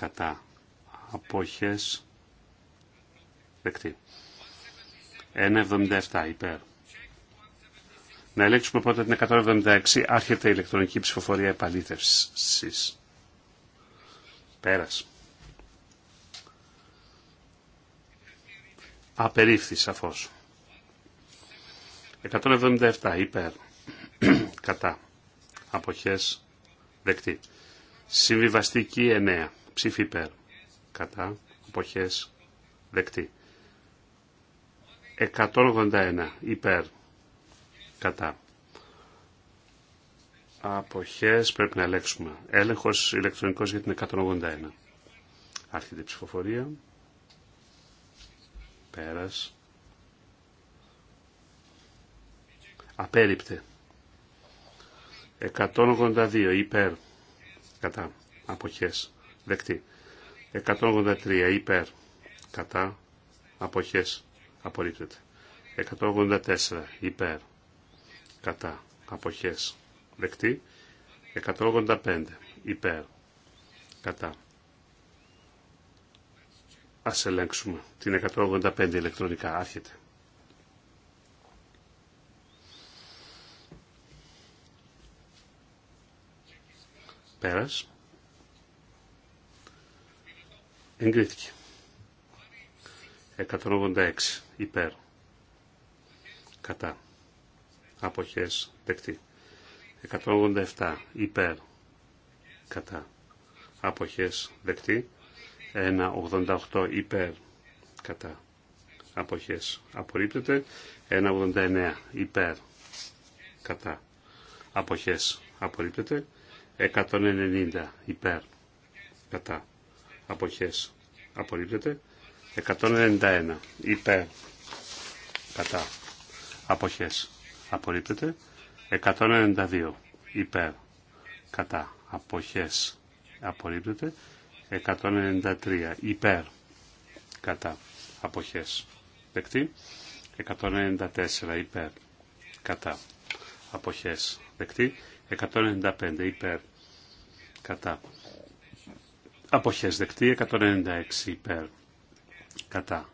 κατά αποχές δεκτή. 1,77 υπέρ. Να ελέγξουμε πρώτα την 176. Άρχεται η ηλεκτρονική ψηφοφορία επαλήθευσης. Πέρας. Απερίφθη σαφώς. 177 υπέρ. κατά. Αποχές δεκτή. Συμβιβαστική 9 Ψήφι υπέρ. Κατά. Αποχές. Δεκτή. 181. Υπέρ. Κατά. Αποχές πρέπει να ελέγξουμε. Έλεγχος ηλεκτρονικός για την 181. Άρχεται η ψηφοφορία. Πέρας. Απέριπτε. 182 υπέρ. Κατά. Αποχές δεκτή. 183 υπέρ κατά αποχές απορρίπτεται. 184 υπέρ κατά αποχές δεκτή. 185 υπέρ κατά. Ας ελέγξουμε την 185 ηλεκτρονικά. Άρχεται. Πέρας. Εγκρίθηκε. 186 υπέρ. Κατά. Αποχές δεκτή. 187 υπέρ. Κατά. Αποχές δεκτή. 188 υπέρ. Κατά. Αποχές απορρίπτεται. 189 υπέρ. Κατά. Αποχές απορρίπτεται. 190 υπέρ. Κατά αποχές απορρίπτεται 191 υπέρ κατά αποχές απορρίπτεται 192 υπέρ κατά αποχές απορρίπτεται 193 υπέρ κατά αποχές δεκτή 194 υπέρ κατά αποχές δεκτή 195 υπέρ κατά Αποχές δεκτή 196 υπέρ. Κατά.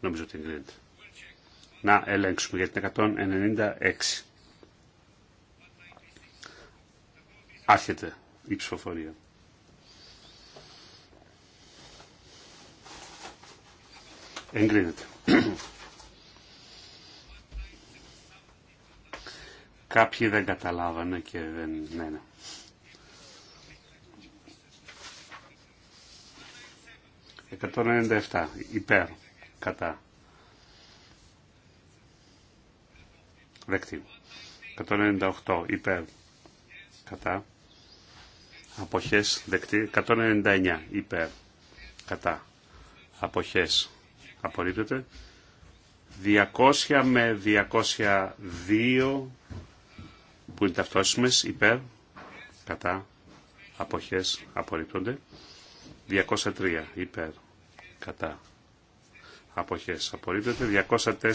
Νομίζω ότι εγκρίνεται. Να ελέγξουμε για την 196. Άρχεται η ψηφοφορία. Εγκρίνεται. Κάποιοι δεν καταλάβανε και δεν... Ναι, ναι. 197 υπέρ κατά δεκτή 198 υπέρ κατά αποχές δεκτή 199 υπέρ κατά αποχές απορρίπτεται 200 με 202 που είναι ταυτόσιμες υπέρ κατά αποχές απορρίπτονται 203 υπέρ κατά αποχές απορρίπτεται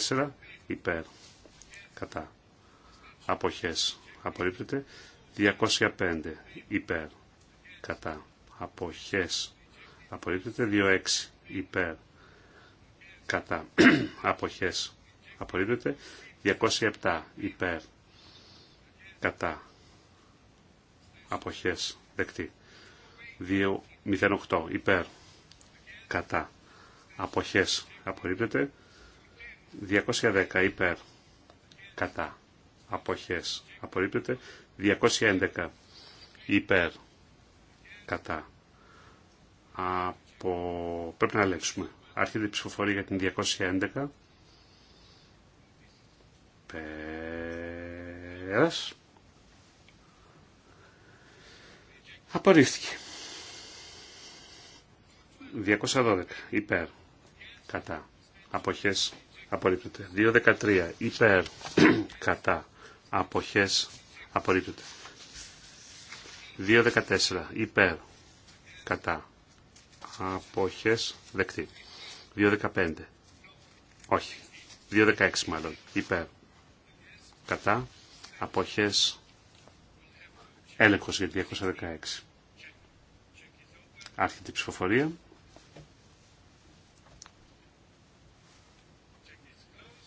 204 υπέρ κατά αποχές απορρίπτεται 205 υπέρ κατά αποχές απορρίπτεται 26 υπέρ κατά αποχές απορρίπτεται 207 υπέρ κατά αποχές δεκτή 208 υπέρ κατά αποχές απορρίπτεται 210 υπέρ κατά αποχές απορρίπτεται 211 υπέρ κατά από... πρέπει να λέξουμε. άρχεται η ψηφοφορία για την 211 πέρας απορρίφθηκε 212 υπέρ κατά αποχές απορρίπτεται. 213 υπέρ κατά αποχές απορρίπτεται. 214 υπέρ κατά αποχές δεκτή. 215 όχι. 216 μάλλον υπέρ κατά αποχές έλεγχος για 216. Άρχεται η ψηφοφορία.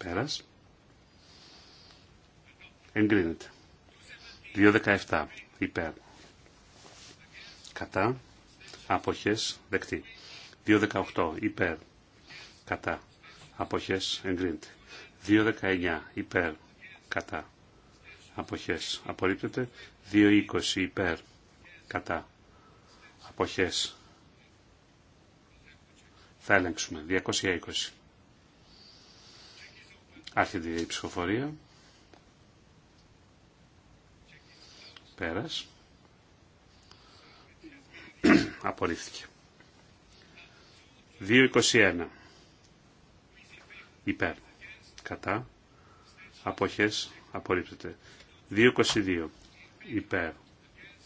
Καλησπέρας. Εγκρίνεται. 2.17 υπέρ. Κατά. Αποχές δεκτή. 2.18 υπέρ. Κατά. Αποχές εγκρίνεται. 2.19 υπέρ. Κατά. Αποχές απορρίπτεται. 2.20 υπέρ. Κατά. Αποχές. Θα ελέγξουμε. 220. Άρχεται η ψηφοφορία. Πέρας. Απορρίφθηκε. 2.21. Υπέρ. Κατά. Αποχές. Απορρίπτεται. 2.22. Υπέρ.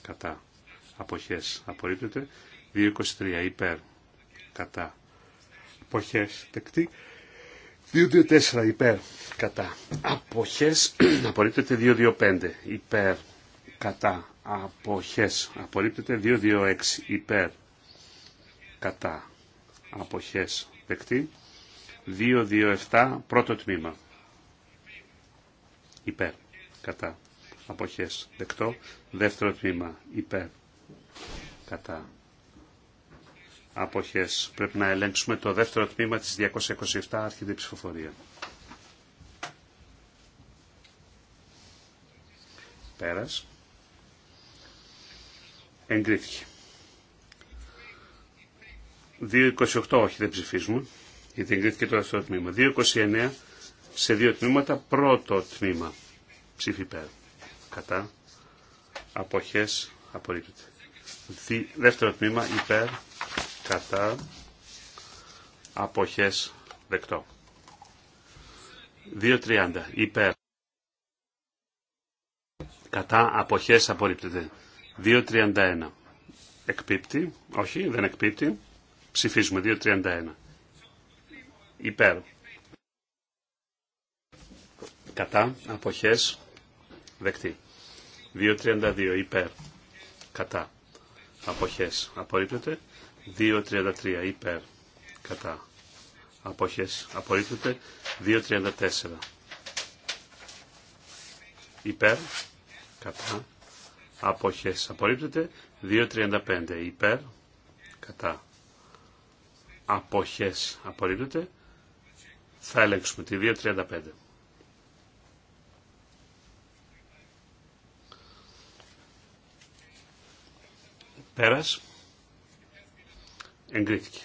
Κατά. Αποχές. Απορρίπτεται. 2.23. Υπέρ. Κατά. Αποχές. τεκτή. 2-2-4 υπέρ κατά αποχές απορρίπτεται 2-2-5 υπέρ κατά αποχές απορρίπτεται 2-2-6 υπέρ κατά αποχές δεκτή 2-2-7 πρώτο τμήμα υπέρ κατά αποχές δεκτό δεύτερο τμήμα υπέρ κατά αποχές. Πρέπει να ελέγξουμε το δεύτερο τμήμα της 227 άρχιδη ψηφοφορία. Πέρας. Εγκρίθηκε. 2.28 όχι δεν ψηφίζουμε, γιατί εγκρίθηκε το δεύτερο τμήμα. 2.29 σε δύο τμήματα, πρώτο τμήμα ψήφι πέρα. Κατά. Αποχές απορρίπτεται. Δεύτερο τμήμα υπέρ κατά αποχές δεκτό. 2.30 υπέρ κατά αποχές απορρίπτεται. 2.31 εκπίπτει, όχι δεν εκπίπτει, ψηφίζουμε 2.31 υπέρ κατά αποχές δεκτή. 2.32 υπέρ κατά αποχές απορρίπτεται. 2.33 υπέρ κατά αποχές απορρίπτεται 2.34 υπέρ κατά αποχές απορρίπτεται 2.35 υπέρ κατά αποχές απορρίπτεται θα ελέγξουμε τη 2.35 Πέρας. Εγκρίθηκε.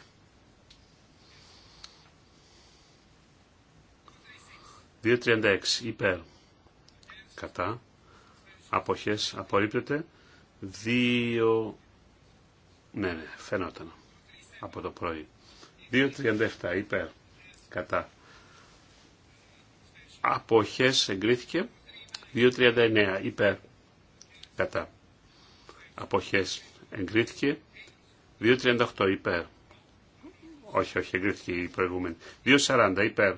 2.36 υπέρ κατά αποχές απορρίπτεται 2 ναι ναι φαινόταν από το πρωί 2.37 υπέρ κατά αποχές εγκρίθηκε 2.39 υπέρ κατά αποχές εγκρίθηκε 2.38 υπέρ. Όχι, όχι, εγκρίθηκε η προηγούμενη. 2.40 υπέρ.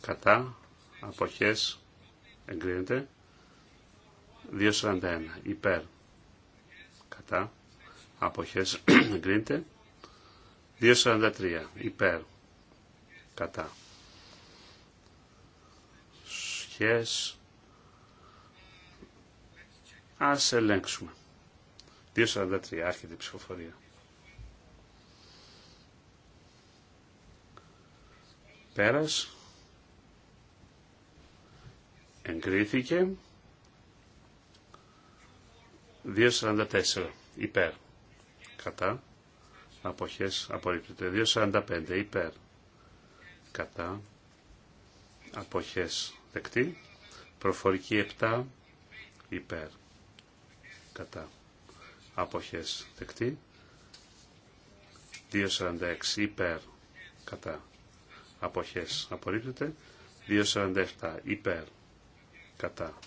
Κατά. Αποχές. Εγκρίνεται. 2.41 υπέρ. Κατά. Αποχές. εγκρίνεται. 2.43 υπέρ. Κατά. Σχές. Ας ελέγξουμε. 2.43 άρχεται η ψηφοφορία. Πέρας. Εγκρίθηκε. 2.44 υπέρ. Κατά. Αποχές απορρίπτεται. 2.45 υπέρ. Κατά. Αποχές δεκτή. Προφορική 7 υπέρ. Κατά αποχές δεκτή 2.46 υπέρ κατά αποχές απορρίπτεται 2.47 υπέρ κατά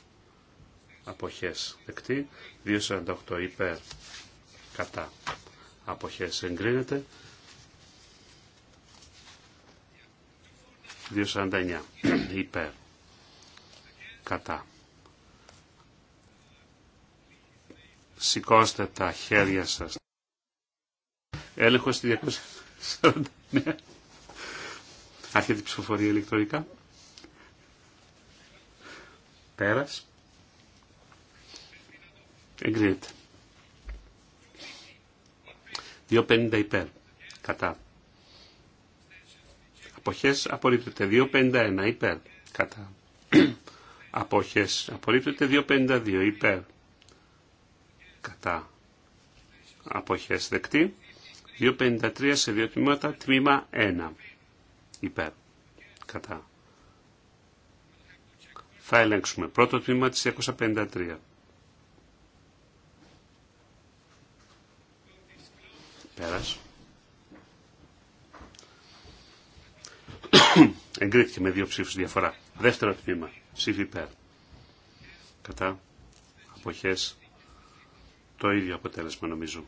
αποχές δεκτή 2.48 υπέρ κατά αποχές εγκρίνεται 2.49 υπέρ κατά Σηκώστε τα χέρια σας. Έλεγχος στη 249. Άρχεται η ψηφοφορία ηλεκτρονικά. Πέρας. Εγκρίνεται. 2.50 υπέρ. Κατά. Αποχές απορρίπτεται. 2.51 υπέρ. Κατά. Αποχές απορρίπτεται. 2.52 υπέρ κατά αποχές δεκτή. 2.53 σε δύο τμήματα, τμήμα 1 υπέρ κατά. Θα ελέγξουμε πρώτο τμήμα της 253. Πέρας. Εγκρίθηκε με δύο ψήφους διαφορά. Δεύτερο τμήμα. Ψήφι υπέρ. Κατά. Αποχές. Το ίδιο αποτέλεσμα νομίζω.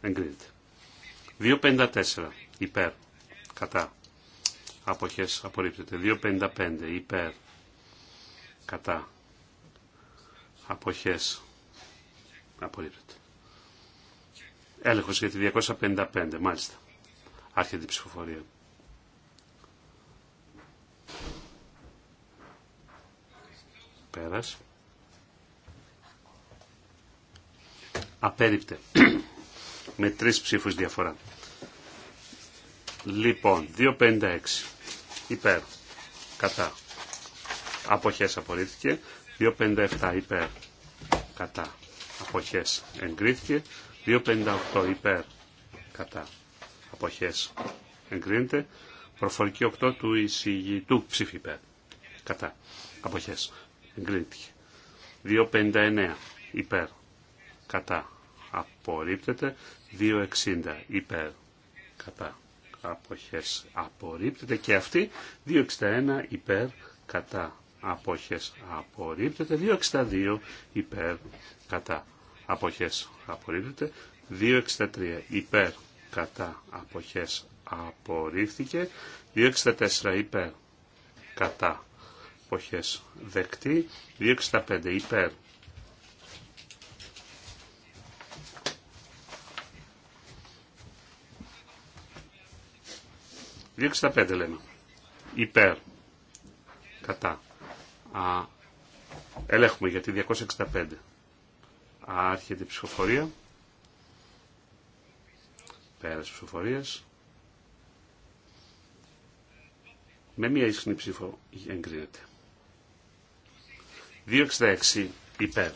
Εγκρίνεται. 2.54 υπέρ. Κατά. Αποχές απορρίπτεται. 2.55 υπέρ. Κατά. Αποχές απορρίπτεται. Έλεγχος για τη 255, μάλιστα. Άρχεται η ψηφοφορία. Πέρασε. απέριπτε με τρεις ψήφους διαφορά. Λοιπόν, 2.56 υπέρ, κατά. Αποχές απορρίφθηκε. 2.57 υπέρ, κατά. Αποχές εγκρίθηκε. 2.58 υπέρ, κατά. Αποχές εγκρίνεται. Προφορική 8 του εισηγητού ψήφι υπέρ, κατά. Αποχές εγκρίνεται. 2.59 υπέρ, κατά απορρίπτεται 2.60 υπέρ κατά αποχές απορρίπτεται και αυτή 2.61 υπέρ κατά αποχές απορρίπτεται 2.62 υπέρ κατά αποχές απορρίπτεται 2.63 υπέρ κατά αποχές απορρίφθηκε 2.64 υπέρ κατά αποχές δεκτή 2.65 υπέρ 265 λέμε. Υπέρ. Κατά. Α, ελέγχουμε γιατί 265. Άρχεται η ψηφοφορία. Πέρας ψηφοφορίας. Με μία ίσχυνη ψήφο εγκρίνεται. 266 υπέρ.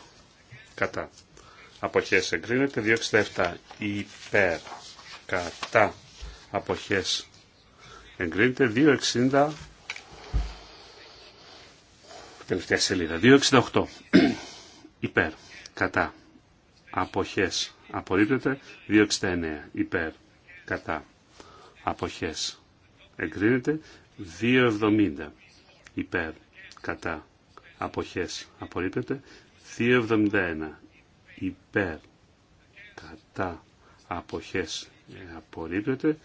Κατά. Αποχές εγκρίνεται. 267 υπέρ. Κατά. Αποχές εγκρίνεται 2,60 τελευταία σελίδα 2,68 υπέρ κατά αποχές απορρίπτεται 2,69 υπέρ κατά αποχές εγκρίνεται 2,70 υπέρ κατά αποχές απορρίπτεται 2,71 υπέρ κατά αποχές απορρίπτεται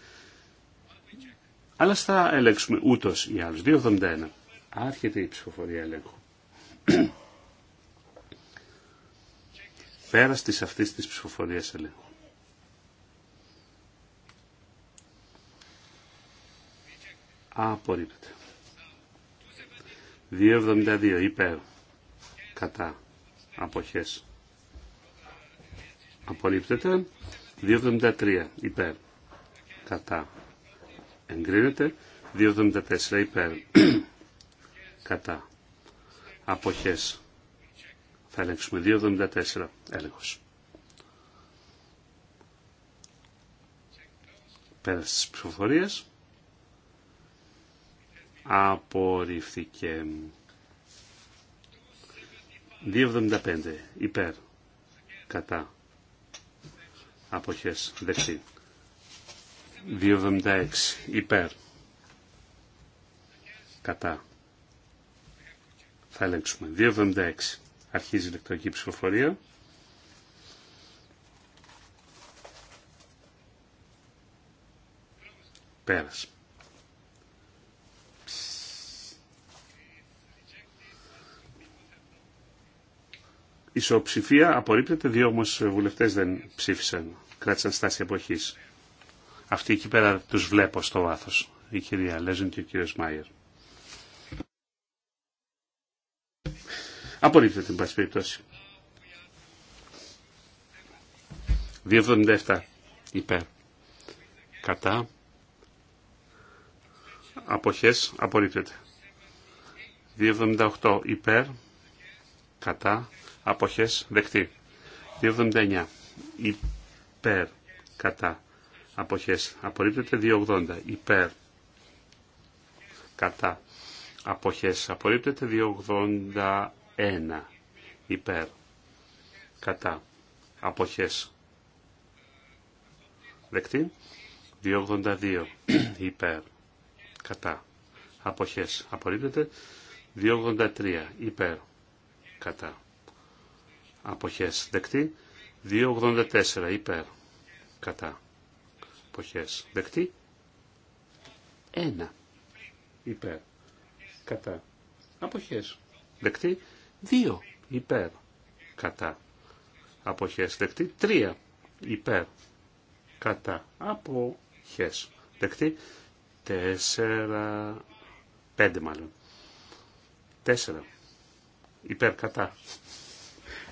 αλλά θα ελέγξουμε ούτως ή άλλω 2-71. Άρχεται η αλλω 271 αρχεται ελέγχου. ελεγχου περα τη αυτή τη ψηφοφορία ελέγχου. Απορρίπτεται. 2.72 υπέρ. Κατά. αποχε Απορρίπτεται. 2.73 υπέρ. Κατά εγκρίνεται 2.74 υπέρ κατά αποχές θα ελέγξουμε 2.74 έλεγχος πέρας τις ψηφοφορίες. απορριφθήκε 2.75 υπέρ κατά αποχές δεκτή 276 υπέρ. Κατά. Θα ελέγξουμε. 276. Αρχίζει η ηλεκτρονική ψηφοφορία. Πέρας. Ισοψηφία απορρίπτεται, δύο όμως βουλευτές δεν ψήφισαν, κράτησαν στάση αποχής. Αυτοί εκεί πέρα τους βλέπω στο βάθος. Η κυρία Λέζον και ο κύριος Μάιερ. Απορρίπτεται την πάση περιπτώσει. 2,77 υπέρ. Κατά. Αποχές απορρίπτεται. 2,78 υπέρ. Κατά. Αποχές δεχτεί. 2,79 υπέρ. Κατά αποχές απορρίπτεται 2.80 υπέρ κατά αποχές απορρίπτεται 2.81 υπέρ κατά αποχές δεκτή 2.82 υπέρ κατά αποχές απορρίπτεται 2.83 υπέρ κατά αποχές δεκτή 2.84 υπέρ κατά αποχές δεκτή. Ένα. υπέρ κατά αποχές δεκτή. Δύο. υπέρ κατά αποχές δεκτή. Τρία. υπέρ κατά αποχές δεκτή. Τέσσερα, πέντε μάλλον. Τέσσερα. υπέρ κατά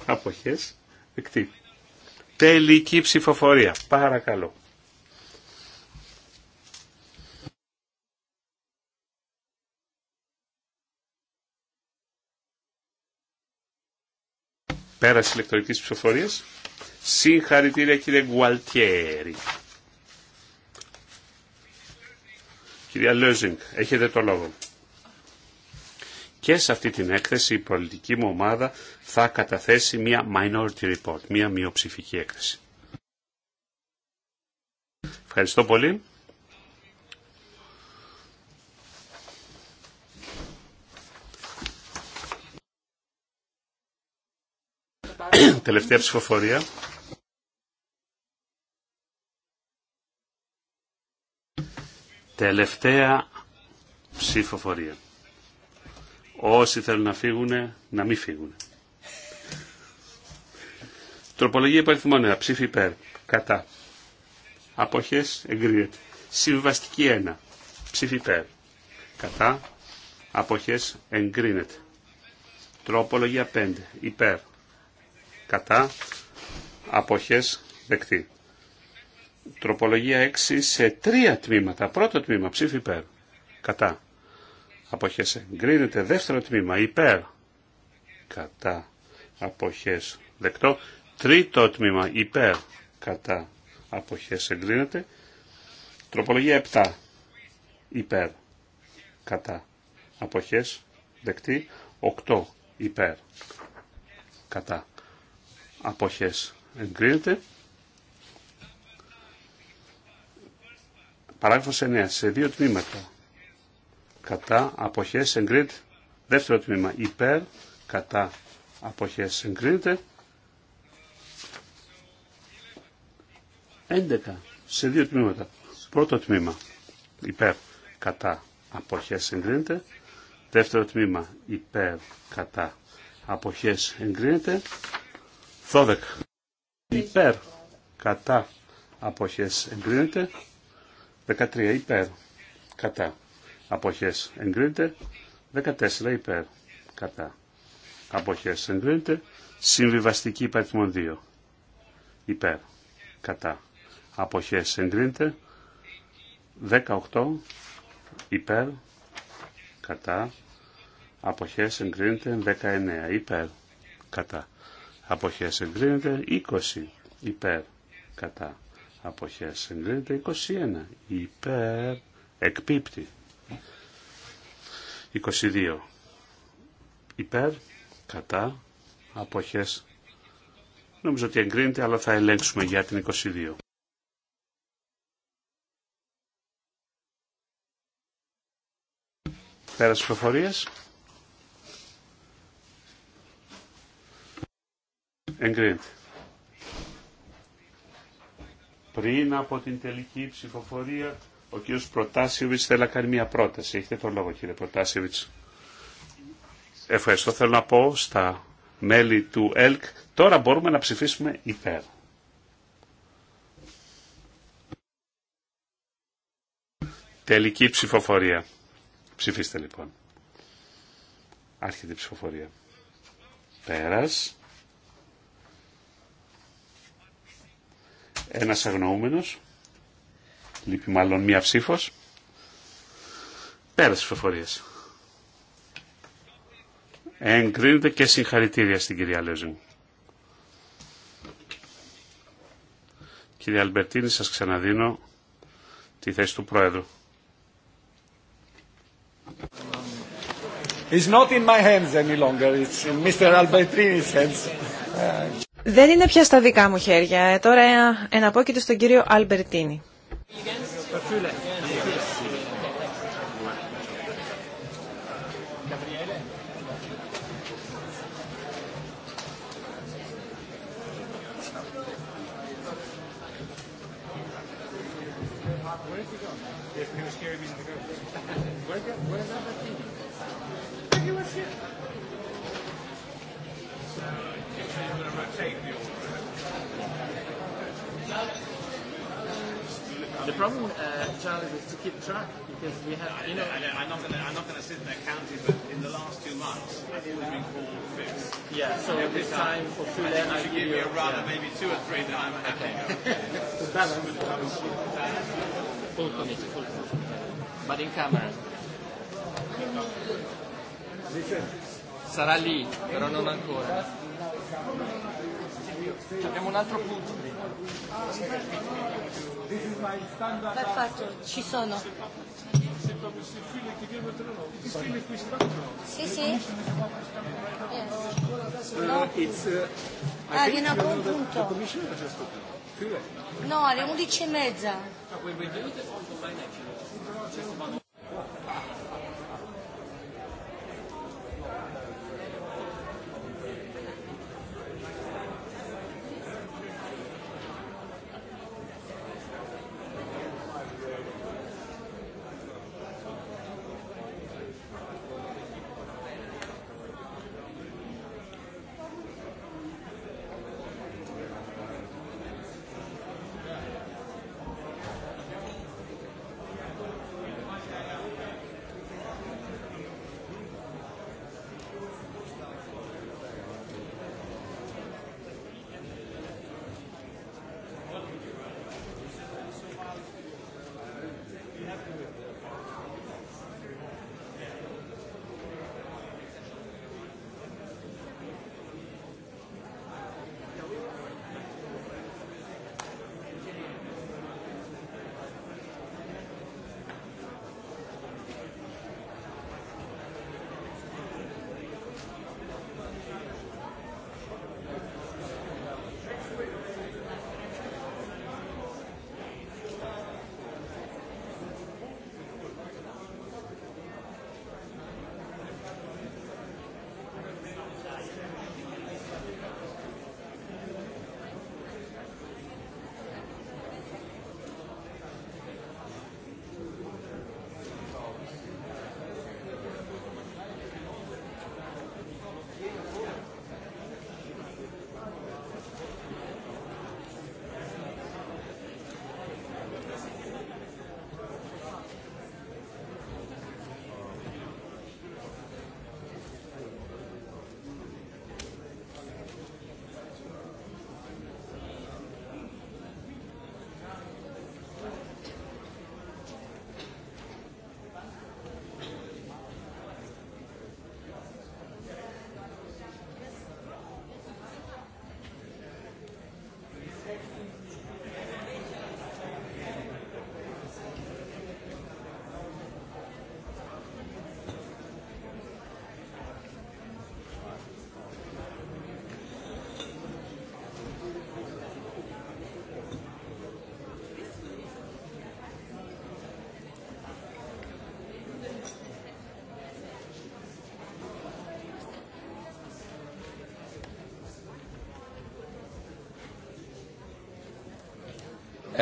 αποχές δεκτή. Τελική ψηφοφορία. Παρακαλώ. Πέραση ηλεκτρονικής ψηφοφορίας. Συγχαρητήρια κύριε Γουαλτιέρη. Κυρία Λέζινγκ, έχετε το λόγο. Και σε αυτή την έκθεση η πολιτική μου ομάδα θα καταθέσει μια minority report, μια μειοψηφική έκθεση. Ευχαριστώ πολύ. τελευταία ψηφοφορία. Τελευταία ψηφοφορία. Όσοι θέλουν να φύγουν, να μην φύγουν. Τροπολογία υπαριθμών Ψήφι υπέρ. Κατά. Αποχές εγκρίνεται. Συμβαστική 1. Ψήφι υπέρ. Κατά. Αποχές εγκρίνεται. Τροπολογία 5. Υπέρ κατά αποχές δεκτή. Τροπολογία 6 σε τρία τμήματα. Πρώτο τμήμα ψήφι υπέρ. Κατά. Αποχές εγκρίνεται. Δεύτερο τμήμα υπέρ. Κατά. Αποχές δεκτό. Τρίτο τμήμα υπέρ. Κατά. Αποχές εγκρίνεται. Τροπολογία 7 υπέρ. Κατά. Αποχές δεκτή. 8 υπέρ. Κατά αποχές εγκρίνεται. Παράγραφος 9. Σε δύο τμήματα. Κατά αποχές εγκρίνεται. Δεύτερο τμήμα. Υπέρ. Κατά αποχές εγκρίνεται. 11. Σε δύο τμήματα. Πρώτο τμήμα. Υπέρ. Κατά αποχές εγκρίνεται. Δεύτερο τμήμα. Υπέρ. Κατά αποχές εγκρίνεται. 12. Υπέρ. Κατά. Αποχές εγκρίνεται. 13. Υπέρ. Κατά. Αποχές εγκρίνεται. 14. Υπέρ. Κατά. Αποχές εγκρίνεται. Συμβιβαστική υπαριθμών 2. Υπέρ. Κατά. Αποχές εγκρίνεται. 18. Υπέρ. Κατά. Αποχές εγκρίνεται 19 υπέρ κατά αποχές εγκρίνεται 20 υπέρ κατά αποχές εγκρίνεται 21 υπέρ εκπίπτει 22 υπέρ κατά αποχές νομίζω ότι εγκρίνεται αλλά θα ελέγξουμε για την 22 Πέρας προφορίας. Εγκρίνεται. Πριν από την τελική ψηφοφορία, ο κ. Προτάσιβιτς θέλει να κάνει μια πρόταση. Έχετε τον λόγο κύριε Προτάσιβιτς. Ευχαριστώ. Θέλω να πω στα μέλη του ΕΛΚ, τώρα μπορούμε να ψηφίσουμε υπέρ. Τελική ψηφοφορία. Ψηφίστε λοιπόν. Άρχεται η ψηφοφορία. Πέρας. Ένας αγνοούμενος. Λείπει μάλλον μία ψήφος. Πέρασε ψηφοφορίες. Εγκρίνεται και συγχαρητήρια στην κυρία Λέζιν. Κύριε Αλμπερτίνη, σας ξαναδίνω τη θέση του Πρόεδρου. It's not in my hands any longer. It's in Mr. Albertini's hands. Δεν είναι πια στα δικά μου χέρια. Ε, τώρα εναπόκειται στον κύριο Αλμπερτίνη. The problem, uh, Charles, is to keep track because we have. You know, I know, I'm not going to. I'm not going to sit there counting, but in the last two months, I've always been called fifth. Yeah. So every time for days, I think you give me a run of maybe two or three that I'm happy. Okay. Balance. Full committee. Full committee. But in camera. Sarà lì, però non ancora. Abbiamo un altro punto Perfetto, ci sono. Sì, sì. No. Ah, viene a buon punto. No, alle undici e mezza.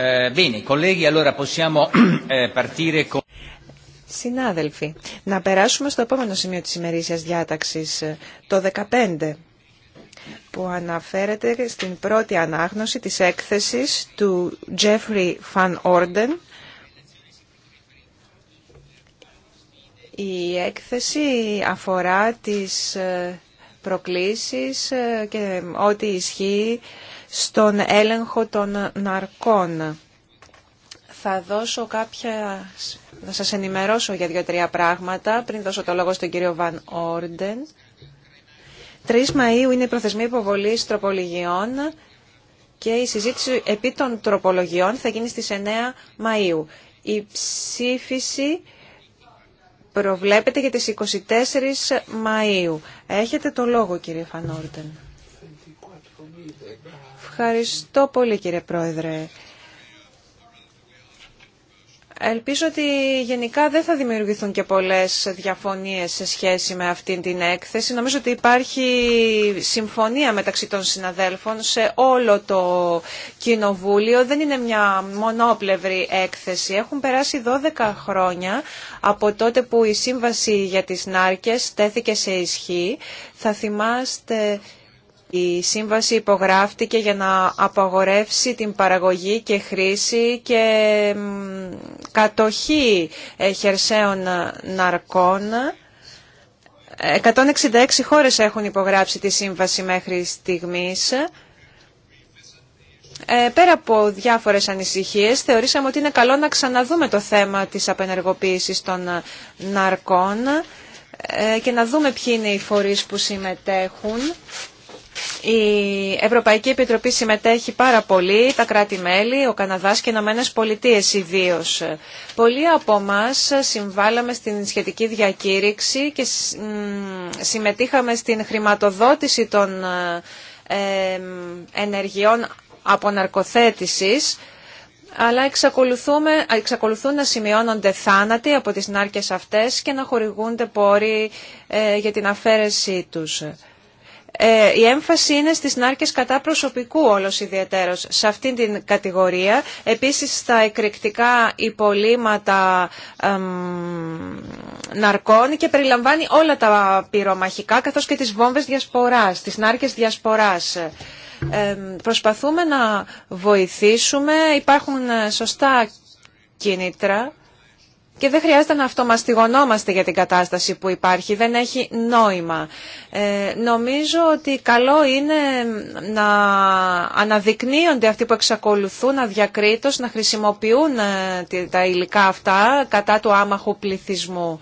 Ε, eh, Συνάδελφοι, να περάσουμε στο επόμενο σημείο της ημερήσιας διάταξης, το 15, που αναφέρεται στην πρώτη ανάγνωση της έκθεσης του Jeffrey Van Orden. Η έκθεση αφορά τις ε, προκλήσεις ε, και ό,τι ισχύει στον έλεγχο των ναρκών. Θα δώσω κάποια, να σας ενημερώσω για δύο-τρία πράγματα πριν δώσω το λόγο στον κύριο Βαν Όρντεν. 3 Μαΐου είναι η προθεσμία υποβολής τροπολογιών και η συζήτηση επί των τροπολογιών θα γίνει στις 9 Μαΐου. Η ψήφιση προβλέπεται για τις 24 Μαΐου. Έχετε το λόγο κύριε Φανόρτεν. Ευχαριστώ πολύ κύριε Πρόεδρε. Ελπίζω ότι γενικά δεν θα δημιουργηθούν και πολλές διαφωνίες σε σχέση με αυτήν την έκθεση. Νομίζω ότι υπάρχει συμφωνία μεταξύ των συναδέλφων σε όλο το κοινοβούλιο. Δεν είναι μια μονόπλευρη έκθεση. Έχουν περάσει 12 χρόνια από τότε που η Σύμβαση για τις Νάρκες τέθηκε σε ισχύ. Θα θυμάστε η σύμβαση υπογράφτηκε για να απαγορεύσει την παραγωγή και χρήση και κατοχή ε, χερσαίων ε, ναρκών. 166 χώρες έχουν υπογράψει τη σύμβαση μέχρι στιγμής. Ε, πέρα από διάφορες ανησυχίες, θεωρήσαμε ότι είναι καλό να ξαναδούμε το θέμα της απενεργοποίησης των ναρκών και να δούμε ποιοι είναι οι φορείς που συμμετέχουν. Η Ευρωπαϊκή Επιτροπή συμμετέχει πάρα πολύ, τα κράτη-μέλη, ο Καναδάς και οι Ηνωμένε Πολιτείε ιδίω. Πολλοί από εμά συμβάλαμε στην σχετική διακήρυξη και συμμετείχαμε στην χρηματοδότηση των ε, ενεργειών αποναρκοθέτησης αλλά εξακολουθούμε, εξακολουθούν να σημειώνονται θάνατοι από τις νάρκες αυτές και να χορηγούνται πόροι ε, για την αφαίρεσή τους. Ε, η έμφαση είναι στις νάρκες κατά προσωπικού όλος ιδιαίτερος σε αυτήν την κατηγορία. Επίσης στα εκρηκτικά υπολείμματα ναρκών και περιλαμβάνει όλα τα πυρομαχικά καθώς και τις βόμβες διασποράς, τις νάρκες διασποράς. προσπαθούμε να βοηθήσουμε, υπάρχουν ε, σωστά κίνητρα και δεν χρειάζεται να αυτομαστιγωνόμαστε για την κατάσταση που υπάρχει. Δεν έχει νόημα. Ε, νομίζω ότι καλό είναι να αναδεικνύονται αυτοί που εξακολουθούν αδιακρίτως να χρησιμοποιούν ε, τα υλικά αυτά κατά του άμαχου πληθυσμού.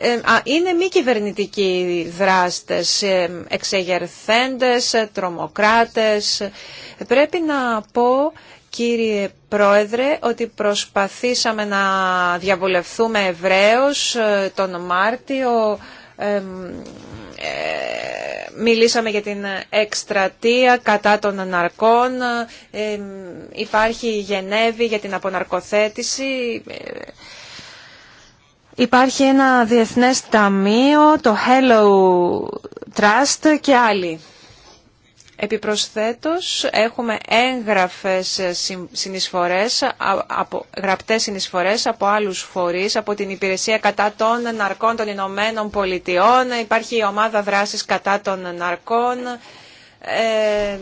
Ε, είναι μη κυβερνητικοί δράστες, εξεγερθέντες, τρομοκράτες. Πρέπει να πω κύριε Πρόεδρε, ότι προσπαθήσαμε να διαβουλευθούμε ευρέως ε, τον Μάρτιο. Ε, μιλήσαμε για την εκστρατεία κατά των ναρκών, υπάρχει η Γενέβη για την αποναρκοθέτηση, ε, υπάρχει ένα διεθνές ταμείο, το Hello Trust και άλλοι. Επιπροσθέτως έχουμε έγγραφες συνισφορές, από, γραπτές συνεισφορές από άλλους φορείς, από την Υπηρεσία κατά των Ναρκών των Ηνωμένων Πολιτειών, υπάρχει η Ομάδα Δράσης κατά των Ναρκών. Ε,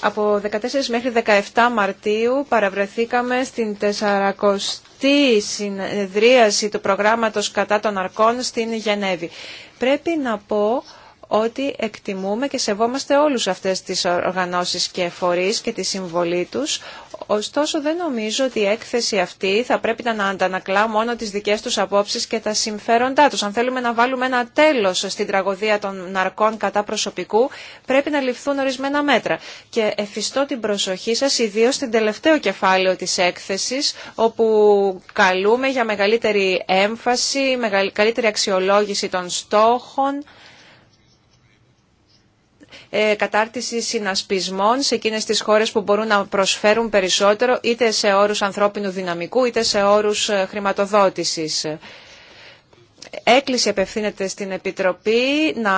από 14 μέχρι 17 Μαρτίου παραβρεθήκαμε στην 400 η συνεδρίαση του προγράμματος κατά των αρκών στην Γενέβη. Πρέπει να πω ότι εκτιμούμε και σεβόμαστε όλους αυτές τις οργανώσεις και φορείς και τη συμβολή τους. Ωστόσο δεν νομίζω ότι η έκθεση αυτή θα πρέπει να αντανακλά μόνο τις δικές τους απόψεις και τα συμφέροντά τους. Αν θέλουμε να βάλουμε ένα τέλος στην τραγωδία των ναρκών κατά προσωπικού, πρέπει να ληφθούν ορισμένα μέτρα. Και εφιστώ την προσοχή σας ιδίω στην τελευταίο κεφάλαιο της έκθεσης, όπου καλούμε για μεγαλύτερη έμφαση, μεγαλύτερη αξιολόγηση των στόχων, ε, κατάρτιση συνασπισμών σε εκείνες τις χώρες που μπορούν να προσφέρουν περισσότερο είτε σε όρους ανθρώπινου δυναμικού είτε σε όρους ε, χρηματοδότησης. Έκκληση απευθύνεται στην Επιτροπή να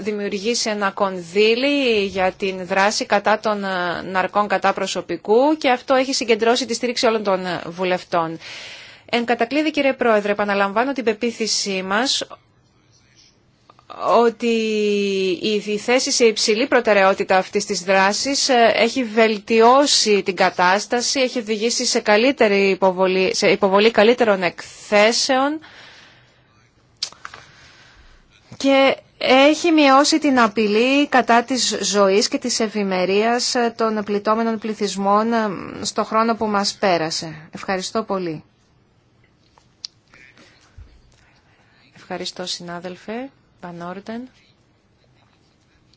δημιουργήσει ένα κονδύλι για την δράση κατά των ε, ναρκών κατά προσωπικού και αυτό έχει συγκεντρώσει τη στήριξη όλων των βουλευτών. Εν κατακλείδη κύριε Πρόεδρε, επαναλαμβάνω την πεποίθησή μας ότι η θέση σε υψηλή προτεραιότητα αυτής της δράσης ε, έχει βελτιώσει την κατάσταση, έχει οδηγήσει σε, καλύτερη υποβολή, καλύτερων εκθέσεων και έχει μειώσει την απειλή κατά της ζωής και της ευημερίας ε, των πληττόμενων πληθυσμών ε, στο χρόνο που μας πέρασε. Ευχαριστώ πολύ. Ευχαριστώ συνάδελφε. Πανόρτεν,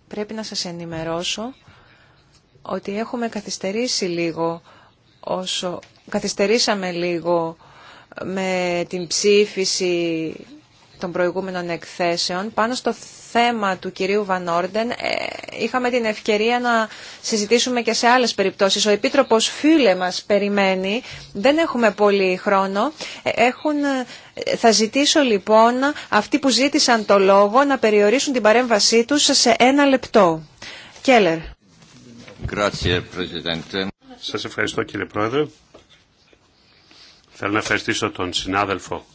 πρέπει να σας ενημερώσω ότι έχουμε καθυστερήσει λίγο όσο καθυστερήσαμε λίγο με την ψήφιση των προηγούμενων εκθέσεων πάνω στο θέμα του κυρίου Βανόρντεν ε, είχαμε την ευκαιρία να συζητήσουμε και σε άλλες περιπτώσεις. Ο Επίτροπος Φίλε μας περιμένει, δεν έχουμε πολύ χρόνο. Ε, έχουν... Ε, θα ζητήσω λοιπόν αυτοί που ζήτησαν το λόγο να περιορίσουν την παρέμβασή τους σε ένα λεπτό. Κέλλερ. Σας ευχαριστώ κύριε Πρόεδρε. Θέλω να ευχαριστήσω τον συνάδελφο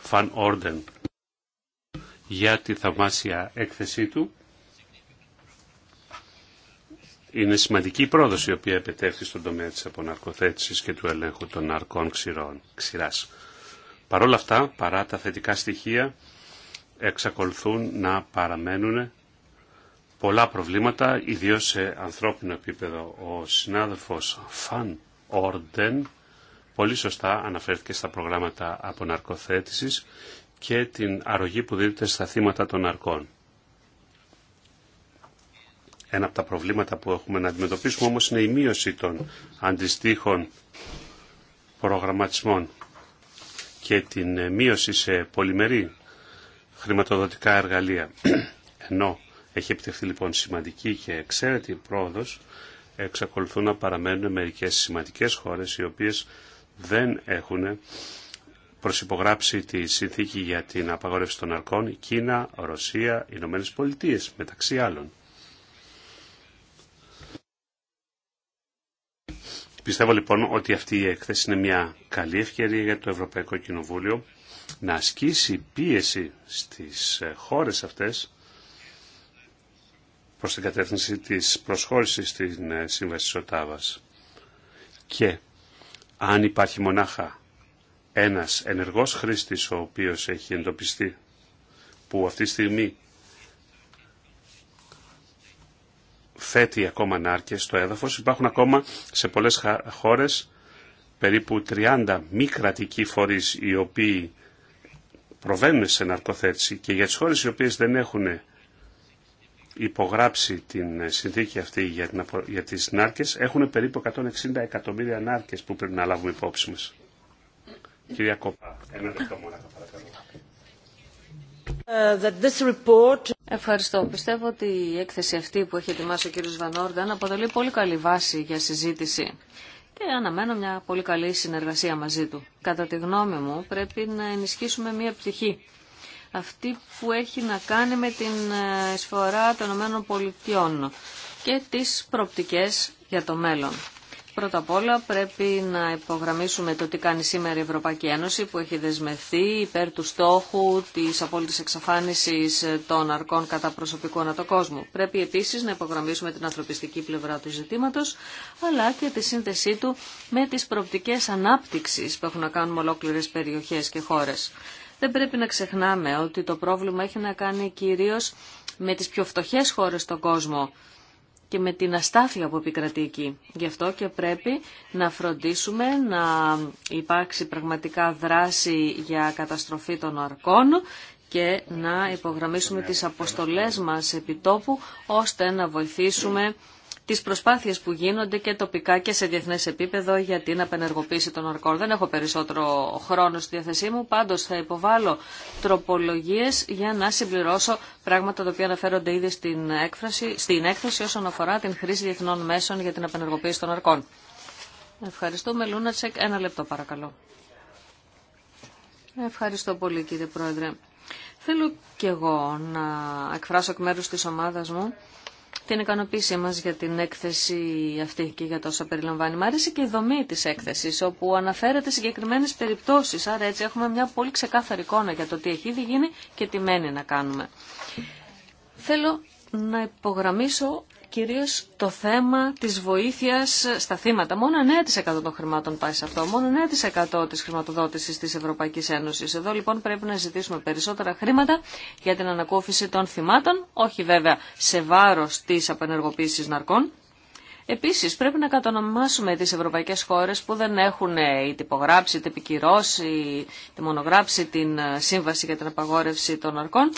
Φαν Όρντεν για τη θαυμάσια έκθεσή του. Είναι σημαντική η πρόοδος η οποία επιτεύχθη στον τομέα της αποναρκοθέτησης και του ελέγχου των αρκών ξηρών, ξηράς. Παρ' όλα αυτά, παρά τα θετικά στοιχεία, εξακολουθούν να παραμένουν πολλά προβλήματα, ιδίως σε ανθρώπινο επίπεδο. Ο συνάδελφος Φαν Όρντεν πολύ σωστά αναφέρθηκε στα προγράμματα αποναρκοθέτησης και την αρρωγή που δίδεται στα θύματα των αρκών. Ένα από τα προβλήματα που έχουμε να αντιμετωπίσουμε όμως είναι η μείωση των αντιστοίχων προγραμματισμών και την ε, μείωση σε πολυμερή χρηματοδοτικά εργαλεία. Ενώ έχει επιτευχθεί λοιπόν σημαντική και εξαίρετη πρόοδος, εξακολουθούν να παραμένουν μερικές σημαντικές χώρες οι οποίες δεν έχουν προσυπογράψει τη συνθήκη για την απαγόρευση των αρκών Κίνα, Ρωσία, οι Ηνωμένε Πολιτείε μεταξύ άλλων. Πιστεύω λοιπόν ότι αυτή η έκθεση είναι μια καλή ευκαιρία για το Ευρωπαϊκό Κοινοβούλιο να ασκήσει πίεση στις χώρες αυτές προς την κατεύθυνση της προσχώρησης στην Σύμβαση της Και αν υπάρχει μονάχα ένας ενεργός χρήστης ο οποίος έχει εντοπιστεί που αυτή τη στιγμή θέτει ακόμα νάρκες στο έδαφος. Υπάρχουν ακόμα σε πολλές χώρες περίπου 30 μη κρατικοί φορείς οι οποίοι προβαίνουν σε ναρκοθέτηση και για τις χώρες οι οποίες δεν έχουν υπογράψει την συνθήκη αυτή για, την, για τις νάρκες έχουν περίπου 160 εκατομμύρια νάρκες που πρέπει να λάβουμε υπόψη μας. Ε, Ευχαριστώ. Πιστεύω ότι η έκθεση αυτή που έχει ετοιμάσει ο κ. Βανόργαν αποτελεί πολύ καλή βάση για συζήτηση και αναμένω μια πολύ καλή συνεργασία μαζί του. Κατά τη γνώμη μου πρέπει να ενισχύσουμε μια πτυχή. Αυτή που έχει να κάνει με την ε, εισφορά των ΗΠΑ και τις προπτικές για το μέλλον. Πρώτα απ' όλα πρέπει να υπογραμμίσουμε το τι κάνει σήμερα η Ευρωπαϊκή Ένωση που έχει δεσμευθεί υπέρ του στόχου της απόλυτης εξαφάνισης των αρκών κατά προσωπικό ανατοκόσμου. Πρέπει επίσης να υπογραμμίσουμε την ανθρωπιστική πλευρά του ζητήματος αλλά και τη σύνδεσή του με τις προοπτικές ανάπτυξης που έχουν να κάνουν με ολόκληρες περιοχές και χώρες. Δεν πρέπει να ξεχνάμε ότι το πρόβλημα έχει να κάνει κυρίως με τις πιο φτωχές χώρες στον κόσμο και με την αστάθεια που επικρατεί εκεί. Γι' αυτό και πρέπει να φροντίσουμε να υπάρξει πραγματικά δράση για καταστροφή των αρκών και να υπογραμμίσουμε τις αποστολές μας επιτόπου ώστε να βοηθήσουμε τις προσπάθειες που γίνονται και τοπικά και σε διεθνές επίπεδο για την απενεργοποίηση των αρκών. Δεν έχω περισσότερο χρόνο στη διάθεσή μου, πάντως θα υποβάλω τροπολογίες για να συμπληρώσω πράγματα τα οποία αναφέρονται ήδη στην, έκφραση, στην έκθεση όσον αφορά την χρήση διεθνών μέσων για την απενεργοποίηση των αρκών. Ευχαριστούμε. Λούνατσεκ, ένα λεπτό παρακαλώ. Ευχαριστώ πολύ κύριε Πρόεδρε. Θέλω κι εγώ να εκφράσω εκ μέρους της ομάδας μου την ικανοποίησή μας για την έκθεση αυτή και για τόσα περιλαμβάνει. Μ' αρέσει και η δομή της έκθεσης όπου αναφέρεται συγκεκριμένες περιπτώσεις. Άρα έτσι έχουμε μια πολύ ξεκάθαρη εικόνα για το τι έχει ήδη γίνει και τι μένει να κάνουμε. Θέλω να υπογραμμίσω κυρίως το θέμα της βοήθειας στα θύματα. Μόνο 9% των χρημάτων πάει σε αυτό, μόνο 9% της χρηματοδότησης της Ευρωπαϊκής Ένωσης. Εδώ λοιπόν πρέπει να ζητήσουμε περισσότερα χρήματα για την ανακούφιση των θυμάτων, όχι βέβαια σε βάρος της απενεργοποίησης ναρκών. Επίσης πρέπει να κατονομάσουμε τις ευρωπαϊκές χώρες που δεν έχουν ε, η τυπογράψη, είτε επικυρώσει, είτε μονογράψει την ε, σύμβαση για την απαγόρευση των ναρκών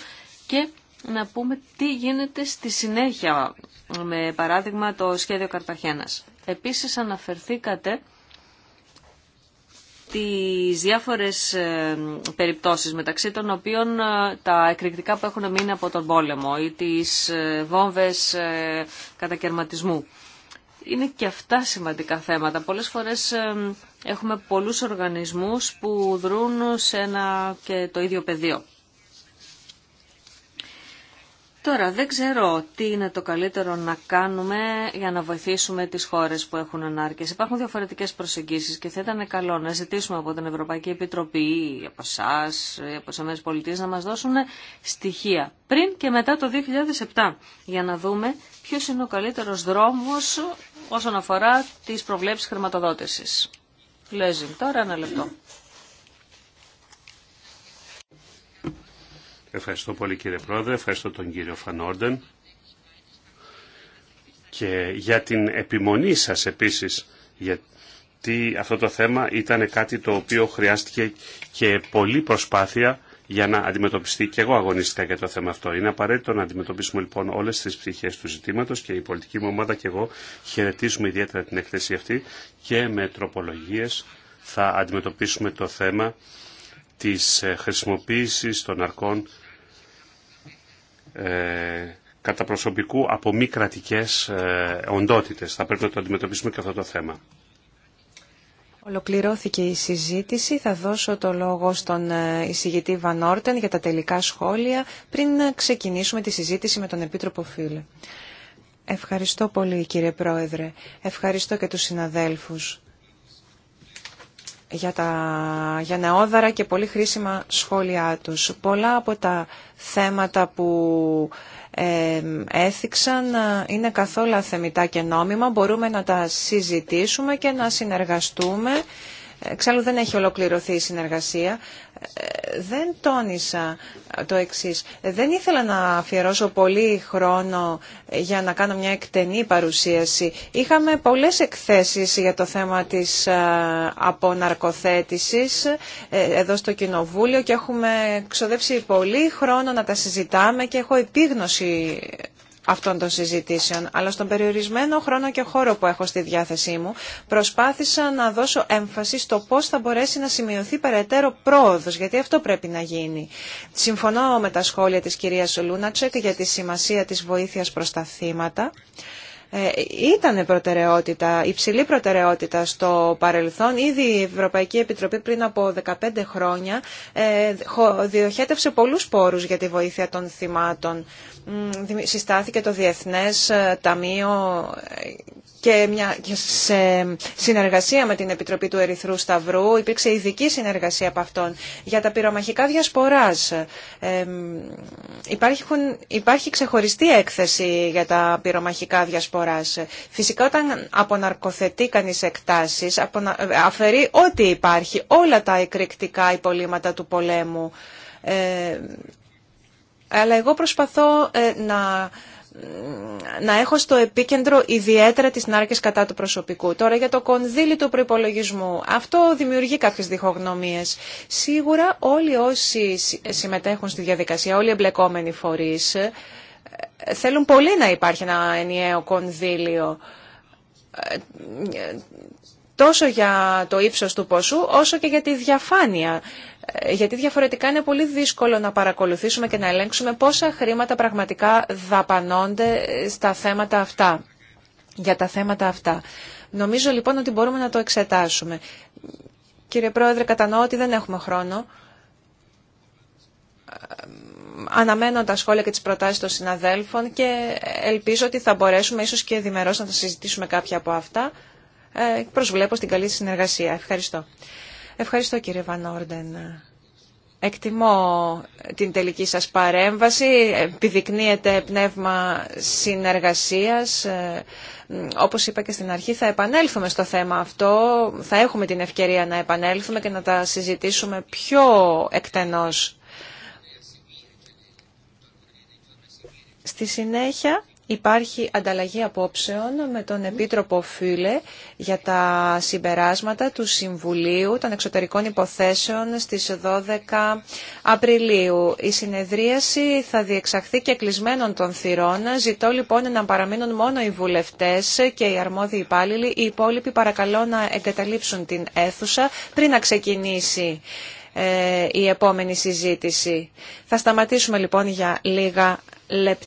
και να πούμε τι γίνεται στη συνέχεια, με παράδειγμα το σχέδιο Καρταχένας. Επίσης αναφερθήκατε τις διάφορες ε, περιπτώσεις μεταξύ των οποίων ε, τα εκρηκτικά που έχουν μείνει από τον πόλεμο ή τις ε, βόμβες κατακαιρματισμού. Είναι και αυτά σημαντικά θέματα. Πολλές φορές έχουμε πολλούς οργανισμούς που δρούν σε ένα και το ίδιο πεδίο. Τώρα δεν ξέρω τι είναι το καλύτερο να κάνουμε για να βοηθήσουμε τις χώρες που έχουν ανάρκειες. Υπάρχουν διαφορετικές προσεγγίσεις και θα ήταν καλό να ζητήσουμε από την Ευρωπαϊκή Επιτροπή, από εσά, από τις ΗΠΑ να μας δώσουν στοιχεία πριν και μετά το 2007 για να δούμε ποιος είναι ο καλύτερος δρόμος όσον αφορά τις προβλέψεις χρηματοδότησης. Λέζιν, τώρα ένα λεπτό. Ευχαριστώ πολύ κύριε Πρόεδρε, ευχαριστώ τον κύριο Φανόρντεν και για την επιμονή σας επίσης γιατί αυτό το θέμα ήταν κάτι το οποίο χρειάστηκε και πολλή προσπάθεια για να αντιμετωπιστεί και εγώ αγωνιστικά για το θέμα αυτό. Είναι απαραίτητο να αντιμετωπίσουμε λοιπόν όλε τι ψυχές του ζητήματο και η πολιτική μου ομάδα και εγώ χαιρετίζουμε ιδιαίτερα την έκθεση αυτή και με τροπολογίε θα αντιμετωπίσουμε το θέμα τη ε, χρησιμοποίηση των αρκών ε, κατά προσωπικού από μη κρατικέ ε, οντότητες. Θα πρέπει να το αντιμετωπίσουμε και αυτό το θέμα. Ολοκληρώθηκε η συζήτηση. Θα δώσω το λόγο στον ε, εισηγητή Βαν Όρτεν για τα τελικά σχόλια πριν να ξεκινήσουμε τη συζήτηση με τον Επίτροπο Φίλε. Ευχαριστώ πολύ κύριε Πρόεδρε. Ευχαριστώ και τους συναδέλφους για τα για νεόδαρα και πολύ χρήσιμα σχόλιά τους. Πολλά από τα θέματα που ε, έθιξαν ε, είναι καθόλου αθεμητά και νόμιμα. Μπορούμε να τα συζητήσουμε και να συνεργαστούμε εξάλλου δεν έχει ολοκληρωθεί η συνεργασία, ε, δεν τόνισα το εξής. Δεν ήθελα να αφιερώσω πολύ χρόνο για να κάνω μια εκτενή παρουσίαση. Είχαμε πολλές εκθέσεις για το θέμα της ε, αποναρκοθέτησης ε, εδώ στο Κοινοβούλιο και έχουμε ξοδέψει πολύ χρόνο να τα συζητάμε και έχω επίγνωση αυτών των συζητήσεων, αλλά στον περιορισμένο χρόνο και χώρο που έχω στη διάθεσή μου, προσπάθησα να δώσω έμφαση στο πώ θα μπορέσει να σημειωθεί περαιτέρω πρόοδο, γιατί αυτό πρέπει να γίνει. Συμφωνώ με τα σχόλια της κυρίας Λούνατσεκ για τη σημασία τη βοήθεια προ τα θύματα. Ε, ήταν προτεραιότητα, υψηλή προτεραιότητα στο παρελθόν. Ήδη η Ευρωπαϊκή Επιτροπή πριν από 15 χρόνια ε, διοχέτευσε πολλούς πόρους για τη βοήθεια των θυμάτων. Συστάθηκε το Διεθνές ε, Ταμείο και, μια, και σε συνεργασία με την Επιτροπή του Ερυθρού Σταυρού υπήρξε ειδική συνεργασία από αυτόν για τα πυρομαχικά διασποράς. υπάρχει, ξεχωριστή έκθεση για τα πυρομαχικά διασποράς. Φυσικά όταν αποναρκοθετεί κανείς εκτάσεις αφαιρεί ό,τι υπάρχει, όλα τα εκρηκτικά υπολείμματα του πολέμου. Ε, αλλά εγώ προσπαθώ ε, να να έχω στο επίκεντρο ιδιαίτερα τις νάρκες κατά του προσωπικού. Τώρα για το κονδύλι του προϋπολογισμού. Αυτό δημιουργεί κάποιες διχογνωμίες. Σίγουρα όλοι όσοι συμμετέχουν στη διαδικασία, όλοι οι εμπλεκόμενοι φορείς, ε, θέλουν πολύ να υπάρχει ένα ενιαίο κονδύλιο ε, τόσο για το ύψος του ποσού όσο και για τη διαφάνεια. Ε, γιατί διαφορετικά είναι πολύ δύσκολο να παρακολουθήσουμε και να ελέγξουμε πόσα χρήματα πραγματικά δαπανώνται στα θέματα αυτά, για τα θέματα αυτά. Νομίζω λοιπόν ότι μπορούμε να το εξετάσουμε. Κύριε Πρόεδρε, κατανοώ ότι δεν έχουμε χρόνο. Ε, αναμένω τα σχόλια και τις προτάσεις των συναδέλφων και ελπίζω ότι θα μπορέσουμε ίσως και διμερώς να τα συζητήσουμε κάποια από αυτά. Ε, προσβλέπω στην καλή συνεργασία. Ευχαριστώ. Ευχαριστώ κύριε Βαν Εκτιμώ την τελική σας παρέμβαση, επιδεικνύεται πνεύμα συνεργασίας. Ε, όπως είπα και στην αρχή, θα επανέλθουμε στο θέμα αυτό, θα έχουμε την ευκαιρία να επανέλθουμε και να τα συζητήσουμε πιο εκτενώς. Στη συνέχεια Υπάρχει ανταλλαγή απόψεων με τον Επίτροπο Φίλε για τα συμπεράσματα του Συμβουλίου των Εξωτερικών Υποθέσεων στις 12 Απριλίου. Η συνεδρίαση θα διεξαχθεί και κλεισμένων των θυρών. Ζητώ λοιπόν να παραμείνουν μόνο οι βουλευτές και οι αρμόδιοι υπάλληλοι. Οι υπόλοιποι παρακαλώ να εγκαταλείψουν την αίθουσα πριν να ξεκινήσει ε, η επόμενη συζήτηση. Θα σταματήσουμε λοιπόν για λίγα λεπτά.